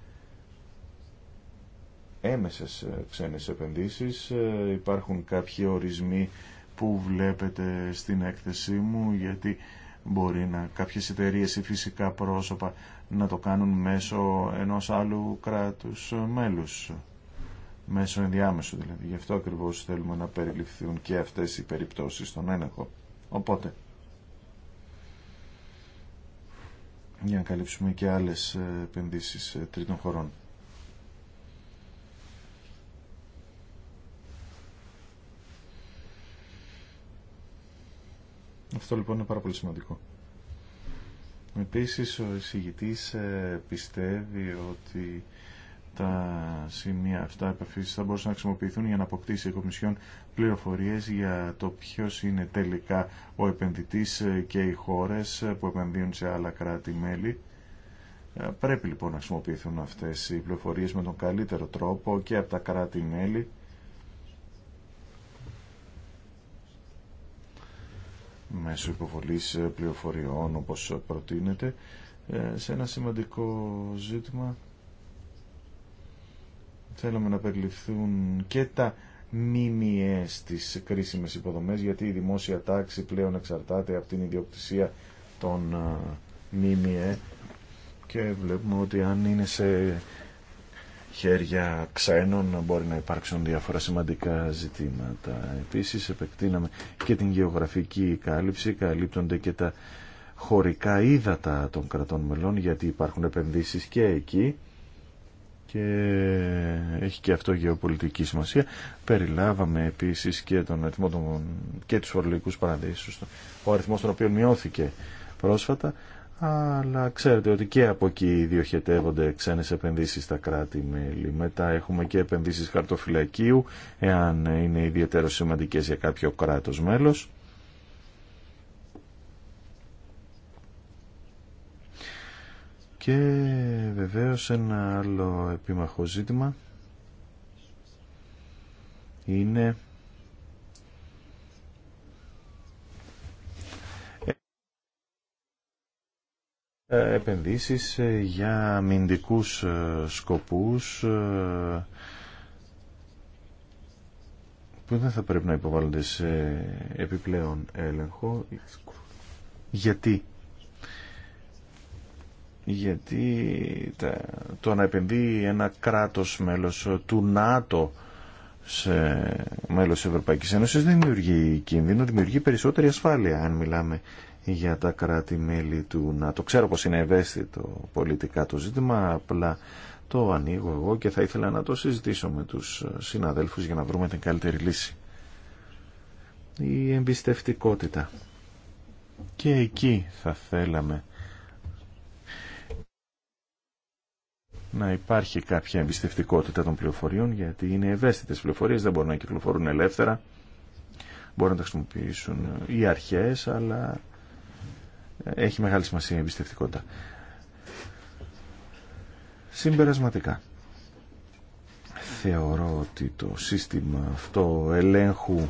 έμεσες ξένες επενδύσεις υπάρχουν κάποιοι ορισμοί που βλέπετε στην έκθεσή μου γιατί μπορεί να κάποιες εταιρείε ή φυσικά πρόσωπα να το κάνουν μέσω ενός άλλου κράτους μέλους μέσω ενδιάμεσου δηλαδή γι' αυτό ακριβώς θέλουμε να περιληφθούν και αυτές οι περιπτώσεις στον έλεγχο οπότε για να καλύψουμε και άλλες επενδύσεις ε, τρίτων χωρών Αυτό λοιπόν είναι πάρα πολύ σημαντικό. Επίσης ο εισηγητής ε, πιστεύει ότι τα σημεία αυτά επαφής θα μπορούσαν να χρησιμοποιηθούν για να αποκτήσει η Κομισιόν πληροφορίες για το ποιος είναι τελικά ο επενδυτής ε, και οι χώρες ε, που επενδύουν σε άλλα κράτη-μέλη. Πρέπει λοιπόν να χρησιμοποιηθούν αυτές οι πληροφορίες με τον καλύτερο τρόπο και από τα κράτη-μέλη μέσω υποβολής ε, πληροφοριών όπως προτείνεται ε, σε ένα σημαντικό ζήτημα θέλουμε να περιληφθούν και τα μήνυε στις κρίσιμες υποδομές γιατί η δημόσια τάξη πλέον εξαρτάται από την ιδιοκτησία των μήνυε και βλέπουμε ότι αν είναι σε χέρια ξένων μπορεί να υπάρξουν διάφορα σημαντικά ζητήματα. Επίσης επεκτείναμε και την γεωγραφική κάλυψη, καλύπτονται και τα χωρικά ύδατα των κρατών μελών γιατί υπάρχουν επενδύσεις και εκεί και έχει και αυτό γεωπολιτική σημασία. Περιλάβαμε επίσης και τον αριθμό των, και τους φορολογικούς παραδείσους, ο αριθμός των οποίων μειώθηκε πρόσφατα, αλλά ξέρετε ότι και από εκεί διοχετεύονται ξένες επενδύσεις στα κράτη-μέλη. Μετά έχουμε και επενδύσεις χαρτοφυλακίου, εάν είναι ιδιαίτερο σημαντικές για κάποιο κράτος μέλος. Και βεβαίως ένα άλλο επίμαχο ζήτημα είναι Ε, επενδύσεις ε, για αμυντικούς ε, σκοπούς που δεν θα πρέπει να υποβάλλονται σε επιπλέον έλεγχο. Γιατί γιατί το να επενδύει ένα κράτος μέλος του ΝΑΤΟ σε μέλος της Ευρωπαϊκής Ένωσης δεν δημιουργεί κίνδυνο, δημιουργεί περισσότερη ασφάλεια αν μιλάμε για τα κράτη-μέλη του ΝΑΤΟ. Ξέρω πως είναι ευαίσθητο πολιτικά το ζήτημα, απλά το ανοίγω εγώ και θα ήθελα να το συζητήσω με τους συναδέλφους για να βρούμε την καλύτερη λύση. Η εμπιστευτικότητα. Και εκεί θα θέλαμε να υπάρχει κάποια εμπιστευτικότητα των πληροφοριών γιατί είναι ευαίσθητες πληροφορίες, δεν μπορούν να κυκλοφορούν ελεύθερα, μπορούν να τα χρησιμοποιήσουν οι αρχές, αλλά έχει μεγάλη σημασία η εμπιστευτικότητα. Συμπερασματικά. Θεωρώ ότι το σύστημα αυτό ελέγχου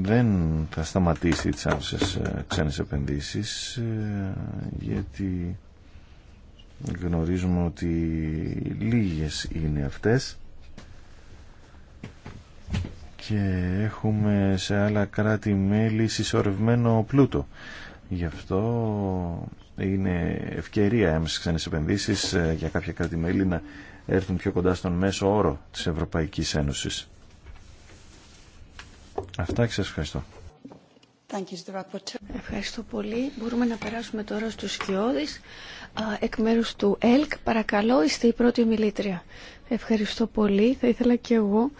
δεν θα σταματήσει τις άμεσες ε, ξένες επενδύσεις ε, γιατί γνωρίζουμε ότι λίγες είναι αυτές και έχουμε σε άλλα κράτη-μέλη συσσωρευμένο πλούτο. Γι' αυτό είναι ευκαιρία έμεση ξένες επενδύσεις ε, για κάποια κράτη-μέλη να έρθουν πιο κοντά στον μέσο όρο της Ευρωπαϊκής Ένωσης. Αυτά και σας ευχαριστώ. Ευχαριστώ πολύ. Μπορούμε να περάσουμε τώρα στους Σκιώδη Εκ μέρου του ΕΛΚ, παρακαλώ, είστε η πρώτη μιλήτρια. Ευχαριστώ πολύ. Θα ήθελα και εγώ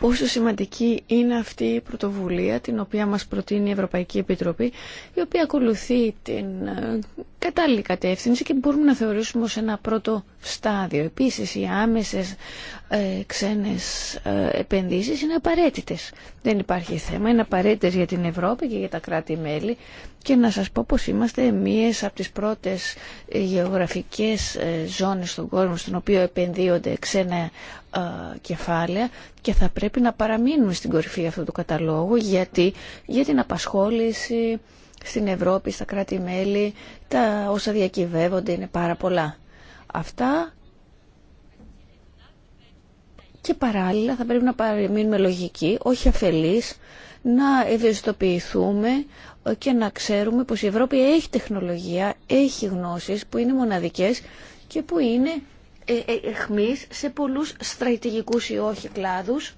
πόσο σημαντική είναι αυτή η πρωτοβουλία την οποία μας προτείνει η Ευρωπαϊκή Επιτροπή η οποία ακολουθεί την ε, κατάλληλη κατεύθυνση και μπορούμε να θεωρήσουμε ως ένα πρώτο στάδιο. Επίσης οι άμεσες ε, ξένες ε, επενδύσεις είναι απαραίτητες. Δεν υπάρχει θέμα, είναι απαραίτητες για την Ευρώπη και για τα κράτη-μέλη και να σας πω πως είμαστε μίες από τις πρώτες ε, γεωγραφικές ε, ζώνες στον κόσμο στον οποίο επενδύονται ξένα κεφάλαια και θα πρέπει να παραμείνουμε στην κορυφή αυτού του καταλόγου γιατί για την απασχόληση στην Ευρώπη, στα κράτη-μέλη, τα όσα διακυβεύονται είναι πάρα πολλά. Αυτά και παράλληλα θα πρέπει να παραμείνουμε λογικοί, όχι αφελείς, να ευαισθητοποιηθούμε και να ξέρουμε πως η Ευρώπη έχει τεχνολογία, έχει γνώσεις που είναι μοναδικές και που είναι ε, ε, εχμής σε πολλούς στρατηγικούς ή όχι κλάδους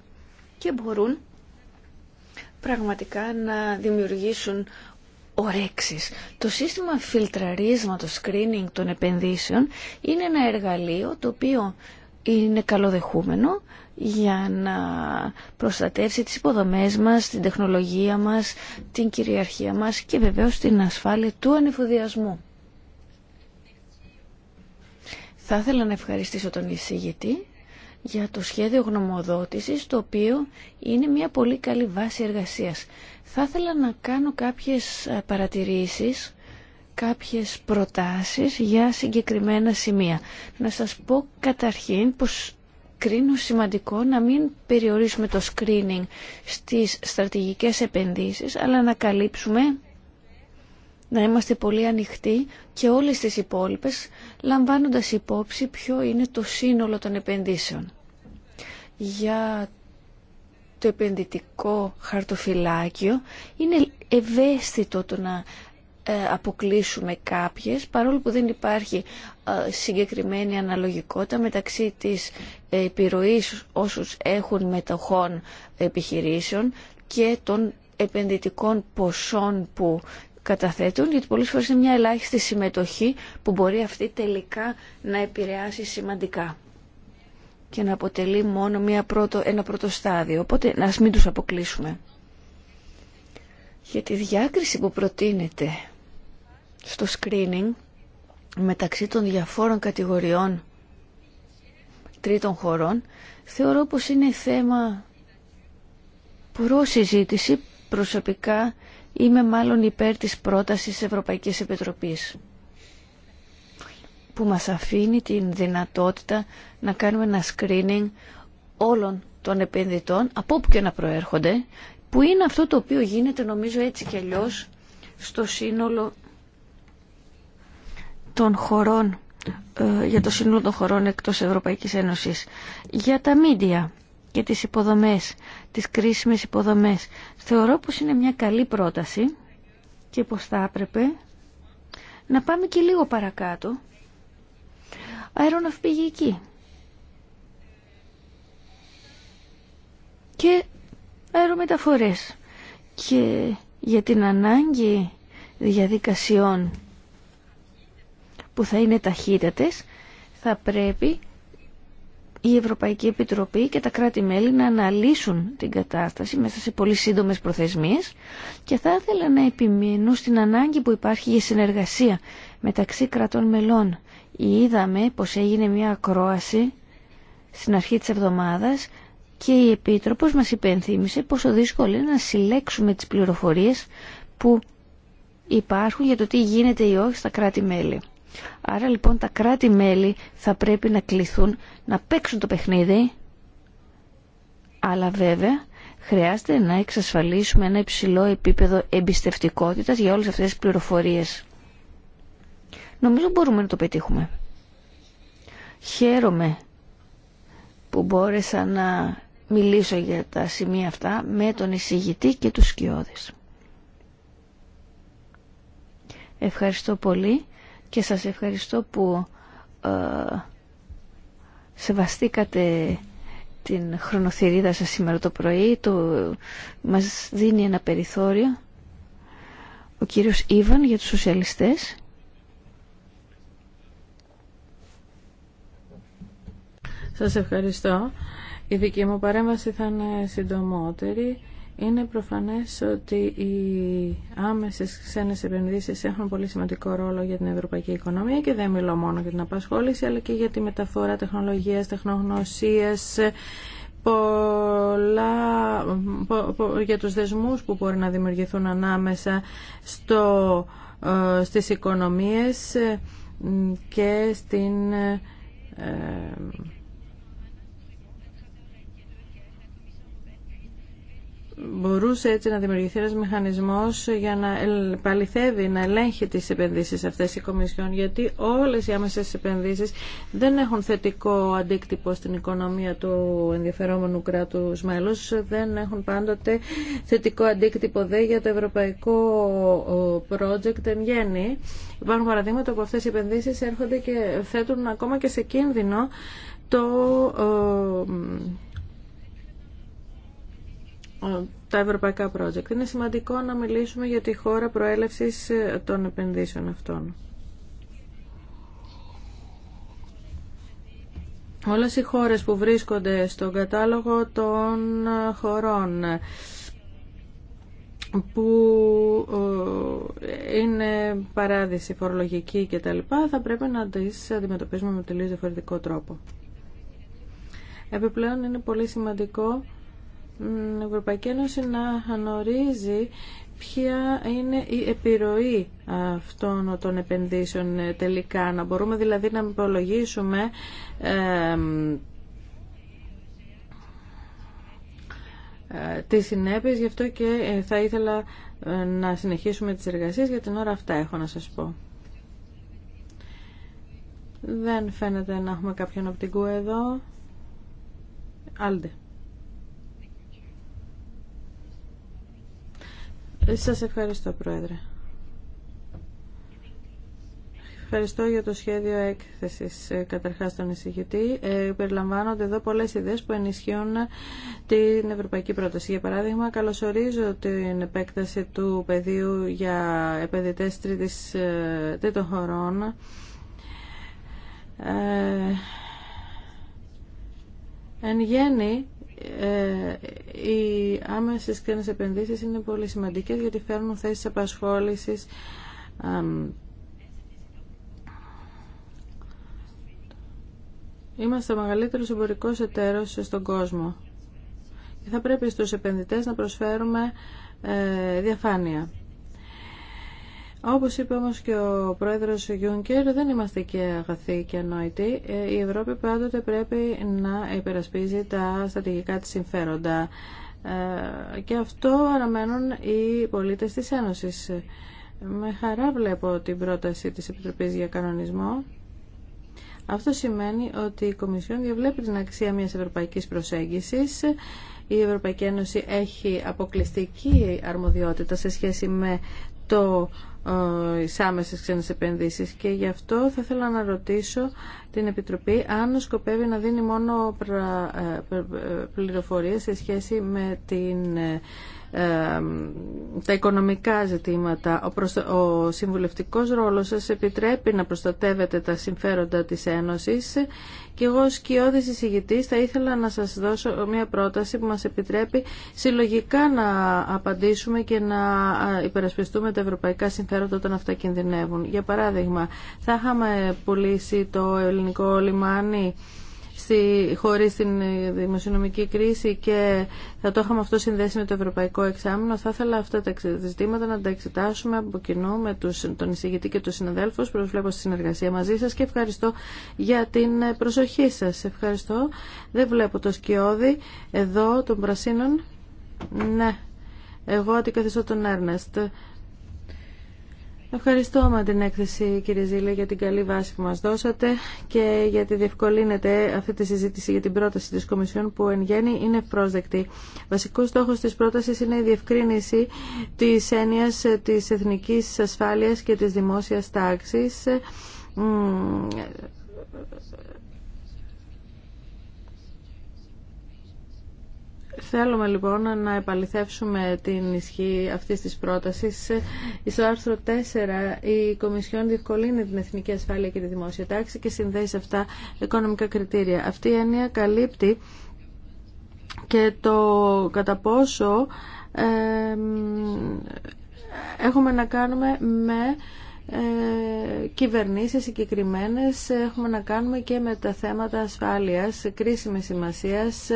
και μπορούν πραγματικά να δημιουργήσουν ορέξεις. Το σύστημα φιλτραρίσματος, screening των επενδύσεων είναι ένα εργαλείο το οποίο είναι καλοδεχούμενο για να προστατεύσει τις υποδομές μας, την τεχνολογία μας, την κυριαρχία μας και βεβαίως την ασφάλεια του ανεφοδιασμού. Θα ήθελα να ευχαριστήσω τον εισηγητή για το σχέδιο γνωμοδότησης, το οποίο είναι μια πολύ καλή βάση εργασίας. Θα ήθελα να κάνω κάποιες ε, παρατηρήσεις, κάποιες προτάσεις για συγκεκριμένα σημεία. Να σας πω καταρχήν πως κρίνω σημαντικό να μην περιορίσουμε το screening στις στρατηγικές επενδύσεις, αλλά να καλύψουμε να είμαστε πολύ ανοιχτοί και όλες τις υπόλοιπες, λαμβάνοντας υπόψη ποιο είναι το σύνολο των επενδύσεων το επενδυτικό χαρτοφυλάκιο είναι ευαίσθητο το να ε, αποκλείσουμε κάποιες παρόλο που δεν υπάρχει ε, συγκεκριμένη αναλογικότητα μεταξύ της ε, επιρροής όσους έχουν μετοχών επιχειρήσεων και των επενδυτικών ποσών που καταθέτουν γιατί πολλές φορές είναι μια ελάχιστη συμμετοχή που μπορεί αυτή τελικά να επηρεάσει σημαντικά και να αποτελεί μόνο μια πρώτο, ένα πρώτο στάδιο. Οπότε να μην τους αποκλείσουμε. Για τη διάκριση που προτείνεται στο screening μεταξύ των διαφόρων κατηγοριών τρίτων χωρών θεωρώ πως είναι θέμα προσυζήτηση. συζήτηση προσωπικά είμαι μάλλον υπέρ της πρότασης Ευρωπαϊκής Επιτροπής που μας αφήνει την δυνατότητα να κάνουμε ένα screening όλων των επενδυτών από όπου και να προέρχονται που είναι αυτό το οποίο γίνεται νομίζω έτσι και αλλιώ στο σύνολο των χωρών ε, για το σύνολο των χωρών εκτός Ευρωπαϊκής Ένωσης για τα μίντια και τις υποδομές τις κρίσιμες υποδομές θεωρώ πως είναι μια καλή πρόταση και πως θα έπρεπε να πάμε και λίγο παρακάτω αεροναυπηγική και αερομεταφορές και για την ανάγκη διαδικασιών που θα είναι ταχύτατες θα πρέπει η Ευρωπαϊκή Επιτροπή και τα κράτη-μέλη να αναλύσουν την κατάσταση μέσα σε πολύ σύντομες προθεσμίες και θα ήθελα να επιμείνω στην ανάγκη που υπάρχει για συνεργασία μεταξύ κρατών μελών. Είδαμε πως έγινε μια ακρόαση στην αρχή της εβδομάδας και η Επίτροπος μας υπενθύμησε πόσο δύσκολο είναι να συλλέξουμε τις πληροφορίες που υπάρχουν για το τι γίνεται ή όχι στα κράτη-μέλη. Άρα λοιπόν τα κράτη-μέλη θα πρέπει να κληθούν να παίξουν το παιχνίδι, αλλά βέβαια χρειάζεται να εξασφαλίσουμε ένα υψηλό επίπεδο εμπιστευτικότητας για όλες αυτές τις πληροφορίες. Νομίζω μπορούμε να το πετύχουμε. Χαίρομαι που μπόρεσα να μιλήσω για τα σημεία αυτά με τον εισηγητή και τους σκιώδες. Ευχαριστώ πολύ και σας ευχαριστώ που ε, σεβαστήκατε την χρονοθυρίδα σας σήμερα το πρωί. Το, μας δίνει ένα περιθώριο ο κύριος Ήβαν για τους σοσιαλιστές. Σας ευχαριστώ. Η δική μου παρέμβαση θα είναι συντομότερη. Είναι προφανές ότι οι άμεσες ξένες επενδύσεις έχουν πολύ σημαντικό ρόλο για την ευρωπαϊκή οικονομία και δεν μιλώ μόνο για την απασχόληση αλλά και για τη μεταφορά τεχνολογίας, τεχνογνωσίας, πολλά, για τους δεσμούς που μπορεί να δημιουργηθούν ανάμεσα στο, ε, στις οικονομίες ε, και στην... Ε, μπορούσε έτσι να δημιουργηθεί ένας μηχανισμός για να παληθεύει, να ελέγχει τις επενδύσεις αυτές οι Κομισιόν, γιατί όλες οι άμεσες επενδύσεις δεν έχουν θετικό αντίκτυπο στην οικονομία του ενδιαφερόμενου κράτους μέλους, δεν έχουν πάντοτε θετικό αντίκτυπο δε για το ευρωπαϊκό project εν γέννη. Υπάρχουν παραδείγματα που αυτές οι επενδύσεις έρχονται και θέτουν ακόμα και σε κίνδυνο το ε, τα ευρωπαϊκά project. Είναι σημαντικό να μιλήσουμε για τη χώρα προέλευσης ε, των επενδύσεων αυτών. Όλες οι χώρες που βρίσκονται στον κατάλογο των ε, χωρών που είναι παράδειση φορολογική και τα θα πρέπει να τις αντιμετωπίσουμε με τελείως διαφορετικό τρόπο. Επιπλέον είναι πολύ σημαντικό Ευρωπαϊκή Ένωση να ανορίζει ποια είναι η επιρροή αυτών των επενδύσεων τελικά. Να μπορούμε δηλαδή να υπολογίσουμε ε, τις συνέπειες, γι' αυτό και ε, θα ήθελα ε, να συνεχίσουμε τις εργασίες. Για την ώρα αυτά έχω να σας πω. Δεν φαίνεται να έχουμε κάποιον οπτικού εδώ. Άλτε. Σας ευχαριστώ, Πρόεδρε. Ευχαριστώ για το σχέδιο έκθεσης ε, καταρχάς των εισηγητή. Ε, περιλαμβάνονται εδώ πολλές ιδέες που ενισχύουν ε, την ευρωπαϊκή πρόταση. Για παράδειγμα, καλωσορίζω την επέκταση του πεδίου για επενδυτέ τρίτης, ε, τρίτων χωρών. Ε, εν γέννη, ε, οι άμεσες καίνε επενδύσεις είναι πολύ σημαντικές γιατί φέρνουν θέσεις απασχόλησης Είμαστε ο μεγαλύτερος εμπορικός εταίρος στον κόσμο και θα πρέπει στους επενδυτές να προσφέρουμε ε, διαφάνεια. Όπως είπε όμως και ο πρόεδρος Γιούνκερ, δεν είμαστε και αγαθοί και ανόητοι. Ε, η Ευρώπη πάντοτε πρέπει να υπερασπίζει τα στρατηγικά της συμφέροντα. Ε, και αυτό αναμένουν οι πολίτες της Ένωσης. Με χαρά βλέπω την πρόταση της Επιτροπής για κανονισμό. Αυτό σημαίνει ότι η Κομισιόν διαβλέπει την αξία μιας ευρωπαϊκής προσέγγισης. Η Ευρωπαϊκή Ένωση έχει αποκλειστική αρμοδιότητα σε σχέση με το σ άμεσες ξένες επενδύσεις και γι' αυτό θα ήθελα να ρωτήσω την Επιτροπή αν σκοπεύει να δίνει μόνο ε, ε, πληροφορίες σε σχέση με την ε, τα οικονομικά ζητήματα. Ο, ο συμβουλευτικός ρόλος σας επιτρέπει να προστατεύετε τα συμφέροντα της Ένωσης και εγώ ως κοιόδης εισηγητής θα ήθελα να σας δώσω μια πρόταση που μας επιτρέπει συλλογικά να απαντήσουμε και να υπερασπιστούμε τα ευρωπαϊκά συμφέροντα όταν αυτά κινδυνεύουν. Για παράδειγμα, θα είχαμε πουλήσει το ελληνικό λιμάνι στη, χωρίς την δημοσιονομική κρίση και θα το είχαμε αυτό συνδέσει με το Ευρωπαϊκό Εξάμεινο. Θα ήθελα αυτά τα ζητήματα να τα εξετάσουμε από κοινού με τους, τον εισηγητή και τους συναδέλφους. Προσβλέπω στη συνεργασία μαζί σας και ευχαριστώ για την προσοχή σας. Ευχαριστώ. Δεν βλέπω το σκιώδη εδώ των πρασίνων. Ναι, εγώ αντικαθιστώ τον Έρνεστ. Ευχαριστώ με την έκθεση κύριε Ζήλε για την καλή βάση που μας δώσατε και γιατί διευκολύνεται αυτή τη συζήτηση για την πρόταση της Κομισιόν που εν γέννη είναι πρόσδεκτη. Βασικός στόχος της πρότασης είναι η διευκρίνηση της έννοιας της εθνικής ασφάλειας και της δημόσιας τάξης Θέλουμε λοιπόν να επαληθεύσουμε την ισχύ αυτής της πρότασης. Στο άρθρο 4 η Κομισιόν διευκολύνει την εθνική ασφάλεια και τη δημόσια τάξη και συνδέει σε αυτά οικονομικά κριτήρια. Αυτή η έννοια καλύπτει και το κατά πόσο έχουμε να κάνουμε με ε, κυβερνήσεις συγκεκριμένε έχουμε να κάνουμε και με τα θέματα ασφάλειας, κρίσιμη σημασίας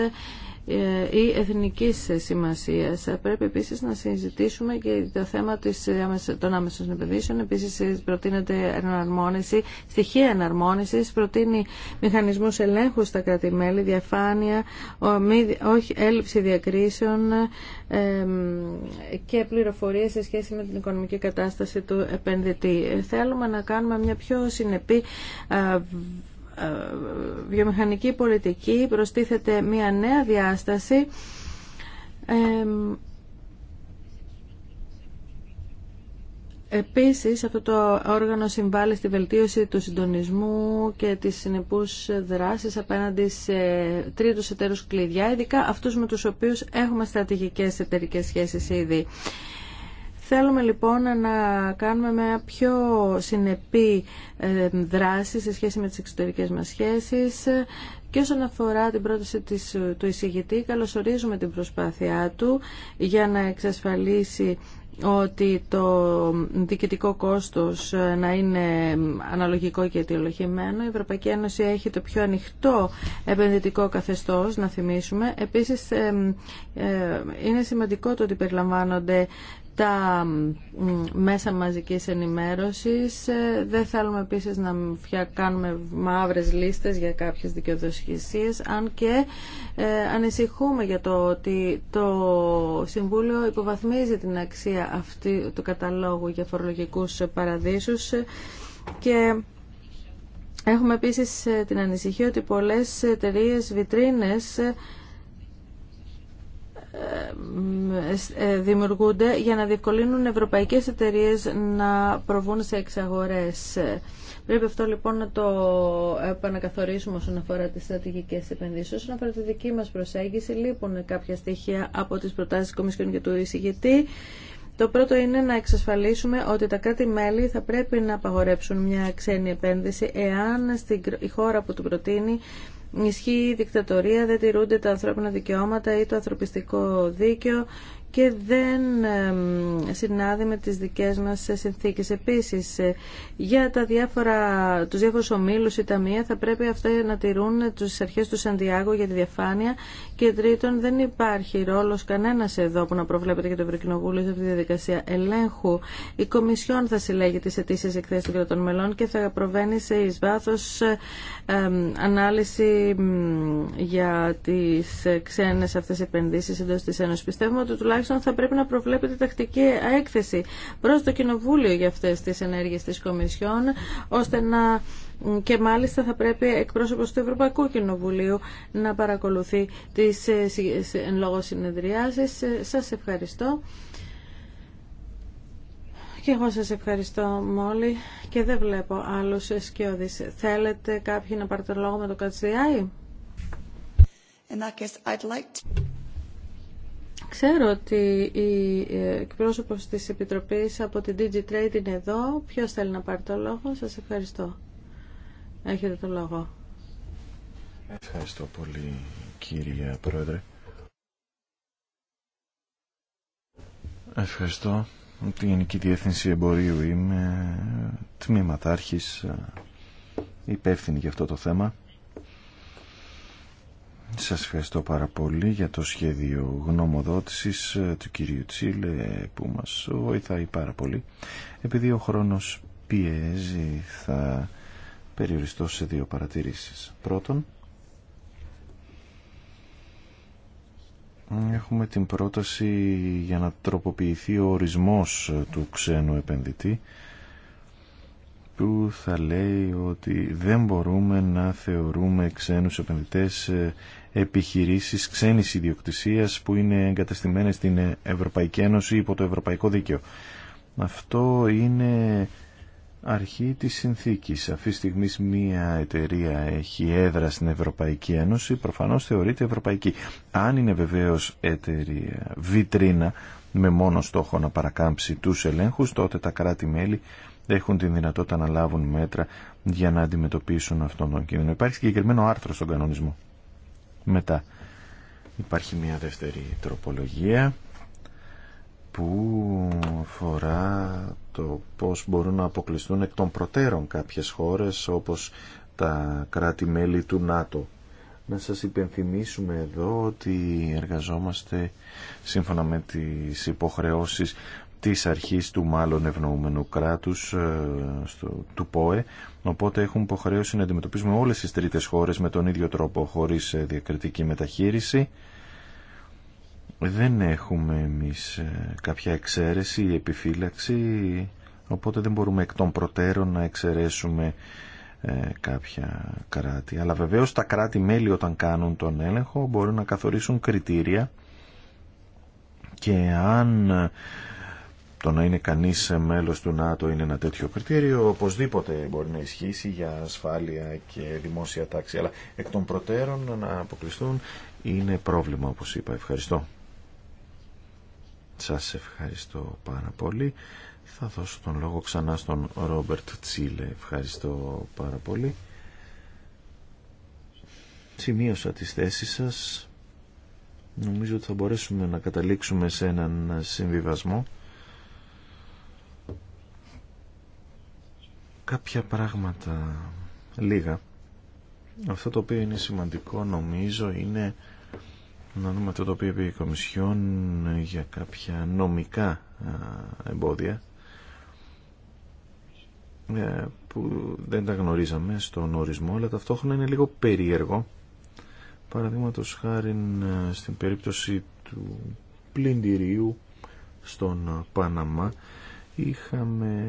ε, ή εθνικής σημασίας. Πρέπει επίσης να συζητήσουμε και το θέμα των άμεσων επενδύσεων. Επίσης προτείνεται εναρμόνιση, στοιχεία εναρμόνισης, προτείνει μηχανισμούς ελέγχου στα κράτη-μέλη, διαφάνεια, όχι έλλειψη διακρίσεων και πληροφορίες σε σχέση με την οικονομική κατάσταση του επενδυτή. Ε, θέλουμε να κάνουμε μια πιο συνεπή ε, βιομηχανική πολιτική προστίθεται μια νέα διάσταση Επίσης, αυτό το όργανο συμβάλλει στη βελτίωση του συντονισμού και της συνεπούς δράσεις απέναντι σε τρίτους εταίρους κλειδιά, ειδικά αυτούς με τους οποίους έχουμε στρατηγικές εταιρικές σχέσεις ήδη. Θέλουμε λοιπόν να κάνουμε μια πιο συνεπή ε, δράση σε σχέση με τις εξωτερικές μας σχέσεις και όσον αφορά την πρόταση της, του εισηγητή, καλωσορίζουμε την προσπάθειά του για να εξασφαλίσει ότι το διοικητικό κόστος ε, να είναι αναλογικό και αιτιολογημένο. Η Ευρωπαϊκή Ένωση έχει το πιο ανοιχτό επενδυτικό καθεστώς, να θυμίσουμε. Επίσης, ε, είναι σημαντικό το ότι περιλαμβάνονται τα μέσα μαζικής ενημέρωσης. Ε, δεν θέλουμε επίσης να κάνουμε μαύρες λίστες για κάποιες δικαιοδοσχεσίες, αν και ε, ανησυχούμε για το ότι το Συμβούλιο υποβαθμίζει την αξία αυτή του καταλόγου για φορολογικούς παραδείσους ε, και έχουμε επίσης την ανησυχία ότι πολλές εταιρείε βιτρίνες ε, ε, δημιουργούνται για να διευκολύνουν ευρωπαϊκές εταιρείες να προβούν σε εξαγορές. Πρέπει αυτό λοιπόν να το επανακαθορίσουμε όσον αφορά τις στρατηγικές επενδύσεις. Όσον αφορά τη δική μας προσέγγιση, λείπουν κάποια στοιχεία από τις προτάσεις της Κομισιόν και του εισηγητή. Το πρώτο είναι να εξασφαλίσουμε ότι τα κράτη-μέλη θα πρέπει να απαγορέψουν μια ξένη επένδυση εάν στην χώρα που του προτείνει ισχύει η δικτατορία, δεν τηρούνται τα ανθρώπινα δικαιώματα ή το ανθρωπιστικό δίκαιο και δεν συνάδει με τις δικές μας συνθήκες. Επίσης, ε, για τα διάφορα, τους διάφορους ομίλους ή ταμεία θα πρέπει αυτά να τηρούν τις αρχές του Σαντιάγου για τη διαφάνεια και τρίτον δεν υπάρχει ρόλος κανένας εδώ που να προβλέπεται για το Ευρωκοινοβούλιο σε αυτή τη διαδικασία ελέγχου. Η Κομισιόν θα συλλέγει τις αιτήσεις εκθέσεις των κρατών μελών και θα προβαίνει σε εις βάθος ανάλυση για τις ξένες αυτές επενδύσεις εντός της Ένωσης. Πιστεύουμε ότι τουλάχιστον θα πρέπει να προβλέπετε τακτική έκθεση προς το Κοινοβούλιο για αυτές τις ενέργειες της Κομισιόν, ώστε να και μάλιστα θα πρέπει εκπρόσωπος του Ευρωπαϊκού Κοινοβουλίου να παρακολουθεί τις ε, εν λόγω συνεδριάσεις. Ε, σας ευχαριστώ. Και εγώ σας ευχαριστώ μόλι και δεν βλέπω άλλους σκιώδεις. Θέλετε κάποιοι να πάρετε λόγο με το ΚΑΤΣΔΙ. Ξέρω ότι η ε, εκπρόσωπος της Επιτροπής από την DigiTrade είναι εδώ. Ποιος θέλει να πάρει το λόγο. Σας ευχαριστώ. Έχετε το λόγο. Ευχαριστώ πολύ κύριε Πρόεδρε. Ευχαριστώ. Τη Γενική Διεύθυνση Εμπορίου είμαι τμήματάρχης ε, υπεύθυνη για αυτό το θέμα. Σας ευχαριστώ πάρα πολύ για το σχέδιο γνωμοδότησης ε, του κυρίου Τσίλε που μας βοηθάει πάρα πολύ. Επειδή ο χρόνος πιέζει θα περιοριστώ σε δύο παρατηρήσεις. Πρώτον, έχουμε την πρόταση για να τροποποιηθεί ο ορισμός του ξένου επενδυτή που θα λέει ότι δεν μπορούμε να θεωρούμε ξένους επενδυτές ε, επιχειρήσεις ξένης ιδιοκτησίας που είναι εγκατεστημένες στην Ευρωπαϊκή Ένωση υπό το Ευρωπαϊκό Δίκαιο. Αυτό είναι αρχή της συνθήκης. Αυτή τη στιγμή μια εταιρεία έχει έδρα στην Ευρωπαϊκή Ένωση, προφανώς θεωρείται ευρωπαϊκή. Αν είναι βεβαίως εταιρεία βιτρίνα με μόνο στόχο να παρακάμψει τους ελέγχους, τότε τα κράτη-μέλη έχουν την δυνατότητα να λάβουν μέτρα για να αντιμετωπίσουν αυτόν τον κίνδυνο. Υπάρχει συγκεκριμένο άρθρο στον κανονισμό μετά υπάρχει μια δεύτερη τροπολογία που αφορά το πώς μπορούν να αποκλειστούν εκ των προτέρων κάποιες χώρες όπως τα κράτη-μέλη του ΝΑΤΟ. Να σας υπενθυμίσουμε εδώ ότι εργαζόμαστε σύμφωνα με τις υποχρεώσεις της αρχής του μάλλον ευνοούμενου κράτους ε, στο, του ΠΟΕ οπότε έχουν υποχρέωση να αντιμετωπίζουμε όλες τις τρίτες χώρες με τον ίδιο τρόπο χωρίς ε, διακριτική μεταχείριση δεν έχουμε εμείς ε, κάποια εξαίρεση ή επιφύλαξη οπότε δεν μπορούμε εκ των προτέρων να εξαιρέσουμε κάποια κράτη αλλά βεβαίως τα κράτη-μέλη όταν κάνουν τον έλεγχο μπορούν να καθορίσουν κριτήρια και αν το να είναι κανείς μέλος του ΝΑΤΟ είναι ένα τέτοιο κριτήριο, οπωσδήποτε μπορεί να ισχύσει για ασφάλεια και δημόσια τάξη, αλλά εκ των προτέρων να αποκλειστούν είναι πρόβλημα όπως είπα. Ευχαριστώ. Σας ευχαριστώ πάρα πολύ. Θα δώσω τον λόγο ξανά στον Ρόμπερτ Τσίλε. Ευχαριστώ πάρα πολύ. Σημείωσα τις θέσεις σας. Νομίζω ότι θα μπορέσουμε να καταλήξουμε σε έναν συμβιβασμό κάποια πράγματα λίγα. Αυτό το οποίο είναι σημαντικό νομίζω είναι να δούμε αυτό το οποίο είπε η Κομισιόν για κάποια νομικά εμπόδια ε, που δεν τα γνωρίζαμε στον ορισμό αλλά ταυτόχρονα είναι λίγο περίεργο παραδείγματο χάρη ε, στην περίπτωση του πλυντηρίου στον Πάναμα είχαμε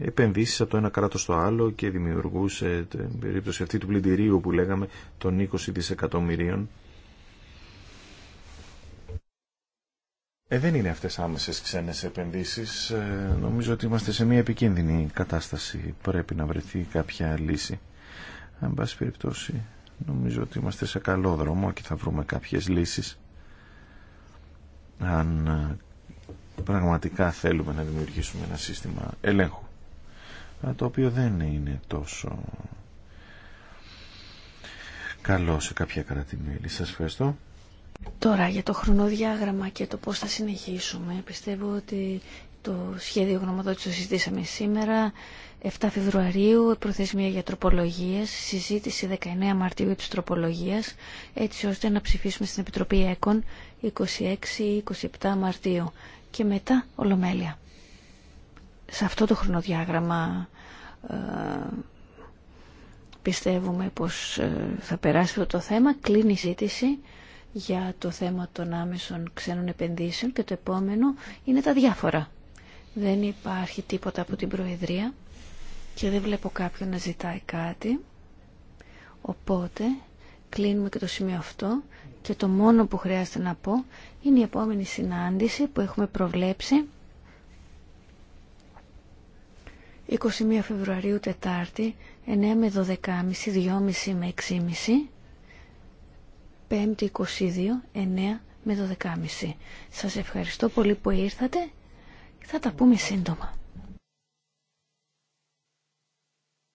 επενδύσει από το ένα κράτο στο άλλο και δημιουργούσε την περίπτωση αυτή του πλυντηρίου που λέγαμε των 20 δισεκατομμυρίων. Ε, δεν είναι αυτές άμεσες ξένες επενδύσεις. Ε, νομίζω ότι είμαστε σε μια επικίνδυνη κατάσταση. Πρέπει να βρεθεί κάποια λύση. Αν πάση περιπτώσει, νομίζω ότι είμαστε σε καλό δρόμο και θα βρούμε κάποιες λύσεις. Αν ε, πραγματικά θέλουμε να δημιουργήσουμε ένα σύστημα ελέγχου το οποίο δεν είναι τόσο καλό σε κάποια μέλη. Σας ευχαριστώ. Τώρα για το χρονοδιάγραμμα και το πώς θα συνεχίσουμε. Πιστεύω ότι το σχέδιο γνωμοδότηση το συζητήσαμε σήμερα. 7 Φεβρουαρίου, προθεσμία για τροπολογίες, συζήτηση 19 Μαρτίου της τροπολογίας, έτσι ώστε να ψηφίσουμε στην Επιτροπή ΕΚΟΝ 26-27 Μαρτίου και μετά Ολομέλεια. Σε αυτό το χρονοδιάγραμμα ε, πιστεύουμε πως ε, θα περάσει το θέμα. Κλείνει η ζήτηση για το θέμα των άμεσων ξένων επενδύσεων και το επόμενο είναι τα διάφορα. Δεν υπάρχει τίποτα από την Προεδρία και δεν βλέπω κάποιον να ζητάει κάτι. Οπότε κλείνουμε και το σημείο αυτό και το μόνο που χρειάζεται να πω είναι η επόμενη συνάντηση που έχουμε προβλέψει 21 Φεβρουαρίου Τετάρτη 9 με 12.30, 2.30 με 6.30 5.22, 22, 9 με 12.30 Σας ευχαριστώ πολύ που ήρθατε θα τα πούμε σύντομα